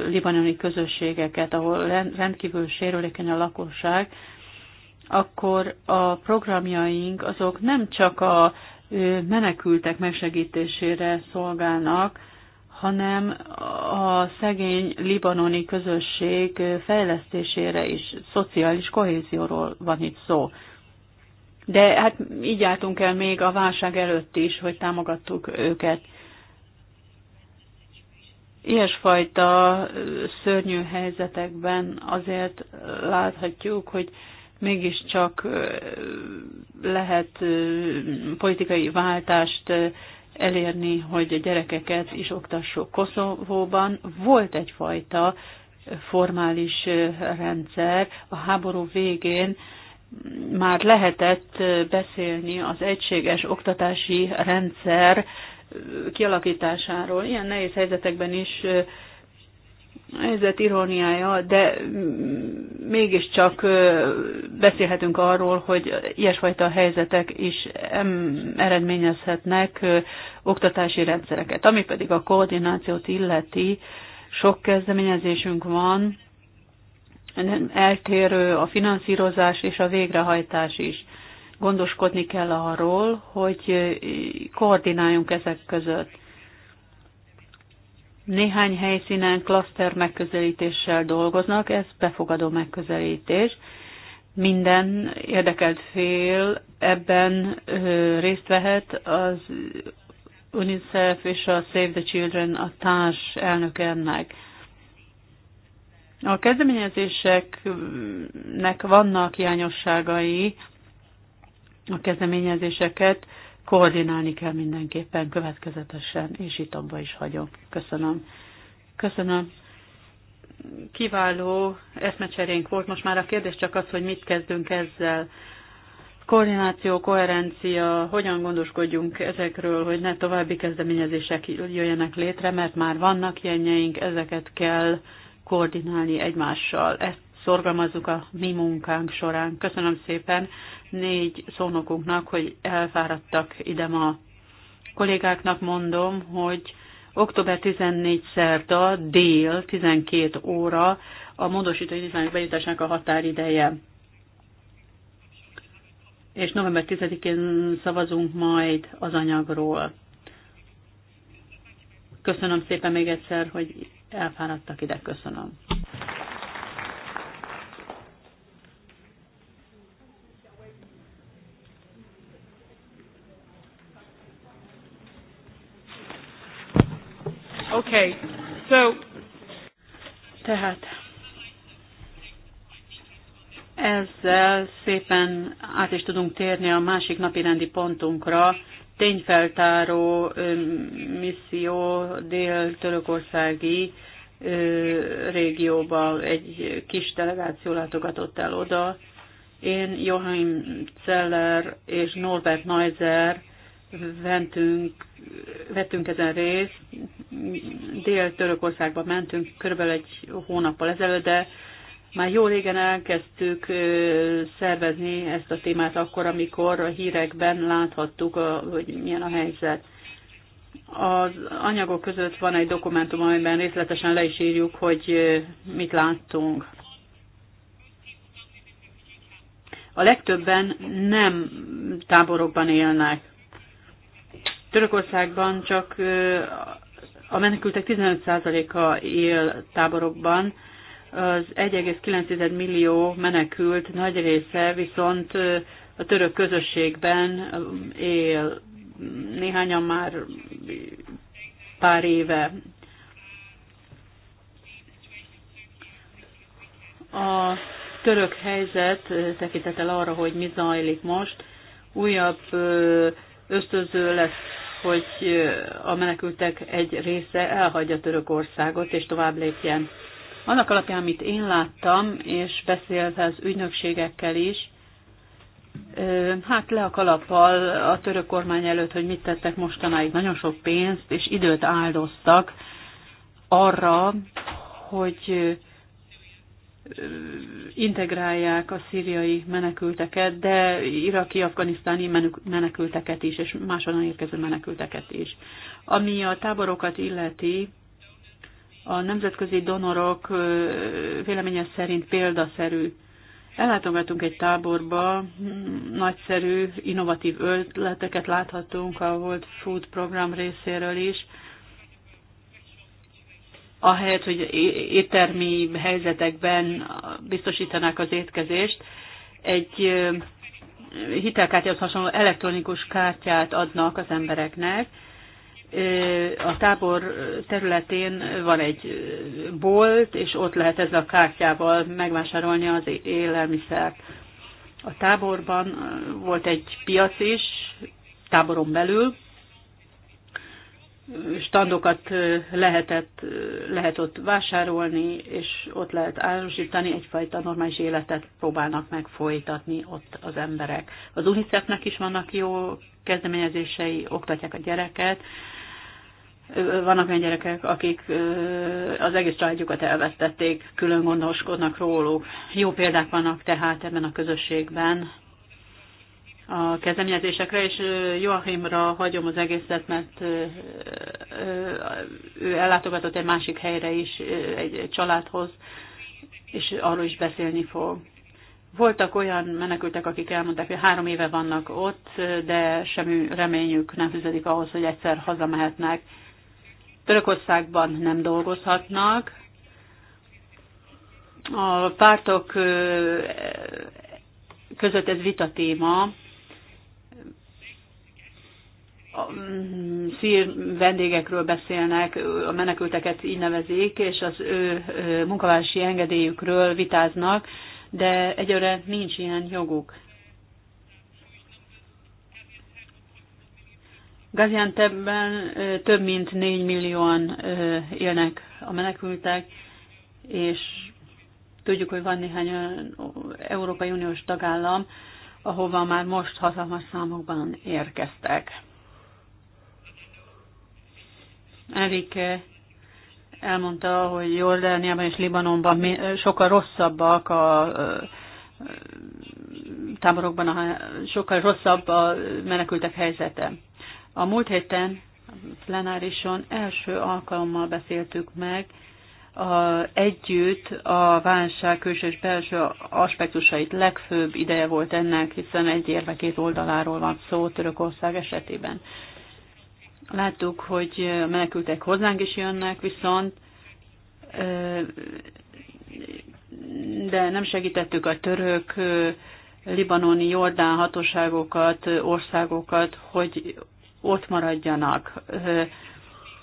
libanoni közösségeket, ahol rendkívül sérülékeny a lakosság, akkor a programjaink azok nem csak a menekültek megsegítésére szolgálnak, hanem a szegény libanoni közösség fejlesztésére is, szociális kohézióról van itt szó. De hát így álltunk el még a válság előtt is, hogy támogattuk őket. Ilyesfajta szörnyű helyzetekben azért láthatjuk, hogy mégiscsak lehet politikai váltást elérni, hogy a gyerekeket is oktassuk Koszovóban. Volt egyfajta formális rendszer. A háború végén már lehetett beszélni az egységes oktatási rendszer kialakításáról. Ilyen nehéz helyzetekben is helyzet iróniája, de mégiscsak beszélhetünk arról, hogy ilyesfajta helyzetek is eredményezhetnek oktatási rendszereket. Ami pedig a koordinációt illeti, sok kezdeményezésünk van, eltérő a finanszírozás és a végrehajtás is. Gondoskodni kell arról, hogy koordináljunk ezek között néhány helyszínen klaszter megközelítéssel dolgoznak, ez befogadó megközelítés. Minden érdekelt fél ebben részt vehet, az UNICEF és a Save the Children a társ elnöke ennek. A kezdeményezéseknek vannak hiányosságai, a kezdeményezéseket koordinálni kell mindenképpen következetesen, és itt abba is hagyom. Köszönöm. Köszönöm. Kiváló eszmecserénk volt. Most már a kérdés csak az, hogy mit kezdünk ezzel. Koordináció, koherencia, hogyan gondoskodjunk ezekről, hogy ne további kezdeményezések jöjjenek létre, mert már vannak ilyenjeink, ezeket kell koordinálni egymással. Ezt szorgalmazzuk a mi munkánk során. Köszönöm szépen, négy szónokunknak, hogy elfáradtak ide ma. Kollégáknak mondom, hogy október 14 szerda dél 12 óra a módosító indítványok bejutásának a határideje. És november 10-én szavazunk majd az anyagról. Köszönöm szépen még egyszer, hogy elfáradtak ide. Köszönöm. So, tehát ezzel szépen át is tudunk térni a másik napi rendi pontunkra, tényfeltáró misszió dél-törökországi régióba egy kis delegáció látogatott el oda. Én, Johann Zeller és Norbert Neuser ventünk, vettünk ezen részt. Dél-Törökországba mentünk körülbelül egy hónappal ezelőtt, de már jó régen elkezdtük szervezni ezt a témát akkor, amikor a hírekben láthattuk, hogy milyen a helyzet. Az anyagok között van egy dokumentum, amiben részletesen le is írjuk, hogy mit láttunk. A legtöbben nem táborokban élnek. Törökországban csak a menekültek 15%-a él táborokban, az 1,9 millió menekült nagy része viszont a török közösségben él néhányan már pár éve. A török helyzet tekintettel arra, hogy mi zajlik most, újabb ösztöző lesz hogy a menekültek egy része elhagyja Törökországot és tovább lépjen. Annak alapján, amit én láttam, és beszélve az ügynökségekkel is, hát le a kalappal a török kormány előtt, hogy mit tettek mostanáig. Nagyon sok pénzt és időt áldoztak arra, hogy integrálják a szíriai menekülteket, de iraki, afganisztáni menekülteket is, és máshonnan érkező menekülteket is. Ami a táborokat illeti, a nemzetközi donorok véleménye szerint példaszerű. Ellátogatunk egy táborba, nagyszerű, innovatív ötleteket láthatunk a World Food Program részéről is, ahelyett, hogy éttermi helyzetekben biztosítanák az étkezést, egy hitelkártyához hasonló elektronikus kártyát adnak az embereknek. A tábor területén van egy bolt, és ott lehet ezzel a kártyával megvásárolni az élelmiszert. A táborban volt egy piac is, táboron belül, standokat lehetett, lehet ott vásárolni, és ott lehet árusítani, egyfajta normális életet próbálnak meg folytatni ott az emberek. Az UNICEF-nek is vannak jó kezdeményezései, oktatják a gyereket, vannak olyan gyerekek, akik az egész családjukat elvesztették, külön gondoskodnak róluk. Jó példák vannak tehát ebben a közösségben, a kezdeményezésekre, és Joachimra hagyom az egészet, mert ő ellátogatott egy másik helyre is, egy családhoz, és arról is beszélni fog. Voltak olyan menekültek, akik elmondták, hogy három éve vannak ott, de semmi reményük nem fűződik ahhoz, hogy egyszer hazamehetnek. Törökországban nem dolgozhatnak. A pártok között ez vita téma, a mm, szír vendégekről beszélnek, a menekülteket így nevezik, és az ő munkavállalási engedélyükről vitáznak, de egyre nincs ilyen joguk. Gaziantepben több mint 4 millióan élnek a menekültek, és tudjuk, hogy van néhány olyan Európai Uniós tagállam, ahova már most hatalmas számokban érkeztek. Enrique elmondta, hogy Jordániában és Libanonban sokkal rosszabbak a táborokban a, sokkal rosszabb a menekültek helyzete. A múlt héten plenárison első alkalommal beszéltük meg a, együtt a válság külső és belső aspektusait. Legfőbb ideje volt ennek, hiszen egy érve két oldaláról van szó Törökország esetében. Láttuk, hogy a menekültek hozzánk is jönnek, viszont de nem segítettük a török, libanoni, jordán hatóságokat, országokat, hogy ott maradjanak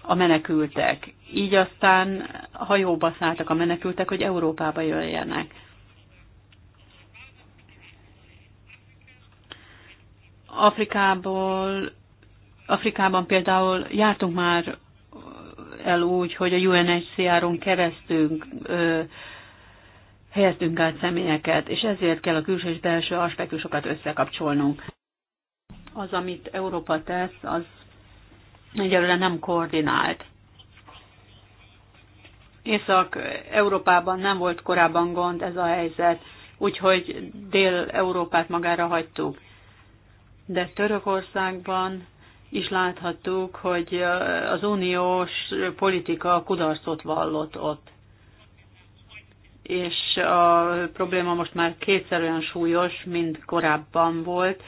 a menekültek. Így aztán hajóba szálltak a menekültek, hogy Európába jöjjenek. Afrikából Afrikában például jártunk már el úgy, hogy a UNHCR-on keresztül ö, helyeztünk át személyeket, és ezért kell a külső és belső aspektusokat összekapcsolnunk. Az, amit Európa tesz, az egyelőre nem koordinált. Észak-Európában nem volt korábban gond ez a helyzet, úgyhogy Dél-Európát magára hagytuk. De Törökországban is láthattuk, hogy az uniós politika kudarcot vallott ott. És a probléma most már kétszer olyan súlyos, mint korábban volt,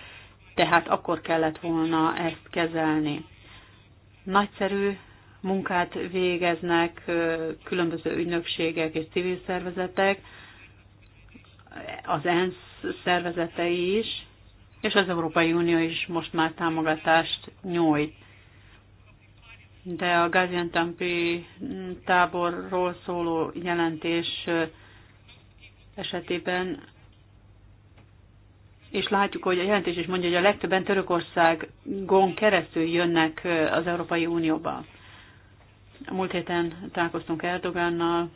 tehát akkor kellett volna ezt kezelni. Nagyszerű munkát végeznek különböző ügynökségek és civil szervezetek, az ENSZ szervezetei is, és az Európai Unió is most már támogatást nyújt. De a Gaziantampi táborról szóló jelentés esetében, és látjuk, hogy a jelentés is mondja, hogy a legtöbben Törökországon keresztül jönnek az Európai Unióba. A múlt héten találkoztunk Erdogánnal,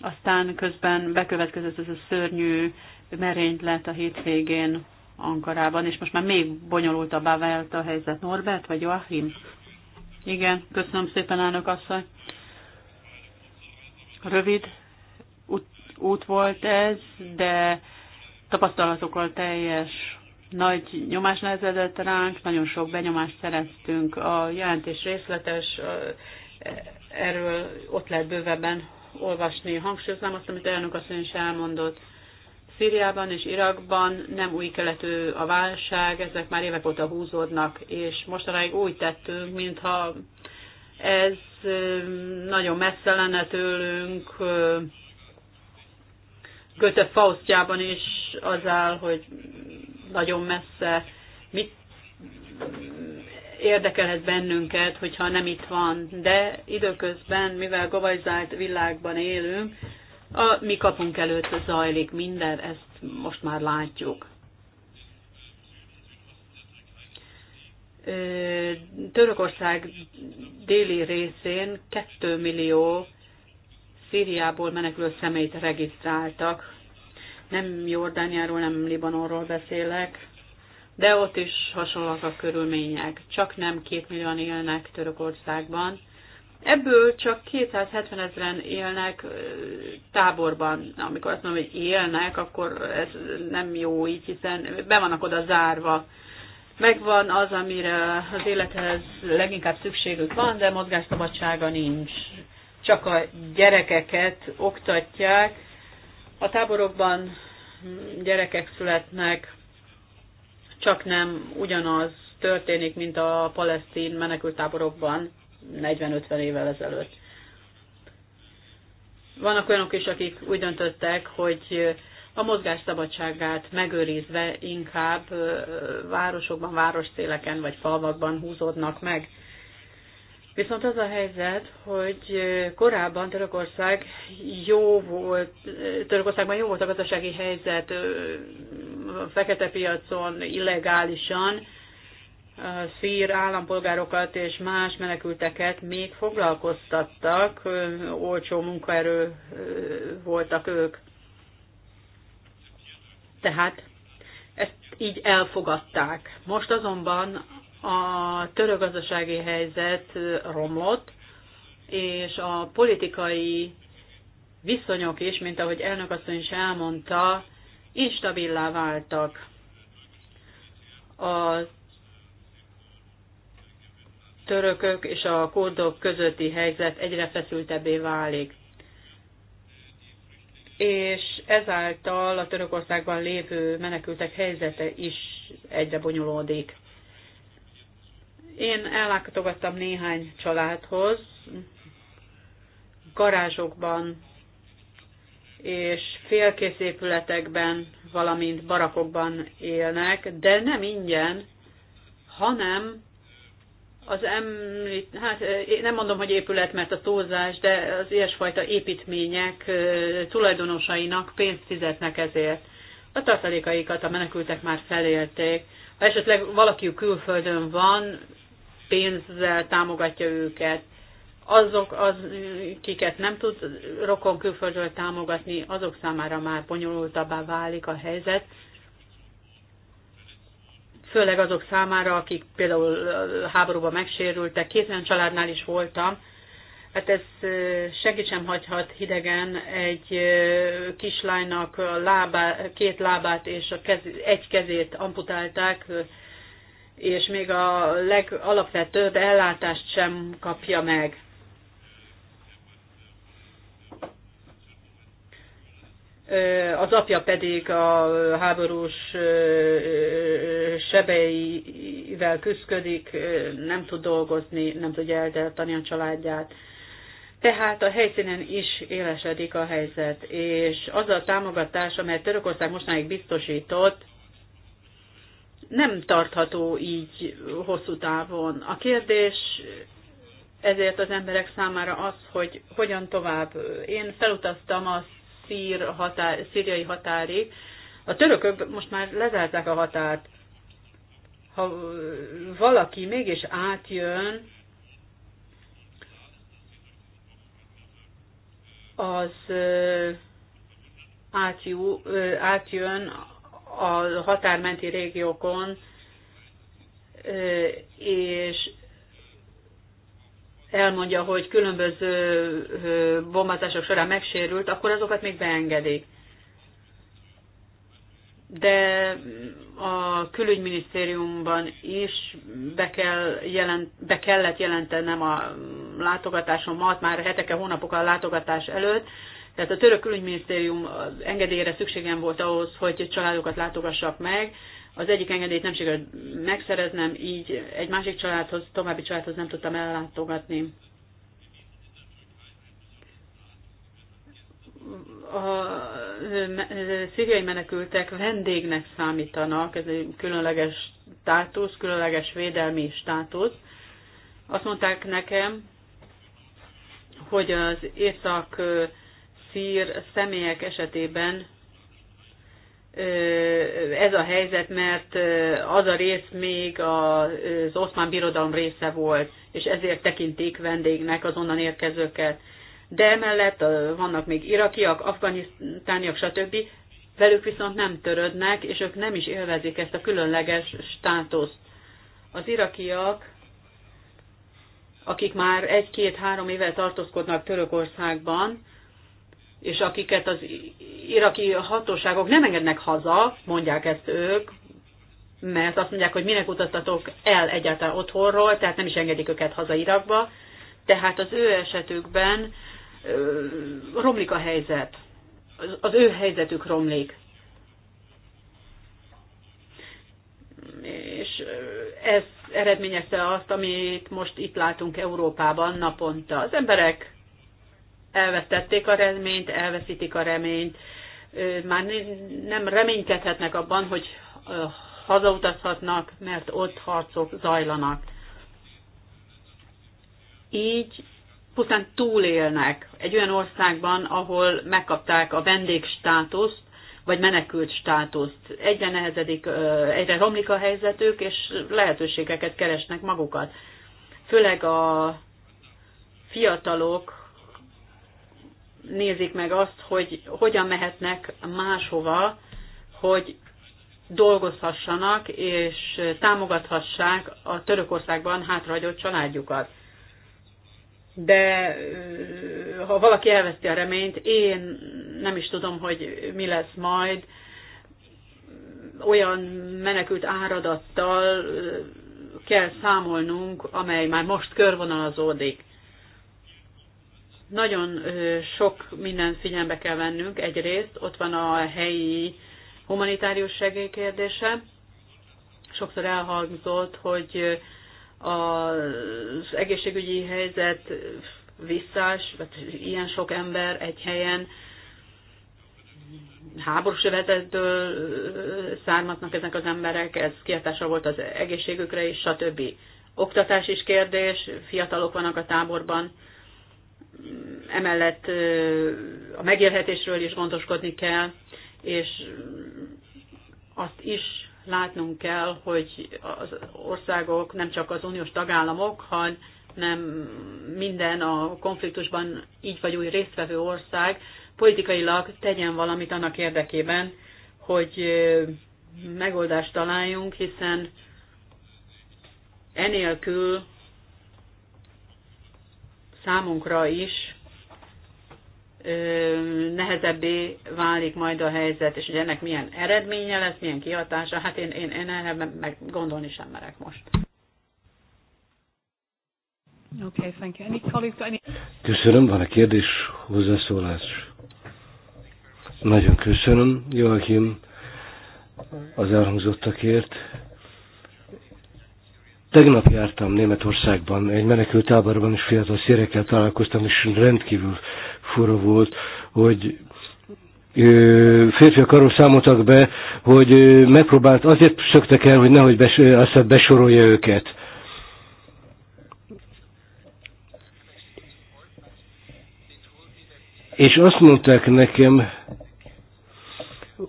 aztán közben bekövetkezett ez a szörnyű merénylet a hétvégén Ankarában, és most már még bonyolultabbá vált a helyzet. Norbert vagy Joachim? Igen, köszönöm szépen, elnök asszony. Rövid út, út volt ez, de tapasztalatokkal teljes nagy nyomás nehezedett ránk, nagyon sok benyomást szereztünk. A jelentés részletes, erről ott lehet bővebben olvasni. Hangsúlyoznám azt, amit elnök asszony is elmondott. Szíriában és Irakban nem új keletű a válság, ezek már évek óta húzódnak, és mostanáig úgy tettünk, mintha ez nagyon messze lenne tőlünk. Göte Faustjában is az áll, hogy nagyon messze. Mit érdekelhet bennünket, hogyha nem itt van. De időközben, mivel globalizált világban élünk, a mi kapunk előtt zajlik minden, ezt most már látjuk. Törökország déli részén 2 millió Szíriából menekülő személyt regisztráltak. Nem Jordániáról, nem Libanonról beszélek, de ott is hasonlóak a körülmények. Csak nem 2 millióan élnek Törökországban, Ebből csak 270 ezeren élnek táborban. Amikor azt mondom, hogy élnek, akkor ez nem jó így, hiszen be vannak oda zárva. Megvan az, amire az élethez leginkább szükségük van, de mozgásszabadsága nincs. Csak a gyerekeket oktatják. A táborokban gyerekek születnek, csak nem ugyanaz történik, mint a palesztin menekültáborokban 40-50 évvel ezelőtt. Vannak olyanok is, akik úgy döntöttek, hogy a mozgás szabadságát megőrizve inkább városokban, városszéleken vagy falvakban húzódnak meg. Viszont az a helyzet, hogy korábban Törökország jó volt, Törökországban jó volt a gazdasági helyzet, fekete piacon, illegálisan, szír állampolgárokat és más menekülteket még foglalkoztattak, olcsó munkaerő voltak ők. Tehát ezt így elfogadták. Most azonban a török gazdasági helyzet romlott, és a politikai viszonyok is, mint ahogy elnökasszony is elmondta, instabilá váltak. Az törökök és a kurdok közötti helyzet egyre feszültebbé válik. És ezáltal a Törökországban lévő menekültek helyzete is egyre bonyolódik. Én ellátogattam néhány családhoz, garázsokban és épületekben, valamint barakokban élnek, de nem ingyen, hanem az említ, hát nem mondom, hogy épület, mert a túlzás, de az ilyesfajta építmények tulajdonosainak pénzt fizetnek ezért. A tartalékaikat a menekültek már felélték. Ha esetleg valaki külföldön van, pénzzel támogatja őket. Azok, az, kiket nem tud rokon külföldről támogatni, azok számára már bonyolultabbá válik a helyzet, főleg azok számára, akik például háborúban megsérültek, kézen családnál is voltam, hát ez senki sem hagyhat hidegen egy kislánynak lábá, két lábát és a kez, egy kezét amputálták, és még a legalapvetőbb ellátást sem kapja meg. az apja pedig a háborús sebeivel küzdik, nem tud dolgozni, nem tudja eltartani a családját. Tehát a helyszínen is élesedik a helyzet, és az a támogatás, amelyet Törökország mostanáig biztosított, nem tartható így hosszú távon. A kérdés ezért az emberek számára az, hogy hogyan tovább. Én felutaztam azt szír határ, szíriai határig. A törökök most már lezárták a határt. Ha valaki mégis átjön, az átjú, átjön a határmenti régiókon, és elmondja, hogy különböző bombázások során megsérült, akkor azokat még beengedik. De a külügyminisztériumban is be, kell jelent, be kellett jelentenem a látogatásomat, már heteke, hónapokkal a látogatás előtt, tehát a török külügyminisztérium engedélyére szükségem volt ahhoz, hogy családokat látogassak meg, az egyik engedélyt nem sikerült megszereznem, így egy másik családhoz, további családhoz nem tudtam ellátogatni. A szíriai menekültek vendégnek számítanak, ez egy különleges státusz, különleges védelmi státusz. Azt mondták nekem, hogy az észak-szír személyek esetében ez a helyzet, mert az a rész még az oszmán birodalom része volt, és ezért tekintik vendégnek az onnan érkezőket. De emellett vannak még irakiak, afganisztániak, stb. Velük viszont nem törődnek, és ők nem is élvezik ezt a különleges státuszt. Az irakiak, akik már egy-két-három éve tartózkodnak Törökországban, és akiket az iraki hatóságok nem engednek haza, mondják ezt ők, mert azt mondják, hogy minek utaztatok el egyáltalán otthonról, tehát nem is engedik őket haza Irakba. Tehát az ő esetükben romlik a helyzet. Az ő helyzetük romlik. És ez eredményezte azt, amit most itt látunk Európában naponta. Az emberek elvesztették a reményt, elveszítik a reményt, már nem reménykedhetnek abban, hogy hazautazhatnak, mert ott harcok zajlanak. Így pusztán túlélnek egy olyan országban, ahol megkapták a vendégstátuszt, vagy menekült státuszt. Egyre nehezedik, egyre romlik a helyzetük, és lehetőségeket keresnek magukat. Főleg a fiatalok nézik meg azt, hogy hogyan mehetnek máshova, hogy dolgozhassanak és támogathassák a Törökországban hátrahagyott családjukat. De ha valaki elveszti a reményt, én nem is tudom, hogy mi lesz majd, olyan menekült áradattal kell számolnunk, amely már most körvonalazódik. Nagyon sok minden figyelembe kell vennünk. Egyrészt ott van a helyi humanitárius segély kérdése. Sokszor elhangzott, hogy az egészségügyi helyzet visszás, vagy ilyen sok ember egy helyen háborús övezetből származnak ezek az emberek, ez kiatása volt az egészségükre is, stb. Oktatás is kérdés, fiatalok vannak a táborban, emellett a megélhetésről is gondoskodni kell, és azt is látnunk kell, hogy az országok, nem csak az uniós tagállamok, hanem minden a konfliktusban így vagy úgy résztvevő ország politikailag tegyen valamit annak érdekében, hogy megoldást találjunk, hiszen enélkül számunkra is nehezebbé válik majd a helyzet, és hogy ennek milyen eredménye lesz, milyen kihatása, hát én, én, én erre meg gondolni sem merek most. Okay, thank you. Any colleagues, any... Köszönöm, van a kérdés, hozzászólás. Nagyon köszönöm, Joachim, az elhangzottakért. Tegnap jártam Németországban, egy menekült táborban is fiatal szérekkel találkoztam, és rendkívül fura volt, hogy férfiak arról számoltak be, hogy megpróbált, azért szöktek el, hogy nehogy bes, aztán besorolja őket. És azt mondták nekem,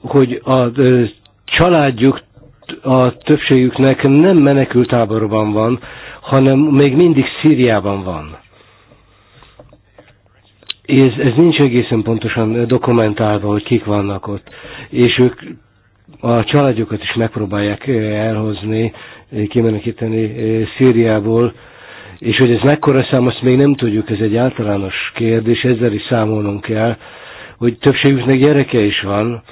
hogy a családjuk a többségüknek nem menekültáborban van, hanem még mindig Szíriában van. Ez, ez nincs egészen pontosan dokumentálva, hogy kik vannak ott. És ők a családjukat is megpróbálják eh, elhozni, eh, kimenekíteni eh, Szíriából, és hogy ez mekkora szám, azt még nem tudjuk, ez egy általános kérdés, ezzel is számolnunk kell, hogy többségüknek gyereke is van,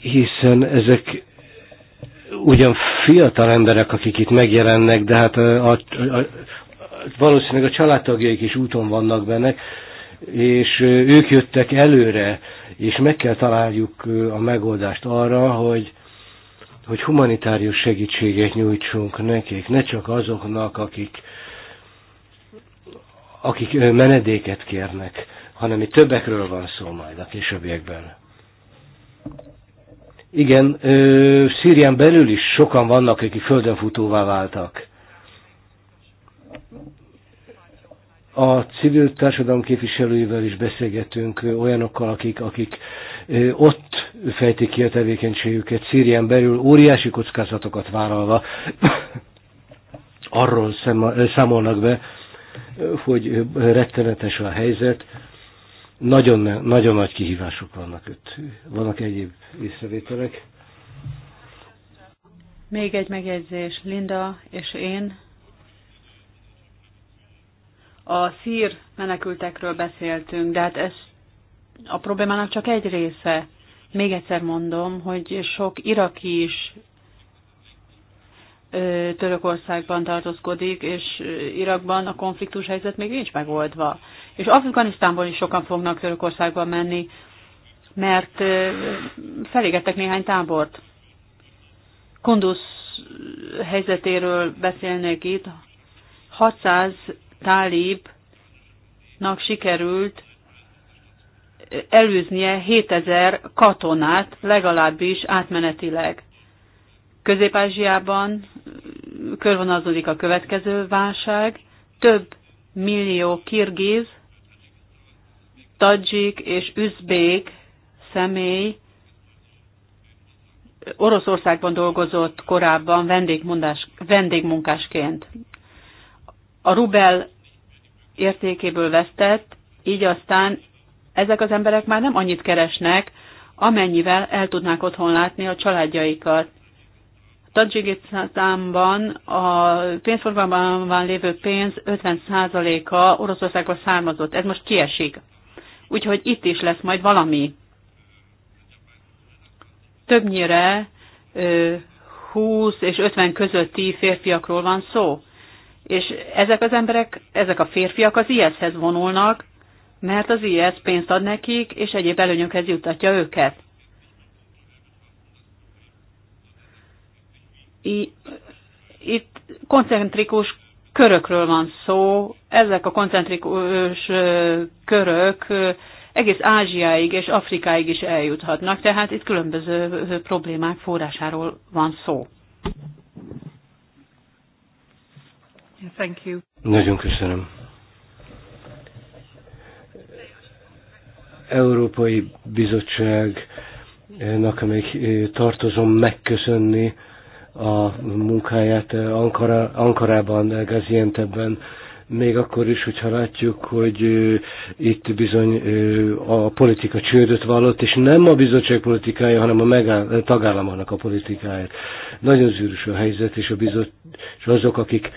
hiszen ezek ugyan fiatal emberek, akik itt megjelennek, de hát a, a, a, valószínűleg a családtagjaik is úton vannak benne, és ők jöttek előre, és meg kell találjuk a megoldást arra, hogy, hogy humanitárius segítséget nyújtsunk nekik, ne csak azoknak, akik, akik menedéket kérnek, hanem itt többekről van szó majd a későbbiekben. Igen, Szírián belül is sokan vannak, akik földönfutóvá váltak. a civil társadalom képviselőivel is beszélgetünk, olyanokkal, akik, akik ott fejtik ki a tevékenységüket, Szírián belül óriási kockázatokat vállalva arról számolnak be, hogy rettenetes a helyzet, nagyon, nagyon nagy kihívások vannak ott. Vannak egyéb észrevételek? Még egy megjegyzés. Linda és én a szír menekültekről beszéltünk, de hát ez a problémának csak egy része. Még egyszer mondom, hogy sok iraki is Törökországban tartózkodik, és Irakban a konfliktus helyzet még nincs megoldva. És Afganisztánból is sokan fognak Törökországba menni, mert felégettek néhány tábort. Kondusz helyzetéről beszélnek itt. 600 tálibnak sikerült előznie 7000 katonát, legalábbis átmenetileg. Közép-Ázsiában körvonalazódik a következő válság, több millió kirgiz, tadzsik és üzbék személy Oroszországban dolgozott korábban vendégmunkásként. A rubel értékéből vesztett, így aztán ezek az emberek már nem annyit keresnek, amennyivel el tudnák otthon látni a családjaikat. Tadzsigisztánban a pénzforgalomban lévő pénz 50%-a Oroszországból származott. Ez most kiesik. Úgyhogy itt is lesz majd valami. Többnyire 20 és 50 közötti férfiakról van szó. És ezek az emberek, ezek a férfiak az IS-hez vonulnak, mert az IS pénzt ad nekik, és egyéb előnyökhez juttatja őket. itt koncentrikus körökről van szó, ezek a koncentrikus körök egész Ázsiáig és Afrikáig is eljuthatnak, tehát itt különböző problémák forrásáról van szó. Thank you. Nagyon köszönöm. Európai Bizottságnak, amelyik tartozom megköszönni a munkáját Ankara, Ankarában, Gaziantepben, még akkor is, hogyha látjuk, hogy itt bizony a politika csődöt vallott, és nem a bizottság politikája, hanem a tagállamának a politikája. Nagyon zűrös a helyzet, és, a bizot, és azok, akik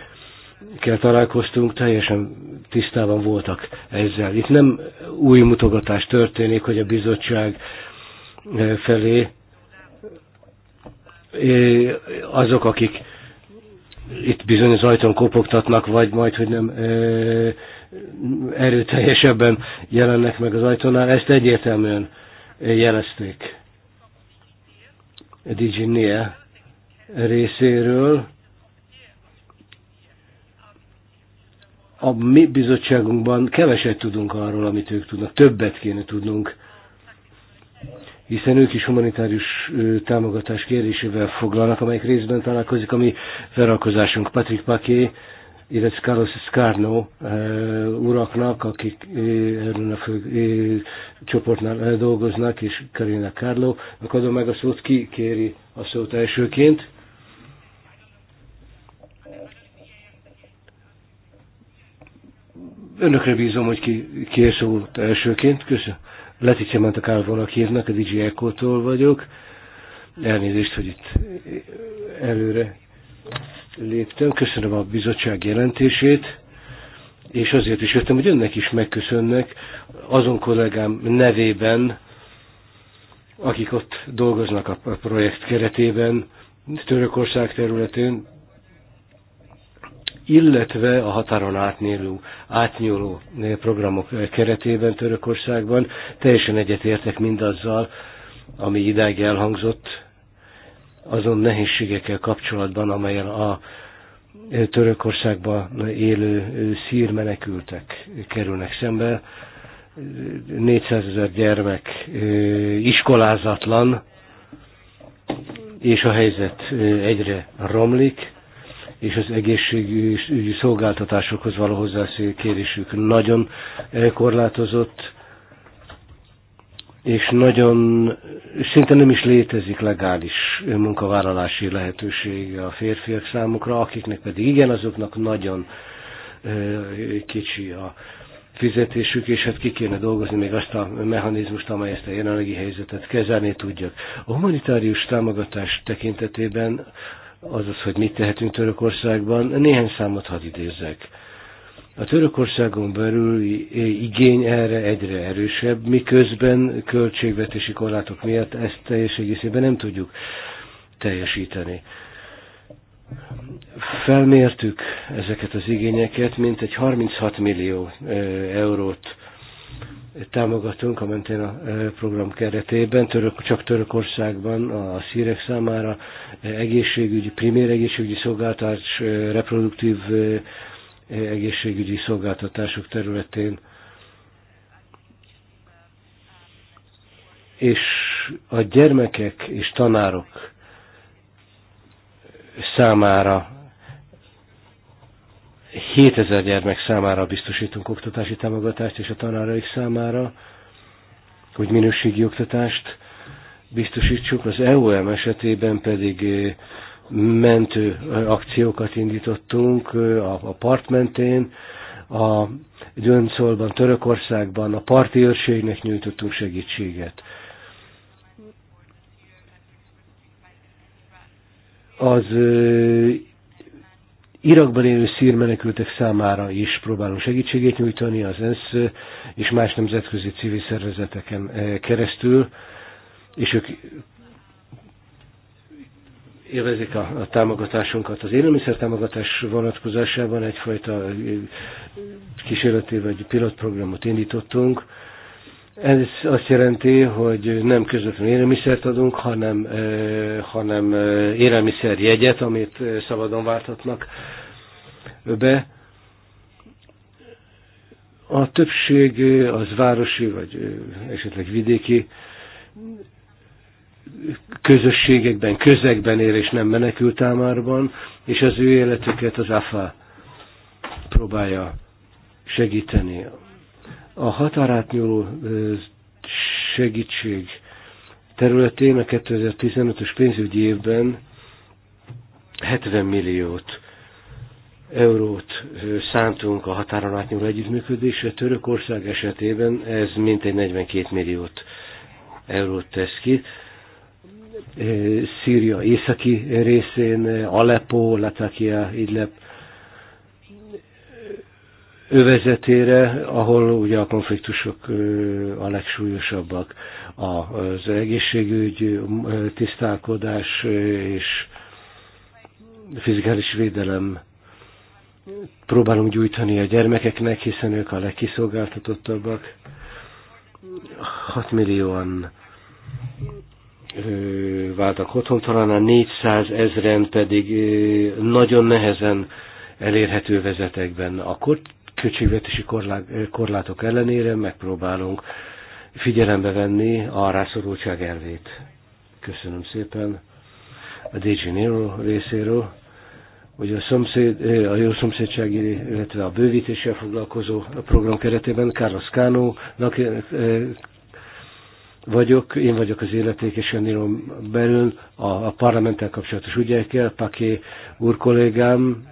kell találkoztunk, teljesen tisztában voltak ezzel. Itt nem új mutogatás történik, hogy a bizottság felé azok, akik itt bizony az ajtón kopogtatnak, vagy majd, hogy nem e, erőteljesebben jelennek meg az ajtónál, ezt egyértelműen jelezték. DJ Nie részéről. A mi bizottságunkban keveset tudunk arról, amit ők tudnak, többet kéne tudnunk hiszen ők is humanitárius támogatás kérdésével foglalnak, amelyik részben találkozik a mi felrakozásunk Patrick Paké, illetve Carlos Scarno uraknak, akik erről a fő csoportnál dolgoznak, és Karina Carlo. Adom meg a szót, ki kéri a szót elsőként. Önökre bízom, hogy ki kér szót elsőként. Köszönöm. Leticia Mantakálvónak hívnak, a DJ echo tól vagyok. Elnézést, hogy itt előre léptem. Köszönöm a bizottság jelentését, és azért is jöttem, hogy önnek is megköszönnek azon kollégám nevében, akik ott dolgoznak a projekt keretében, Törökország területén, illetve a határon átnyúló, átnyúló eh, programok eh, keretében Törökországban. Teljesen egyetértek mindazzal, ami idáig elhangzott, azon nehézségekkel kapcsolatban, amelyen a eh, Törökországban élő szír menekültek kerülnek szembe. 400 ezer gyermek iskolázatlan, és a helyzet egyre romlik és az egészségügyi szolgáltatásokhoz való hozzáférésük nagyon eh, korlátozott, és nagyon, szinte nem is létezik legális munkavállalási lehetőség a férfiak számukra, akiknek pedig igen, azoknak nagyon eh, kicsi a fizetésük, és hát ki kéne dolgozni még azt a mechanizmust, amely ezt a jelenlegi helyzetet kezelni tudja. A humanitárius támogatás tekintetében azaz, hogy mit tehetünk Törökországban. Néhány számot hadd idézek. A Törökországon belül igény erre egyre erősebb, miközben költségvetési korlátok miatt ezt teljes egészében nem tudjuk teljesíteni. Felmértük ezeket az igényeket, mint egy 36 millió eurót támogatunk a mentén a program keretében, török, csak Törökországban a szírek számára egészségügyi, primér egészségügyi szolgáltatás, reproduktív egészségügyi szolgáltatások területén. És a gyermekek és tanárok számára 7000 gyermek számára biztosítunk oktatási támogatást, és a tanáraik számára, hogy minőségi oktatást biztosítsuk. Az EOM esetében pedig eh, mentő eh, akciókat indítottunk eh, a part mentén, a Gyöngyszolban, Törökországban, a parti őrségnek nyújtottunk segítséget. Az Irakban élő szír menekültek számára is próbálunk segítségét nyújtani az ENSZ és más nemzetközi civil szervezeteken eh, keresztül, és ők élvezik a, a támogatásunkat. Az élelmiszer támogatás vonatkozásában egyfajta eh, kísérleti vagy pilotprogramot indítottunk, ez azt jelenti, hogy nem közvetlenül élelmiszert adunk, hanem, eh, hanem eh, élelmiszer jegyet, amit eh, szabadon válthatnak be. A többség az városi vagy esetleg vidéki közösségekben, közegben él és nem támárban, és az ő életüket az AFA próbálja segíteni. A határátnyúló segítség területén a 2015-ös pénzügyi évben 70 milliót eurót szántunk a határon átnyúló együttműködésre. Törökország esetében ez mintegy 42 milliót eurót tesz ki. Szíria északi részén, Aleppo, Latakia, Idlep övezetére, ahol ugye a konfliktusok a legsúlyosabbak. Az egészségügy, tisztálkodás és fizikális védelem próbálunk gyújtani a gyermekeknek, hiszen ők a legkiszolgáltatottabbak. 6 millióan váltak otthontalan, a 400 ezren pedig nagyon nehezen elérhető vezetekben. A költségvetési korlátok ellenére megpróbálunk figyelembe venni a rászorultság elvét. Köszönöm szépen a DG Nero részéről, hogy a, szomszéd, a jó szomszédsági, illetve a bővítéssel foglalkozó program keretében Carlos cano vagyok, én vagyok az életék és belül a, a parlamenttel kapcsolatos ügyekkel, Paké úr kollégám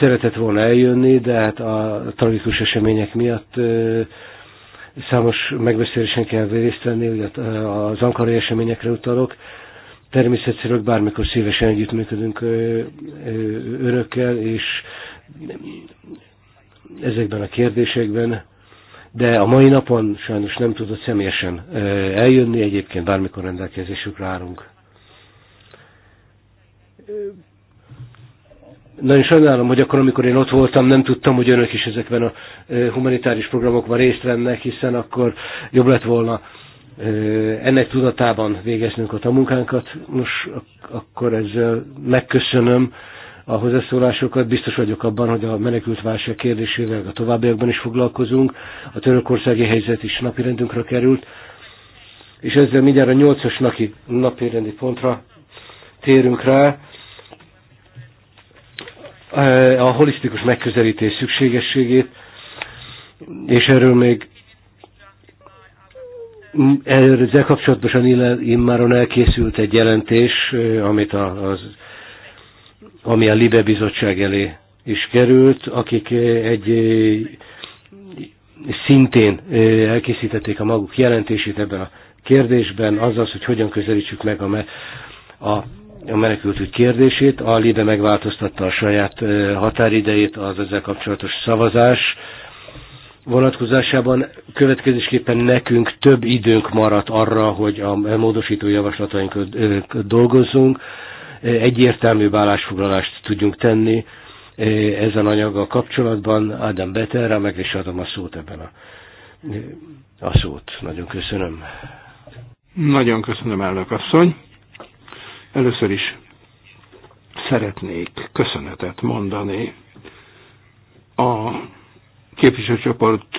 szeretett volna eljönni, de hát a tragikus események miatt számos megbeszélésen kell részt venni, ugye az ankarai eseményekre utalok. Természetszerűen bármikor szívesen együttműködünk örökkel, és ezekben a kérdésekben, de a mai napon sajnos nem tudott személyesen eljönni, egyébként bármikor rendelkezésükre állunk nagyon sajnálom, hogy akkor, amikor én ott voltam, nem tudtam, hogy önök is ezekben a humanitárius programokban részt vennek, hiszen akkor jobb lett volna ennek tudatában végeznünk ott a munkánkat. Most akkor ezzel megköszönöm a hozzászólásokat. Biztos vagyok abban, hogy a menekült válság kérdésével a továbbiakban is foglalkozunk. A törökországi helyzet is napirendünkre került. És ezzel mindjárt a nyolcas napi napirendi pontra térünk rá a holisztikus megközelítés szükségességét, és erről még ezzel kapcsolatosan immáron elkészült egy jelentés, amit a, az, ami a Libe bizottság elé is került, akik egy szintén elkészítették a maguk jelentését ebben a kérdésben, azaz, hogy hogyan közelítsük meg a, a a menekültük kérdését. A Libe megváltoztatta a saját határidejét az ezzel kapcsolatos szavazás vonatkozásában. Következésképpen nekünk több időnk maradt arra, hogy a módosító javaslatainkat dolgozzunk, egyértelmű állásfoglalást tudjunk tenni ezen anyaggal kapcsolatban. Ádám Beterre meg is adom a szót ebben a, a szót. Nagyon köszönöm. Nagyon köszönöm, elnök asszony. Először is szeretnék köszönetet mondani a képviselőcsoport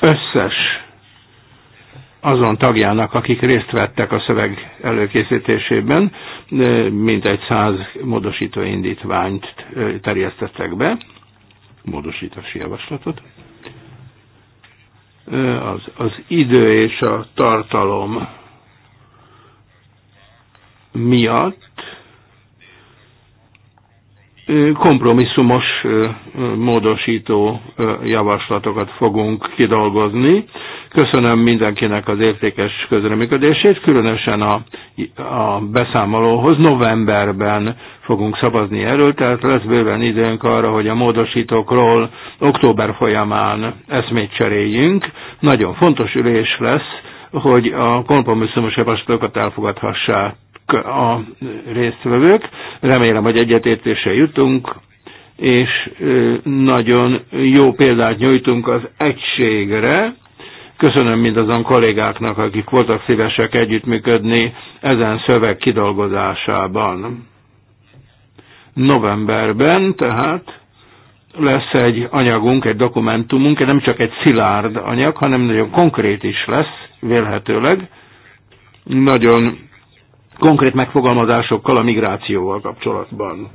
összes azon tagjának, akik részt vettek a szöveg előkészítésében, mintegy száz módosító indítványt terjesztettek be, módosítási javaslatot. Az, az idő és a tartalom miatt kompromisszumos módosító javaslatokat fogunk kidolgozni. Köszönöm mindenkinek az értékes közreműködését, különösen a, a beszámolóhoz. Novemberben fogunk szavazni erről, tehát lesz bőven időnk arra, hogy a módosítókról október folyamán eszmét cseréljünk. Nagyon fontos ülés lesz, hogy a kompromisszumos javaslatokat elfogadhassák a résztvevők. Remélem, hogy egyetértésre jutunk, és nagyon jó példát nyújtunk az egységre. Köszönöm mindazon kollégáknak, akik voltak szívesek együttműködni ezen szöveg kidolgozásában. Novemberben tehát lesz egy anyagunk, egy dokumentumunk, nem csak egy szilárd anyag, hanem nagyon konkrét is lesz, vélhetőleg. Nagyon konkrét megfogalmazásokkal a migrációval kapcsolatban.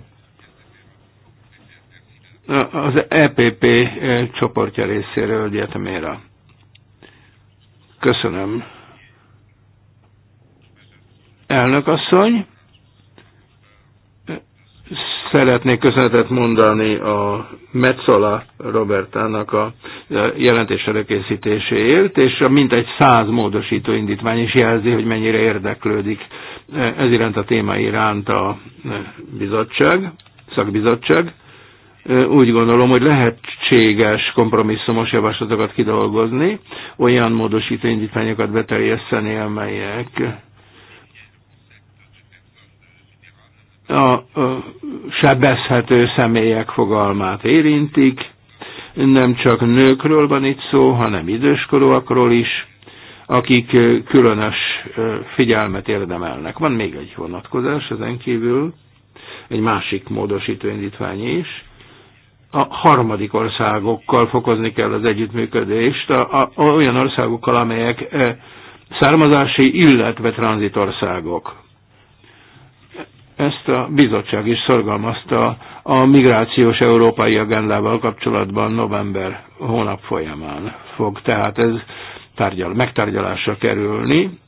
Az EPP eh, csoportja részéről egyetemére. Köszönöm. Elnök asszony, Szeretnék köszönetet mondani a Metzola Robertának a e, jelentés előkészítéséért, és a mintegy száz módosító indítvány is jelzi, hogy mennyire érdeklődik e, ez iránt a téma iránt a e, bizottság, szakbizottság. Úgy gondolom, hogy lehetséges kompromisszumos javaslatokat kidolgozni, olyan módosító indítványokat beterjeszteni, amelyek a sebezhető személyek fogalmát érintik, nem csak nőkről van itt szó, hanem időskorúakról is, akik különös figyelmet érdemelnek. Van még egy vonatkozás ezen kívül, egy másik módosító indítvány is. A harmadik országokkal fokozni kell az együttműködést, a, a, olyan országokkal, amelyek e, származási, illetve tranzitországok. Ezt a bizottság is szorgalmazta a migrációs európai agendával kapcsolatban november hónap folyamán fog. Tehát ez tárgyal, megtárgyalásra kerülni.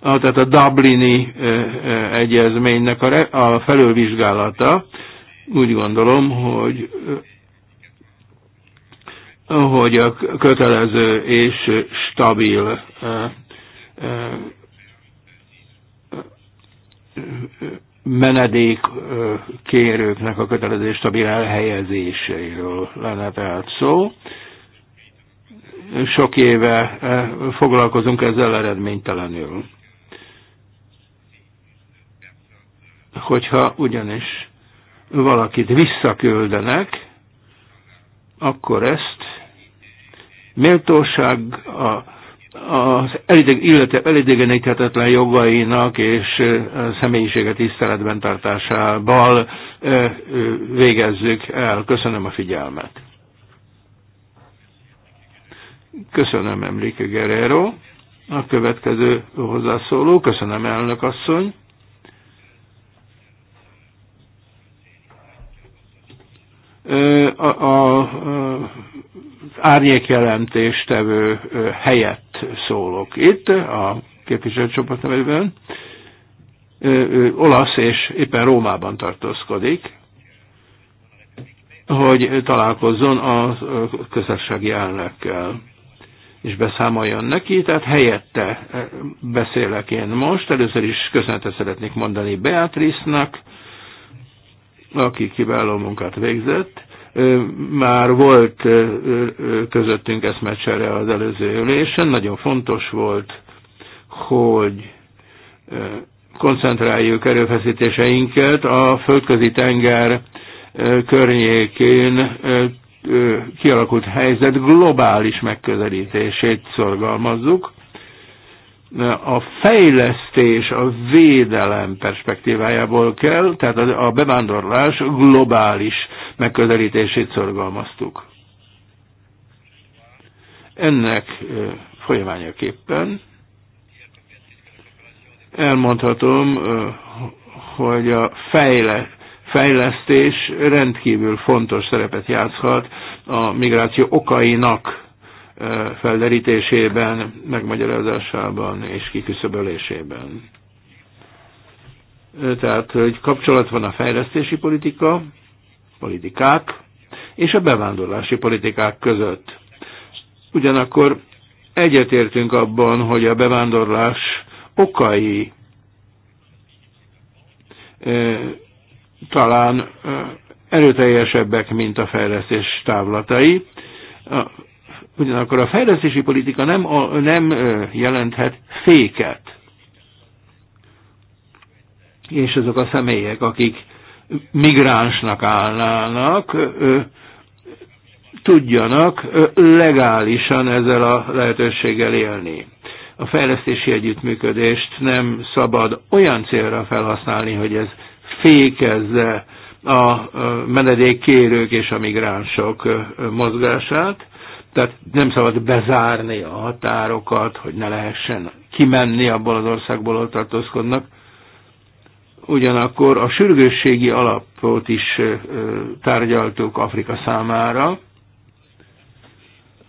A, tehát a Dublini e, e, egyezménynek a, re, a felülvizsgálata úgy gondolom, hogy hogy a kötelező és stabil e, e, menedék kérőknek a kötelező stabil elhelyezéséről lenne tehát szó. Sok éve foglalkozunk ezzel eredménytelenül. Hogyha ugyanis valakit visszaküldenek, akkor ezt méltóság a az elidegeníthetetlen jogainak és személyisége tiszteletben tartásával végezzük el. Köszönöm a figyelmet. Köszönöm Emlike Guerrero. A következő hozzászóló. Köszönöm elnök asszony. a, a, a árnyékjelentéstevő helyett szólok itt a képviselőcsoport nevében. Olasz és éppen Rómában tartózkodik, hogy találkozzon a közösségi elnökkel és beszámoljon neki, tehát helyette beszélek én most. Először is köszönetet szeretnék mondani Beatrice-nak, aki kiváló munkát végzett, már volt közöttünk eszmecsere az előző ülésen, nagyon fontos volt, hogy koncentráljuk erőfeszítéseinket a földközi tenger környékén kialakult helyzet globális megközelítését szorgalmazzuk, a fejlesztés, a védelem perspektívájából kell, tehát a bevándorlás globális megközelítését szorgalmaztuk. Ennek folyamányaképpen elmondhatom, hogy a fejle, fejlesztés rendkívül fontos szerepet játszhat a migráció okainak felderítésében, megmagyarázásában és kiküszöbölésében. Tehát, hogy kapcsolat van a fejlesztési politika, politikák és a bevándorlási politikák között. Ugyanakkor egyetértünk abban, hogy a bevándorlás okai talán erőteljesebbek, mint a fejlesztés távlatai. Ugyanakkor a fejlesztési politika nem, a, nem jelenthet féket. És azok a személyek, akik migránsnak állnának, tudjanak legálisan ezzel a lehetőséggel élni. A fejlesztési együttműködést nem szabad olyan célra felhasználni, hogy ez fékezze a menedékkérők és a migránsok mozgását, tehát nem szabad bezárni a határokat, hogy ne lehessen kimenni abból az országból, ahol tartózkodnak. Ugyanakkor a sürgősségi alapot is tárgyaltuk Afrika számára,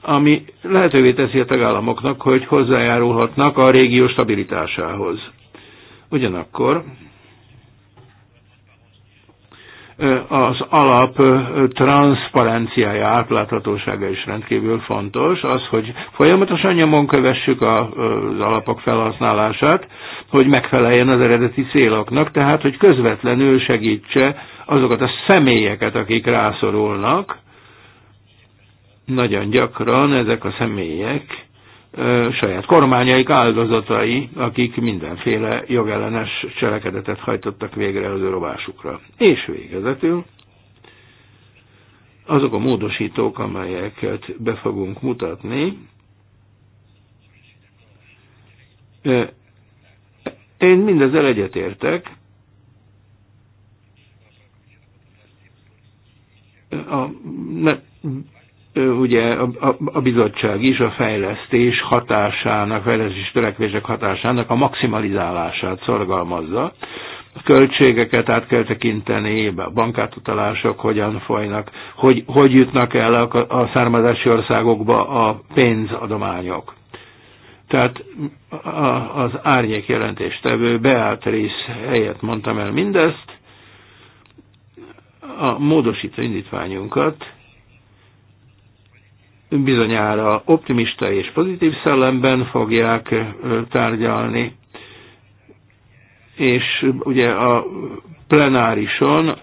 ami lehetővé teszi a tagállamoknak, hogy hozzájárulhatnak a régió stabilitásához. Ugyanakkor az alap transzparenciája, átláthatósága is rendkívül fontos, az, hogy folyamatosan nyomon kövessük az alapok felhasználását, hogy megfeleljen az eredeti céloknak, tehát, hogy közvetlenül segítse azokat a személyeket, akik rászorulnak. Nagyon gyakran ezek a személyek saját kormányaik áldozatai, akik mindenféle jogellenes cselekedetet hajtottak végre az rovásukra. És végezetül azok a módosítók, amelyeket be fogunk mutatni, én mindezzel egyetértek. A, ne, ugye a, a, a bizottság is a fejlesztés hatásának, fejlesztés törekvések hatásának a maximalizálását szorgalmazza. A költségeket át kell tekinteni, a bankátutalások hogyan folynak, hogy, hogy jutnak el a, a származási országokba a pénzadományok. Tehát az árnyék jelentéstevő Beatrice helyett mondtam el mindezt, a módosító indítványunkat bizonyára optimista és pozitív szellemben fogják tárgyalni, és ugye a plenárison,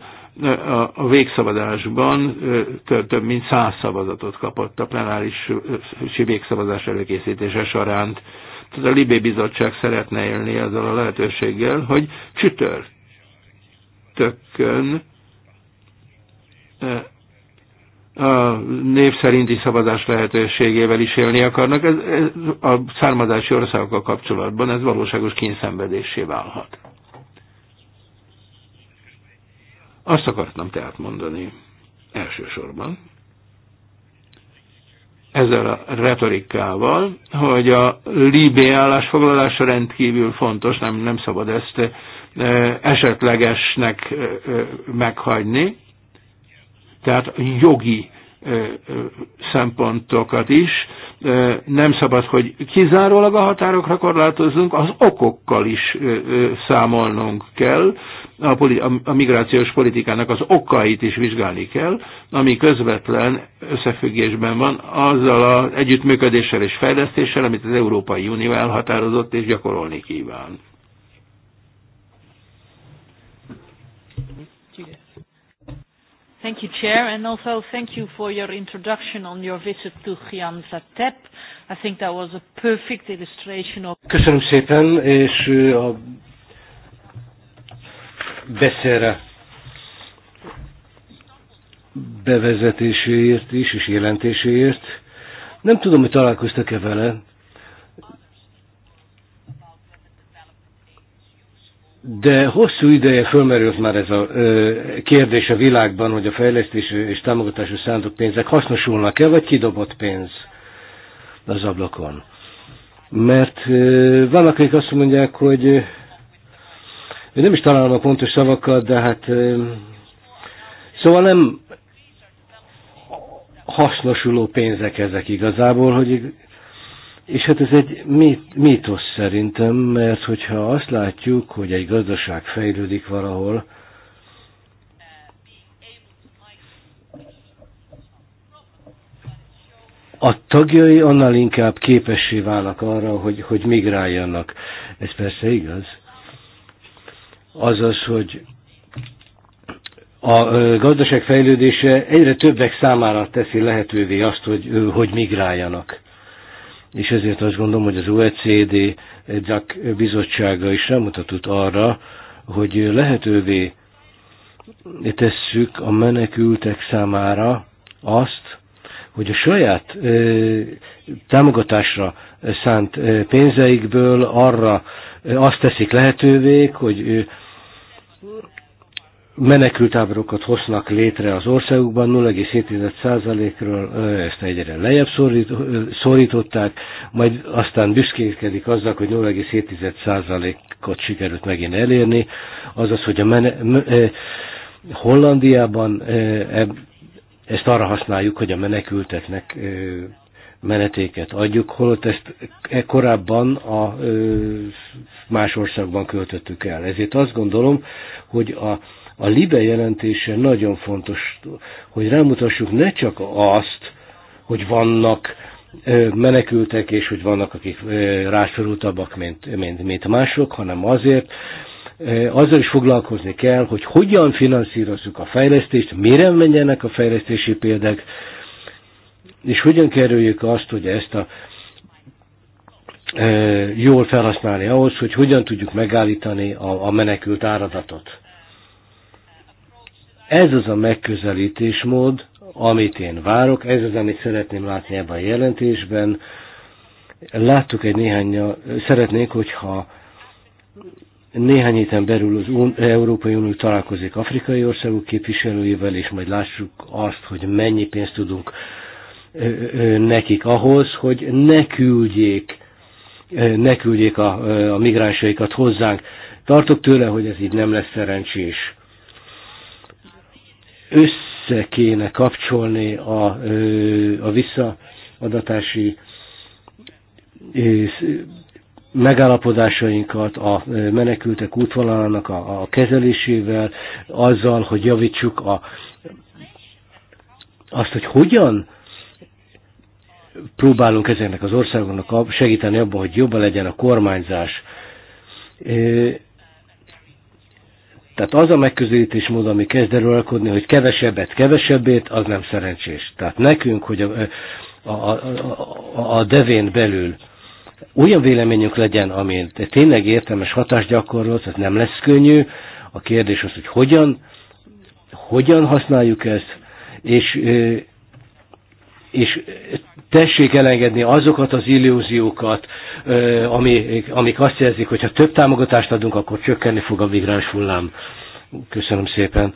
a végszavazásban több, mint száz szavazatot kapott a plenáris végszavazás előkészítése során. Tehát a Libé Bizottság szeretne élni azzal a lehetőséggel, hogy csütörtökön a név szerinti szavazás lehetőségével is élni akarnak, ez, ez a származási országokkal kapcsolatban ez valóságos kényszenvedésé válhat. Azt akartam tehát mondani elsősorban, ezzel a retorikával, hogy a Libé állásfoglalása rendkívül fontos, nem, nem szabad ezt eh, esetlegesnek eh, eh, meghagyni, tehát jogi szempontokat is. Nem szabad, hogy kizárólag a határokra korlátozzunk, az okokkal is számolnunk kell, a, a migrációs politikának az okait is vizsgálni kell, ami közvetlen összefüggésben van azzal az együttműködéssel és fejlesztéssel, amit az Európai Unió elhatározott és gyakorolni kíván. Thank you, Chair, and also thank you for your introduction on your visit to Gian Zatep. I think that was a perfect illustration of... Köszönöm szépen, és a beszélre bevezetéséért is, és jelentéséért. Nem tudom, hogy találkoztak-e vele, De hosszú ideje fölmerült már ez a kérdés a világban, hogy a fejlesztés és támogatású szándó pénzek hasznosulnak-e, vagy kidobott pénz az ablakon. Mert vannak, akik azt mondják, hogy nem is találom a pontos szavakat, de hát szóval nem hasznosuló pénzek ezek igazából, hogy és hát ez egy mítosz szerintem, mert hogyha azt látjuk, hogy egy gazdaság fejlődik valahol, a tagjai annál inkább képessé válnak arra, hogy, hogy migráljanak. Ez persze igaz. Azaz, hogy a gazdaság fejlődése egyre többek számára teszi lehetővé azt, hogy, hogy migráljanak és ezért azt gondolom, hogy az OECD DAC bizottsága is rámutatott arra, hogy lehetővé tesszük a menekültek számára azt, hogy a saját ö, támogatásra szánt ö, pénzeikből arra ö, azt teszik lehetővé, hogy ö, menekültáborokat hoznak létre az országukban, 0,7%-ról ezt egyre lejjebb szorít, szorították, majd aztán büszkékedik azzal, hogy 0,7%-ot sikerült megint elérni, azaz, hogy a mene, eh, Hollandiában eh, ezt arra használjuk, hogy a menekülteknek eh, menetéket adjuk, holott ezt e korábban a más országban költöttük el. Ezért azt gondolom, hogy a a LIBE jelentése nagyon fontos, hogy rámutassuk ne csak azt, hogy vannak menekültek, és hogy vannak, akik rászorultabbak, mint, mint, mint mások, hanem azért, azzal is foglalkozni kell, hogy hogyan finanszírozzuk a fejlesztést, mire menjenek a fejlesztési példák, és hogyan kerüljük azt, hogy ezt a e, jól felhasználni ahhoz, hogy hogyan tudjuk megállítani a, a menekült áradatot. Ez az a megközelítésmód, amit én várok, ez az, amit szeretném látni ebben a jelentésben. Láttuk egy néhány, szeretnék, hogyha néhány héten belül az Un- Európai Unió találkozik afrikai országok képviselőivel, és majd lássuk azt, hogy mennyi pénzt tudunk nekik ahhoz, hogy ne küldjék, ne küldjék a, a migránsaikat hozzánk. Tartok tőle, hogy ez így nem lesz szerencsés össze kéne kapcsolni a, a visszaadatási megállapodásainkat a menekültek útvonalának a, a kezelésével, azzal, hogy javítsuk a, azt, hogy hogyan próbálunk ezeknek az országoknak segíteni abban, hogy jobban legyen a kormányzás. Tehát az a megközelítés mód, ami kezd előalkodni, hogy kevesebbet kevesebbét, az nem szerencsés. Tehát nekünk, hogy a, a, a, a devén belül olyan véleményünk legyen, ami tényleg értelmes hatást gyakorol, ez nem lesz könnyű. A kérdés az, hogy hogyan, hogyan használjuk ezt, és és tessék elengedni azokat az illúziókat, amik, amik azt jelzik, hogy ha több támogatást adunk, akkor csökkenni fog a migráns hullám. Köszönöm szépen.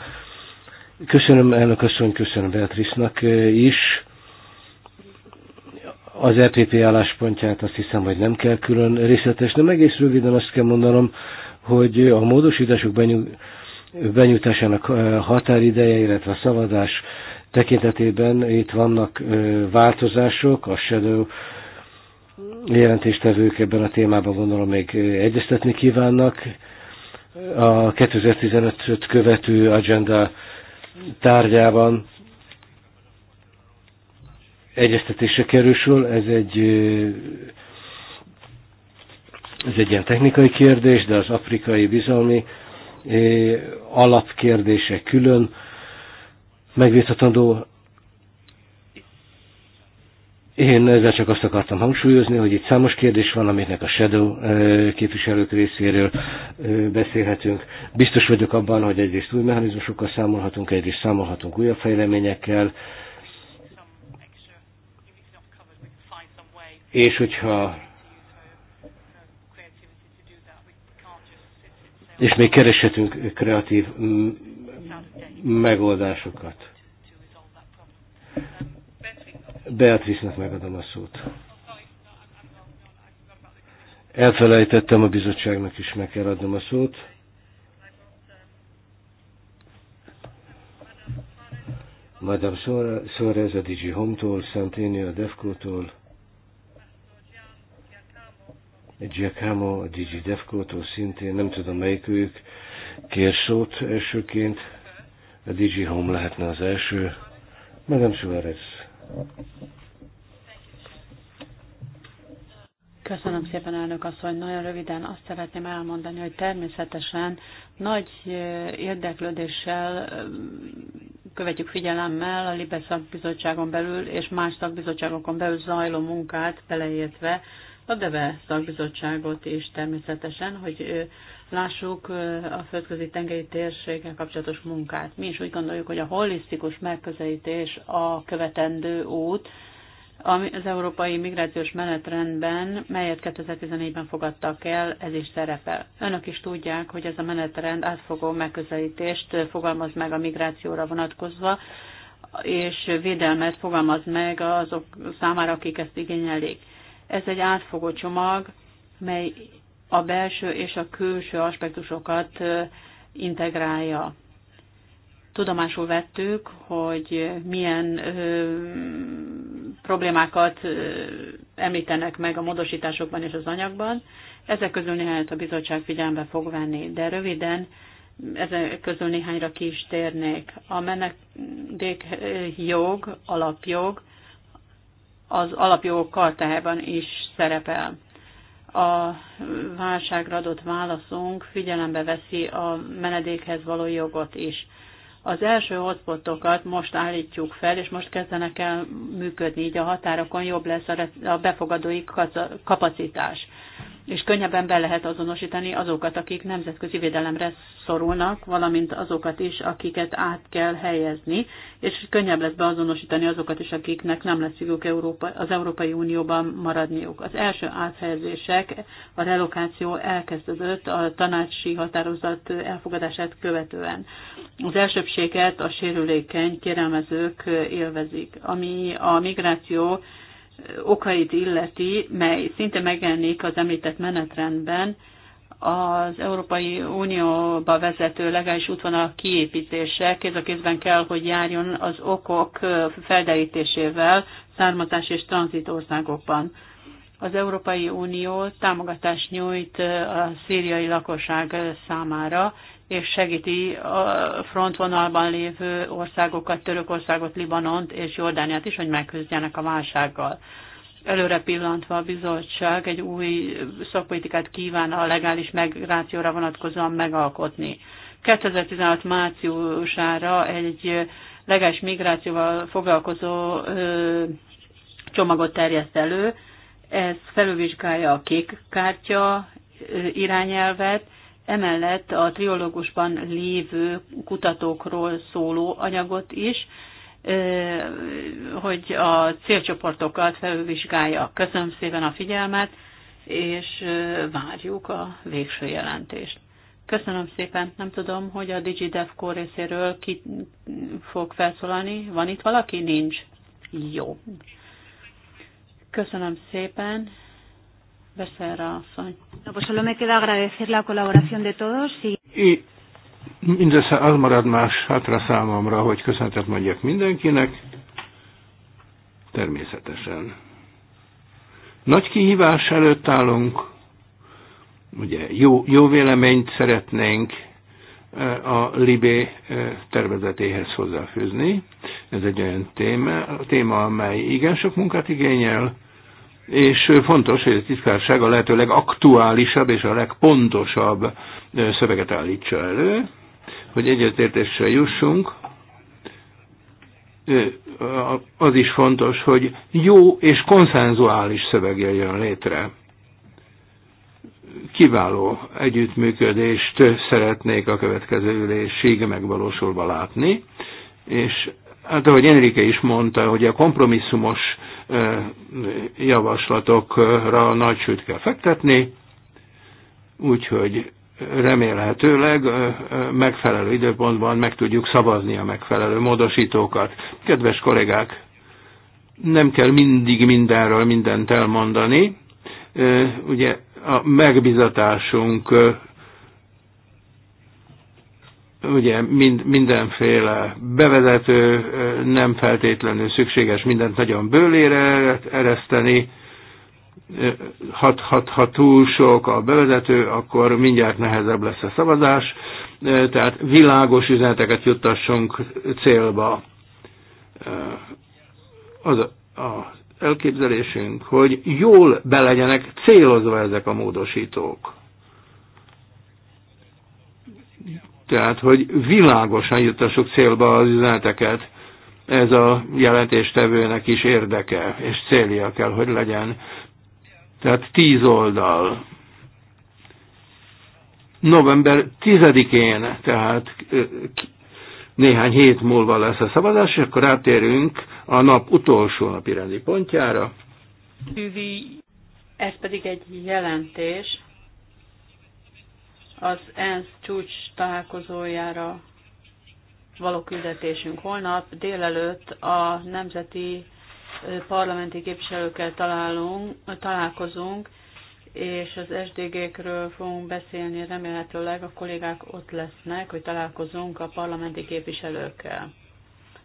Köszönöm elnök asszony, köszönöm Beatrice-nak is. Az RTP álláspontját azt hiszem, hogy nem kell külön részletes, de egész röviden azt kell mondanom, hogy a módosítások benyújtásának határideje, illetve a szavazás tekintetében itt vannak változások, a Shadow jelentéstevők ebben a témában gondolom még egyeztetni kívánnak. A 2015-öt követő agenda tárgyában egyeztetése kerül sor, ez egy ez egy ilyen technikai kérdés, de az afrikai bizalmi alapkérdése külön megbízhatandó. Én ezzel csak azt akartam hangsúlyozni, hogy itt számos kérdés van, amiknek a Shadow eh, képviselők részéről eh, beszélhetünk. Biztos vagyok abban, hogy egyrészt új mechanizmusokkal számolhatunk, egyrészt számolhatunk újabb fejleményekkel, és hogyha és még kereshetünk kreatív mm, megoldásokat. Beatrice-nek megadom a szót. Elfelejtettem a bizottságnak is, meg kell adnom a szót. Madame Suarez a DG Home-tól, Santini a Defco-tól, Giacomo a DG Defco-tól szintén, nem tudom melyik ők, kér szót elsőként a Digi Home lehetne az első. Madame Suárez. Köszönöm szépen, elnök asszony. Nagyon röviden azt szeretném elmondani, hogy természetesen nagy érdeklődéssel követjük figyelemmel a Libe szakbizottságon belül és más szakbizottságokon belül zajló munkát beleértve a DEVE szakbizottságot is természetesen, hogy lássuk a földközi tengeri térséggel kapcsolatos munkát. Mi is úgy gondoljuk, hogy a holisztikus megközelítés a követendő út, ami az európai migrációs menetrendben, melyet 2014-ben fogadtak el, ez is szerepel. Önök is tudják, hogy ez a menetrend átfogó megközelítést fogalmaz meg a migrációra vonatkozva, és védelmet fogalmaz meg azok számára, akik ezt igényelik. Ez egy átfogó csomag, mely a belső és a külső aspektusokat integrálja. Tudomásul vettük, hogy milyen ö, problémákat ö, említenek meg a módosításokban és az anyagban. Ezek közül néhányat a bizottság figyelembe fog venni, de röviden ezek közül néhányra ki is térnék. A menedékjog, alapjog, az alapjogok kartájában is szerepel a válságra adott válaszunk figyelembe veszi a menedékhez való jogot is. Az első hotspotokat most állítjuk fel, és most kezdenek el működni, így a határokon jobb lesz a befogadói kapacitás és könnyebben be lehet azonosítani azokat, akik nemzetközi védelemre szorulnak, valamint azokat is, akiket át kell helyezni, és könnyebb lesz beazonosítani azokat is, akiknek nem lesz szívük Európa, az Európai Unióban maradniuk. Az első áthelyezések, a relokáció elkezdődött a tanácsi határozat elfogadását követően. Az elsőbséget a sérülékeny kérelmezők élvezik, ami a migráció okait illeti, mely szinte megjelenik az említett menetrendben, az Európai Unióba vezető legális útvonal kiépítése kéz a kézben kell, hogy járjon az okok felderítésével származás és országokban. Az Európai Unió támogatást nyújt a szíriai lakosság számára, és segíti a frontvonalban lévő országokat, Törökországot, Libanont és Jordániát is, hogy megküzdjenek a válsággal. Előre pillantva a bizottság egy új szakpolitikát kíván a legális migrációra vonatkozóan megalkotni. 2016 márciusára egy legális migrációval foglalkozó csomagot terjeszt elő. Ez felülvizsgálja a kék kártya irányelvet, emellett a triológusban lévő kutatókról szóló anyagot is, hogy a célcsoportokat felvizsgálja. Köszönöm szépen a figyelmet, és várjuk a végső jelentést. Köszönöm szépen. Nem tudom, hogy a DigiDevCo részéről ki fog felszólalni. Van itt valaki? Nincs. Jó. Köszönöm szépen asszony. No, pues solo me queda agradecer la colaboración de todos. Y... I, mindössze az marad más hátra számomra, hogy köszöntet mondjak mindenkinek. Természetesen. Nagy kihívás előtt állunk, ugye jó, jó véleményt szeretnénk e, a Libé e, tervezetéhez hozzáfűzni. Ez egy olyan téma, téma amely igen sok munkát igényel, és fontos, hogy a titkárság a lehető legaktuálisabb és a legpontosabb szöveget állítsa elő, hogy egyetértésre jussunk. Az is fontos, hogy jó és konszenzuális szöveg jön létre. Kiváló együttműködést szeretnék a következő ülésig megvalósulva látni, és Hát ahogy Enrique is mondta, hogy a kompromisszumos javaslatokra nagy sőt kell fektetni, úgyhogy remélhetőleg megfelelő időpontban meg tudjuk szavazni a megfelelő módosítókat. Kedves kollégák, nem kell mindig mindenről mindent elmondani. Ugye a megbizatásunk ugye mind, mindenféle bevezető nem feltétlenül szükséges mindent nagyon bőlére ereszteni, ha, ha, ha túl sok a bevezető, akkor mindjárt nehezebb lesz a szavazás, tehát világos üzeneteket juttassunk célba. Az a, elképzelésünk, hogy jól belegyenek célozva ezek a módosítók. tehát hogy világosan jutassuk célba az üzeneteket. Ez a jelentéstevőnek is érdeke, és célja kell, hogy legyen. Tehát tíz oldal. November 10-én, tehát néhány hét múlva lesz a szavazás, és akkor átérünk a nap utolsó napi rendi pontjára. Ez pedig egy jelentés, az ENSZ csúcs találkozójára való küldetésünk holnap. Délelőtt a nemzeti parlamenti képviselőkkel találunk, találkozunk, és az SDG-kről fogunk beszélni, remélhetőleg a kollégák ott lesznek, hogy találkozunk a parlamenti képviselőkkel.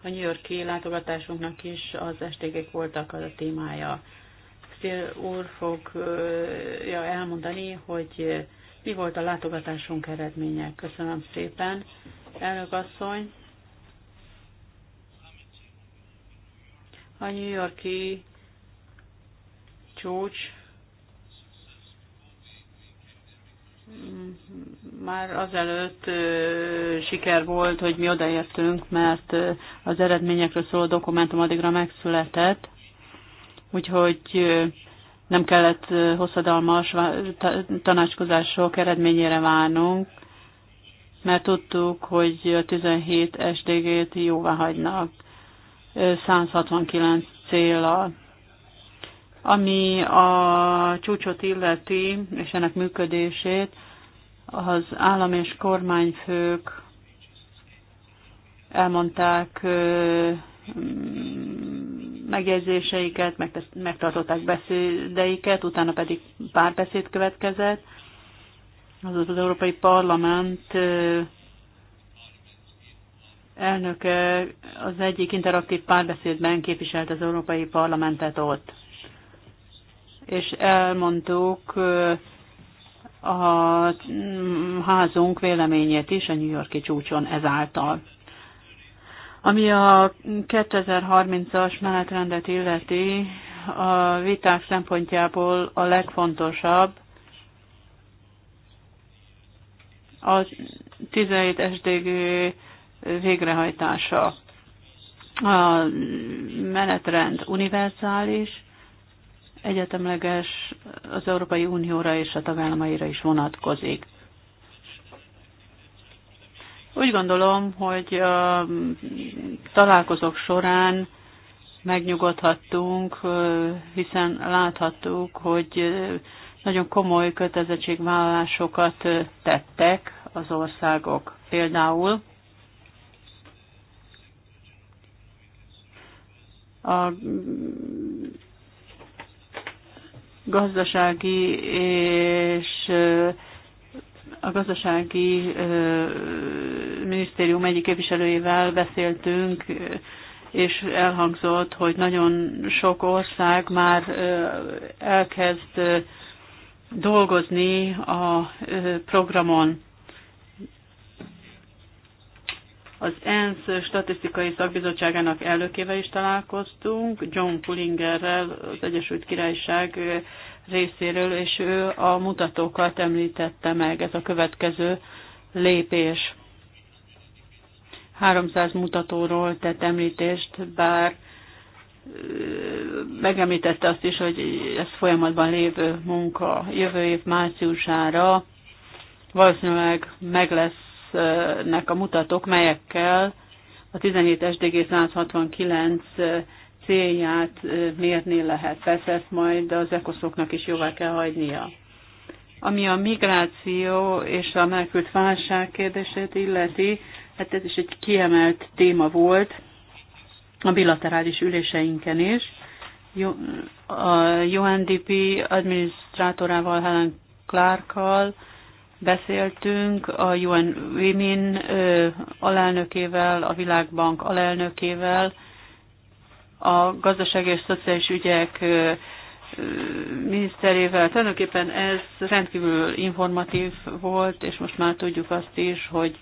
A New Yorki látogatásunknak is az sdg voltak az a témája. Szél úr fogja elmondani, hogy mi volt a látogatásunk eredménye? Köszönöm szépen. Elnök asszony, a New Yorki csúcs már azelőtt siker volt, hogy mi odaértünk, mert az eredményekről szóló dokumentum addigra megszületett, úgyhogy nem kellett hosszadalmas tanácskozások eredményére várnunk, mert tudtuk, hogy a 17 SDG-t jóvá hagynak 169 céla. Ami a csúcsot illeti, és ennek működését, az állam és kormányfők elmondták megjegyzéseiket, megtartották beszédeiket, utána pedig párbeszéd következett. Azaz az Európai Parlament elnöke az egyik interaktív párbeszédben képviselt az Európai Parlamentet ott. És elmondtuk a mm, házunk véleményét is a New Yorki csúcson ezáltal. Ami a 2030-as menetrendet illeti, a viták szempontjából a legfontosabb a 17 SDG végrehajtása. A menetrend univerzális, egyetemleges az Európai Unióra és a tagállamaira is vonatkozik. Úgy gondolom, hogy a találkozók során megnyugodhattunk, hiszen láthattuk, hogy nagyon komoly kötelezettségvállalásokat tettek az országok. Például a gazdasági és a gazdasági minisztérium egyik képviselőjével beszéltünk, és elhangzott, hogy nagyon sok ország már elkezd dolgozni a programon. Az ENSZ statisztikai szakbizottságának elnökével is találkoztunk, John Pullingerrel, az Egyesült Királyság részéről, és ő a mutatókat említette meg, ez a következő lépés. 300 mutatóról tett említést, bár megemlítette azt is, hogy ez folyamatban lévő munka. Jövő év márciusára valószínűleg meg lesznek a mutatók, melyekkel a 17 SDG 169 célját mérni lehet. Persze ezt majd az ekoszoknak is jóvá kell hagynia. Ami a migráció és a menekült válság kérdését illeti, hát ez is egy kiemelt téma volt a bilaterális üléseinken is. A UNDP adminisztrátorával Helen Clarkkal beszéltünk, a UN Women alelnökével, a Világbank alelnökével, a gazdasági és szociális ügyek miniszterével. Tulajdonképpen ez rendkívül informatív volt, és most már tudjuk azt is, hogy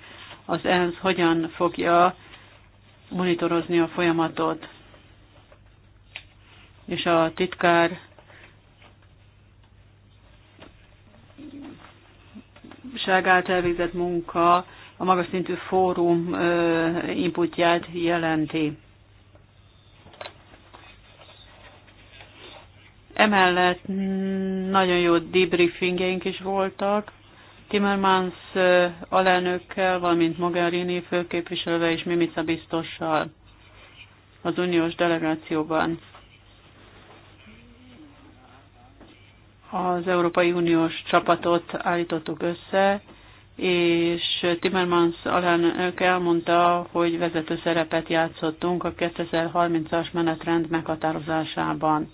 az ENSZ hogyan fogja monitorozni a folyamatot. És a titkár ságált elvégzett munka a magas szintű fórum inputját jelenti. Emellett nagyon jó debriefingeink is voltak, Timmermans alelnökkel, valamint Mogherini főképviselővel és Mimica biztossal az uniós delegációban. Az Európai Uniós csapatot állítottuk össze, és Timmermans alelnök elmondta, hogy vezető szerepet játszottunk a 2030-as menetrend meghatározásában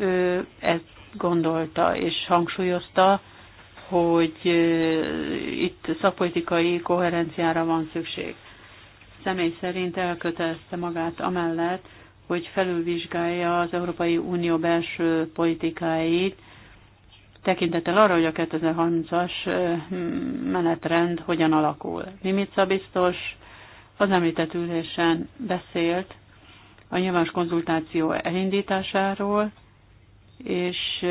ő ezt gondolta és hangsúlyozta, hogy itt szakpolitikai koherenciára van szükség. Személy szerint elkötelezte magát amellett, hogy felülvizsgálja az Európai Unió belső politikáit, tekintettel arra, hogy a 2030-as menetrend hogyan alakul. Mimica biztos az említett ülésen beszélt a nyilvános konzultáció elindításáról, és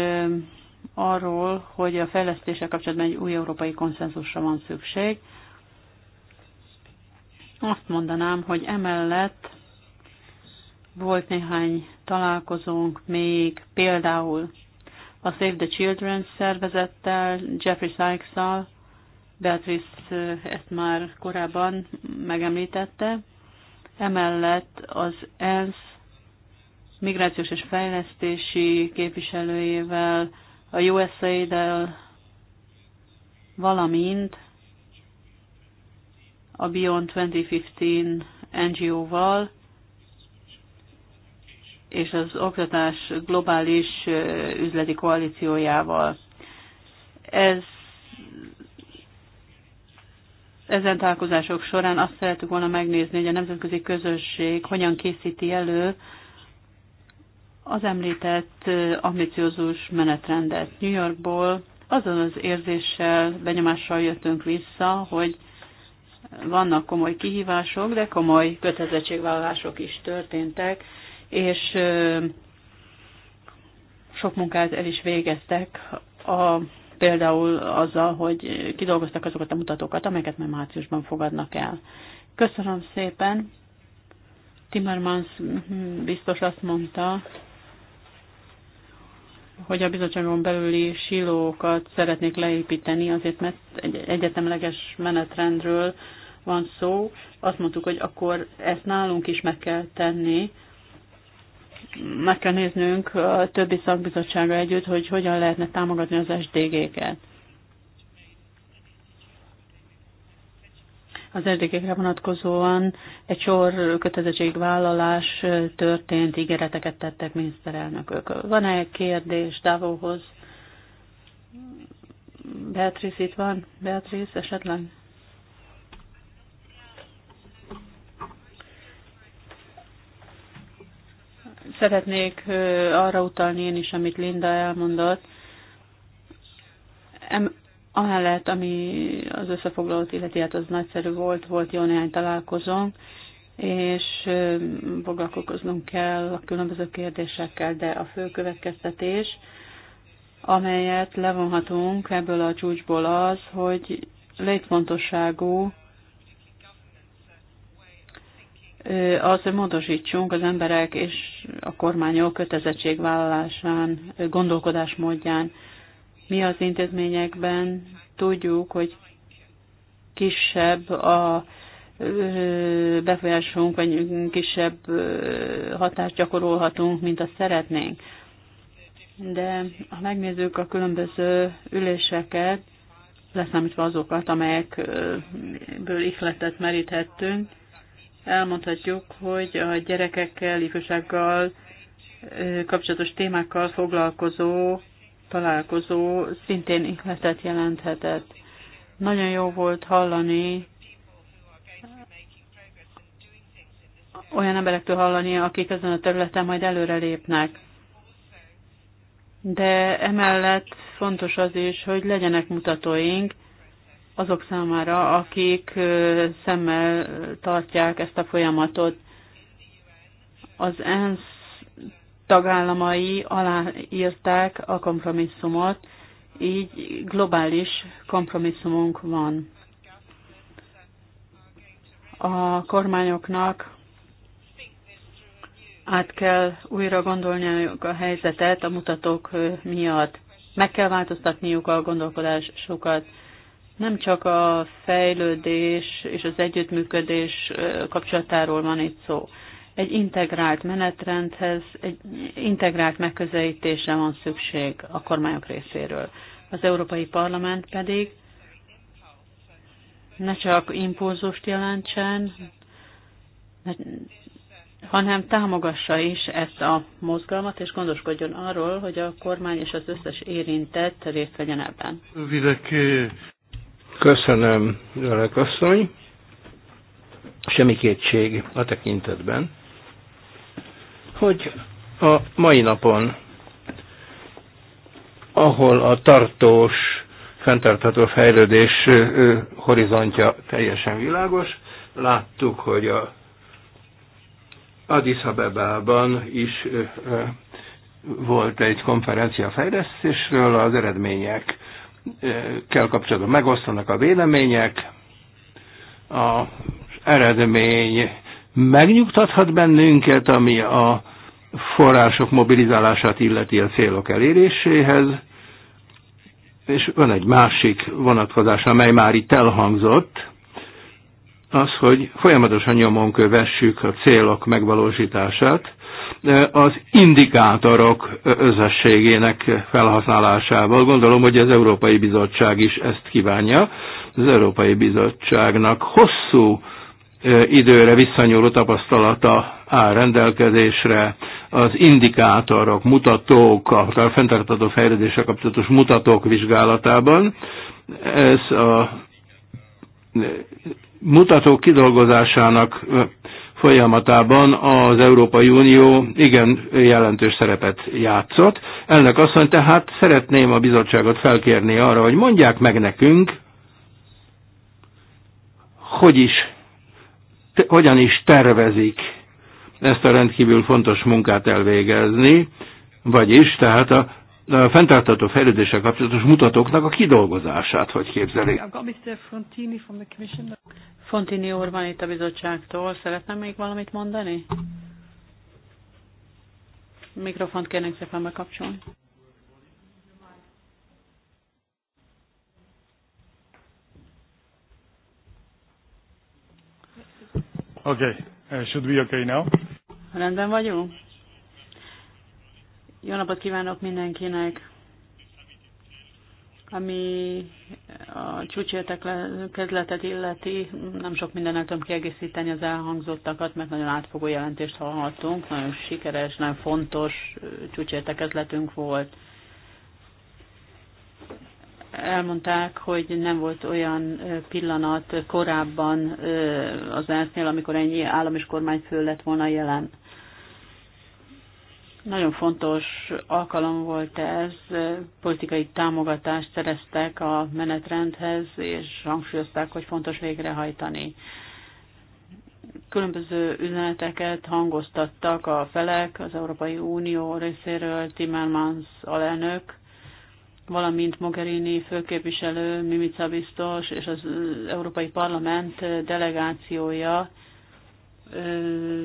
arról, hogy a fejlesztéssel kapcsolatban egy új európai konszenzusra van szükség. Azt mondanám, hogy emellett volt néhány találkozónk még például a Save the Children szervezettel, Jeffrey Sykes-szal, Beatrice ezt már korábban megemlítette, emellett az ENSZ migrációs és fejlesztési képviselőjével, a USAID-del, valamint a Beyond 2015 NGO-val, és az oktatás globális üzleti koalíciójával. Ez ezen találkozások során azt szerettük volna megnézni, hogy a nemzetközi közösség hogyan készíti elő az említett ambiciózus menetrendet New Yorkból, azon az érzéssel, benyomással jöttünk vissza, hogy vannak komoly kihívások, de komoly kötelezettségvállalások is történtek, és sok munkát el is végeztek, a, például azzal, hogy kidolgoztak azokat a mutatókat, amelyeket már márciusban fogadnak el. Köszönöm szépen! Timmermans biztos azt mondta, hogy a bizottságon belüli silókat szeretnék leépíteni, azért mert egy egyetemleges menetrendről van szó. Azt mondtuk, hogy akkor ezt nálunk is meg kell tenni, meg kell néznünk a többi szakbizottsága együtt, hogy hogyan lehetne támogatni az SDG-ket. az erdékekre vonatkozóan egy sor kötelezettségvállalás történt, ígéreteket tettek miniszterelnökök. Van-e kérdés Davóhoz? Beatrice itt van? Beatrice esetleg? Szeretnék arra utalni én is, amit Linda elmondott. Amellett, ami az összefoglalót illeti, hát az nagyszerű volt, volt jó néhány találkozónk, és foglalkoznunk kell a különböző kérdésekkel, de a fő következtetés, amelyet levonhatunk ebből a csúcsból az, hogy létfontosságú az, hogy módosítsunk az emberek és a kormányok kötelezettségvállalásán, gondolkodásmódján. Mi az intézményekben tudjuk, hogy kisebb a befolyásunk, vagy kisebb hatást gyakorolhatunk, mint azt szeretnénk. De ha megnézzük a különböző üléseket, leszámítva azokat, amelyekből ihletet meríthettünk, elmondhatjuk, hogy a gyerekekkel, ifjúsággal kapcsolatos témákkal foglalkozó találkozó szintén ihletet jelenthetett. Nagyon jó volt hallani olyan emberektől hallani, akik ezen a területen majd előre lépnek. De emellett fontos az is, hogy legyenek mutatóink azok számára, akik szemmel tartják ezt a folyamatot. Az ENSZ tagállamai aláírták a kompromisszumot, így globális kompromisszumunk van. A kormányoknak át kell újra gondolniuk a helyzetet a mutatók miatt. Meg kell változtatniuk a gondolkodásukat. Nem csak a fejlődés és az együttműködés kapcsolatáról van itt szó egy integrált menetrendhez, egy integrált megközelítésre van szükség a kormányok részéről. Az Európai Parlament pedig ne csak impulzust jelentsen, hanem támogassa is ezt a mozgalmat, és gondoskodjon arról, hogy a kormány és az összes érintett részt vegyen ebben. Eh. köszönöm, Örök asszony. Semmi kétség a tekintetben, hogy a mai napon, ahol a tartós, fenntartható fejlődés horizontja teljesen világos, láttuk, hogy a Addis Abebában is volt egy konferencia fejlesztésről, az eredmények kell kapcsolatban megosztanak a vélemények, az eredmény megnyugtathat bennünket, ami a források mobilizálását illeti a célok eléréséhez, és van egy másik vonatkozás, amely már itt elhangzott, az, hogy folyamatosan nyomon kövessük a célok megvalósítását, e, az indikátorok összességének felhasználásával. Gondolom, hogy az Európai Bizottság is ezt kívánja. Az Európai Bizottságnak hosszú e, időre visszanyúló tapasztalata áll rendelkezésre az indikátorok, mutatók, a fenntartató fejlődéssel kapcsolatos mutatók vizsgálatában. Ez a mutatók kidolgozásának folyamatában az Európai Unió igen jelentős szerepet játszott. Ennek asszony tehát szeretném a bizottságot felkérni arra, hogy mondják meg nekünk, hogy is, hogyan is tervezik ezt a rendkívül fontos munkát elvégezni, vagyis tehát a a fenntartható fejlődéssel kapcsolatos mutatóknak a kidolgozását, hogy képzeli. Fontini úr van itt a bizottságtól. Szeretne még valamit mondani? Mikrofont kérnék szépen bekapcsolni. Okay. Uh, should be okay now. Rendben vagyunk. Jó napot kívánok mindenkinek! Ami a kezletet illeti, nem sok mindennel tudom kiegészíteni az elhangzottakat, mert nagyon átfogó jelentést hallhattunk, nagyon sikeres, nagyon fontos csúcsértekezletünk volt elmondták, hogy nem volt olyan pillanat korábban az ENSZ-nél, amikor ennyi állam és kormányfő lett volna jelen. Nagyon fontos alkalom volt ez, politikai támogatást szereztek a menetrendhez, és hangsúlyozták, hogy fontos végrehajtani. Különböző üzeneteket hangoztattak a felek az Európai Unió részéről, Timmermans alelnök, valamint Mogherini főképviselő, Mimica biztos és az Európai Parlament delegációja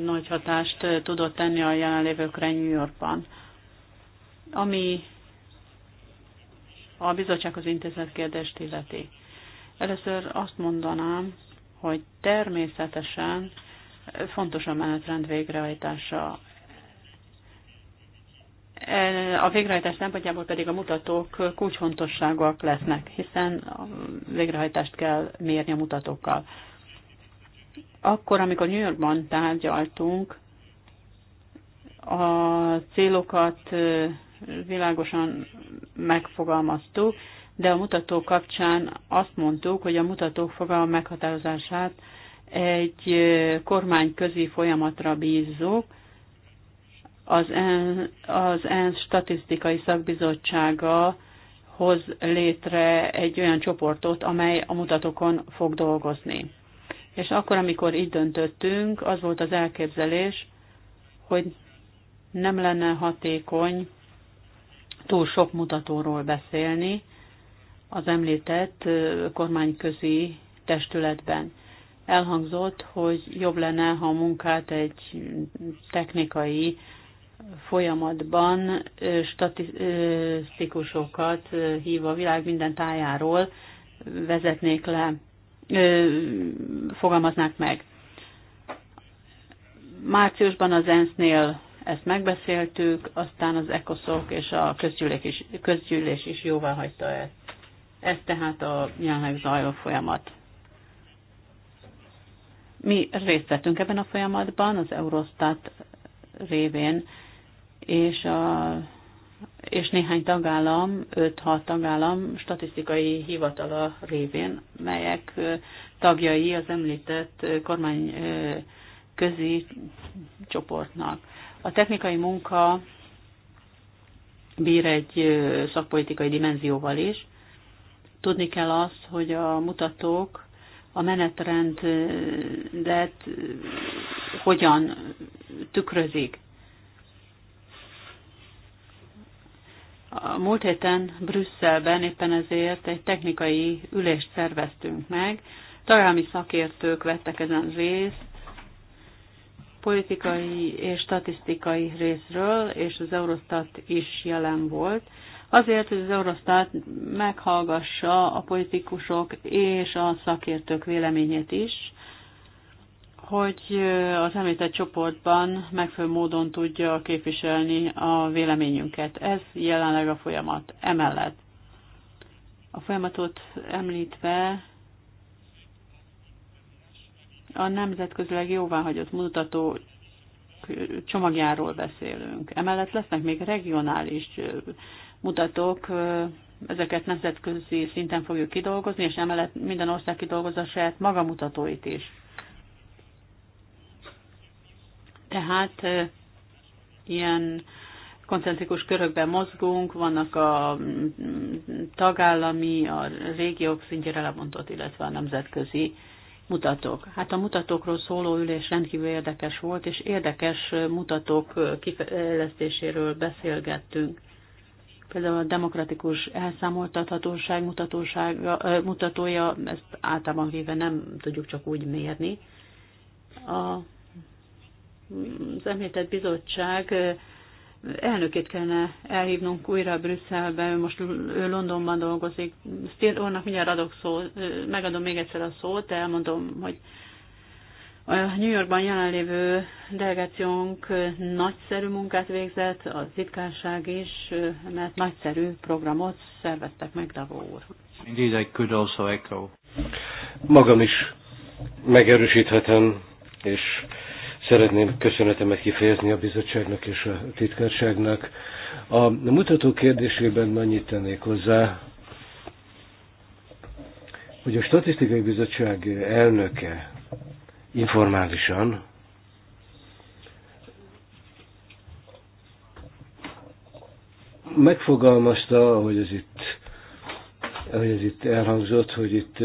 nagy hatást tudott tenni a jelenlévőkre New Yorkban. Ami a bizottsághoz intézett kérdést illeti. Először azt mondanám, hogy természetesen fontos a menetrend végrehajtása. Eh, a végrehajtás szempontjából pedig a mutatók kulcsfontosságúak lesznek, hiszen a végrehajtást kell mérni a mutatókkal. Akkor, amikor New Yorkban tárgyaltunk, a célokat eh, világosan megfogalmaztuk, de a mutatók kapcsán azt mondtuk, hogy a mutatók fogalma meghatározását egy eh, kormányközi folyamatra bízzuk, az, EN, az ENSZ statisztikai szakbizottsága hoz létre egy olyan csoportot, amely a mutatókon fog dolgozni. És akkor, amikor így döntöttünk, az volt az elképzelés, hogy nem lenne hatékony túl sok mutatóról beszélni az említett kormányközi testületben. Elhangzott, hogy jobb lenne, ha a munkát egy technikai folyamatban statisztikusokat hív a világ minden tájáról, vezetnék le, fogalmaznák meg. Márciusban az ENSZ-nél ezt megbeszéltük, aztán az ECOSZOK és a közgyűlés is, közgyűlés is jóvá hagyta ezt. Ez tehát a jelenleg zajló folyamat. Mi részt vettünk ebben a folyamatban, az Eurostat révén és, a, és néhány tagállam, 5-6 tagállam statisztikai hivatala révén, melyek tagjai az említett kormány közi csoportnak. A technikai munka bír egy szakpolitikai dimenzióval is. Tudni kell azt, hogy a mutatók a menetrendet hogyan tükrözik. A múlt héten Brüsszelben éppen ezért egy technikai ülést szerveztünk meg. Tagállami szakértők vettek ezen részt, politikai és statisztikai részről, és az Eurostat is jelen volt. Azért, hogy az Eurostat meghallgassa a politikusok és a szakértők véleményét is, hogy az említett csoportban megfelelő módon tudja képviselni a véleményünket. Ez jelenleg a folyamat. Emellett a folyamatot említve a nemzetközileg jóváhagyott mutató csomagjáról beszélünk. Emellett lesznek még regionális mutatók, ezeket nemzetközi szinten fogjuk kidolgozni, és emellett minden ország kidolgozza saját magamutatóit is. Tehát ilyen koncentrikus körökben mozgunk, vannak a mm, tagállami, a régiók szintjére lebontott, illetve a nemzetközi mutatók. Hát a mutatókról szóló ülés rendkívül érdekes volt, és érdekes mutatók kifejlesztéséről beszélgettünk. Például a demokratikus elszámoltathatóság mutatója, ezt általában véve nem tudjuk csak úgy mérni. A az említett bizottság elnökét kellene elhívnunk újra Brüsszelbe, ő most ő Londonban dolgozik. Still mindjárt adok szó, megadom még egyszer a szót, elmondom, hogy a New Yorkban jelenlévő delegációnk nagyszerű munkát végzett, a titkárság is, mert nagyszerű programot szerveztek meg Davó úr. Indeed, I could also echo. Magam is megerősíthetem, és Szeretném köszönetemet kifejezni a bizottságnak és a titkárságnak. A mutató kérdésében annyit tennék hozzá, hogy a Statisztikai Bizottság elnöke informálisan megfogalmazta, hogy ez itt, hogy ez itt elhangzott, hogy itt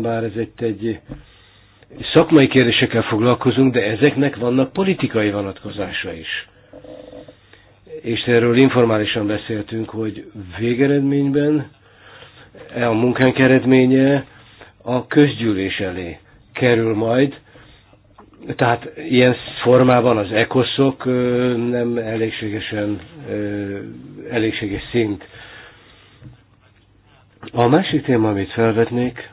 bár ez egy, egy Szakmai kérdésekkel foglalkozunk, de ezeknek vannak politikai vonatkozása is. És erről informálisan beszéltünk, hogy végeredményben e a munkánk eredménye a közgyűlés elé kerül majd, tehát ilyen formában az ekoszok nem elégségesen elégséges szint. A másik téma, amit felvetnék,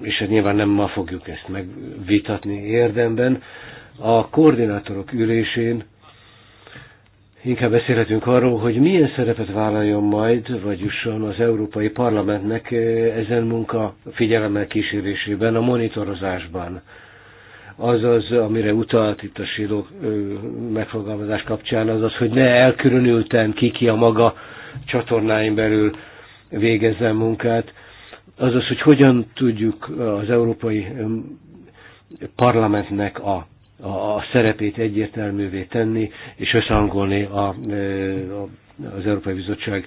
és hát nyilván nem ma fogjuk ezt megvitatni érdemben, a koordinátorok ülésén inkább beszélhetünk arról, hogy milyen szerepet vállaljon majd, jusson az Európai Parlamentnek ezen munka figyelemmel kísérésében, a monitorozásban. az az amire utalt itt a síló megfogalmazás kapcsán, az, hogy ne elkülönülten ki ki a maga csatornáin belül végezzen munkát, azaz, hogy hogyan tudjuk az Európai Parlamentnek a, a, a szerepét egyértelművé tenni, és összehangolni a, e, a, az Európai Bizottság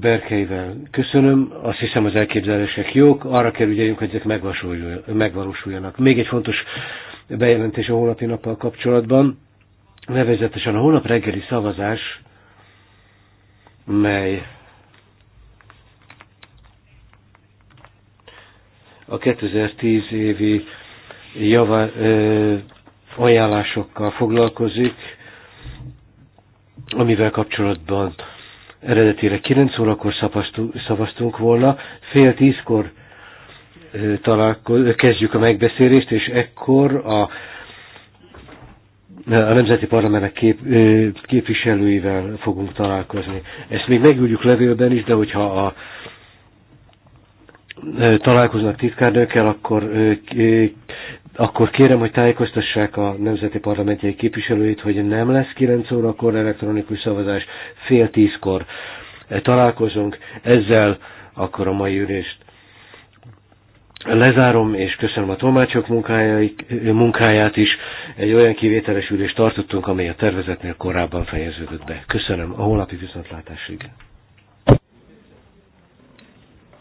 Berkeivel. Köszönöm, azt hiszem az elképzelések jók, arra kell ügyeljünk, hogy ezek megvalósuljanak. Még egy fontos bejelentés a holnapi nappal kapcsolatban, nevezetesen a holnap reggeli szavazás, mely a 2010 évi java, ö, ajánlásokkal foglalkozik, amivel kapcsolatban eredetileg 9 órakor szavaztunk volna, fél tízkor kezdjük a megbeszélést, és ekkor a, a nemzeti parlamentek kép, képviselőivel fogunk találkozni. Ezt még megüljük levélben is, de hogyha a találkoznak titkárnőkkel, akkor, akkor kérem, hogy tájékoztassák a nemzeti parlamentjai képviselőit, hogy nem lesz 9 órakor elektronikus szavazás, fél tízkor találkozunk. Ezzel akkor a mai ülést lezárom, és köszönöm a tolmácsok munkáját is. Egy olyan kivételes ülést tartottunk, amely a tervezetnél korábban fejeződött be. Köszönöm a holnapi viszontlátásig.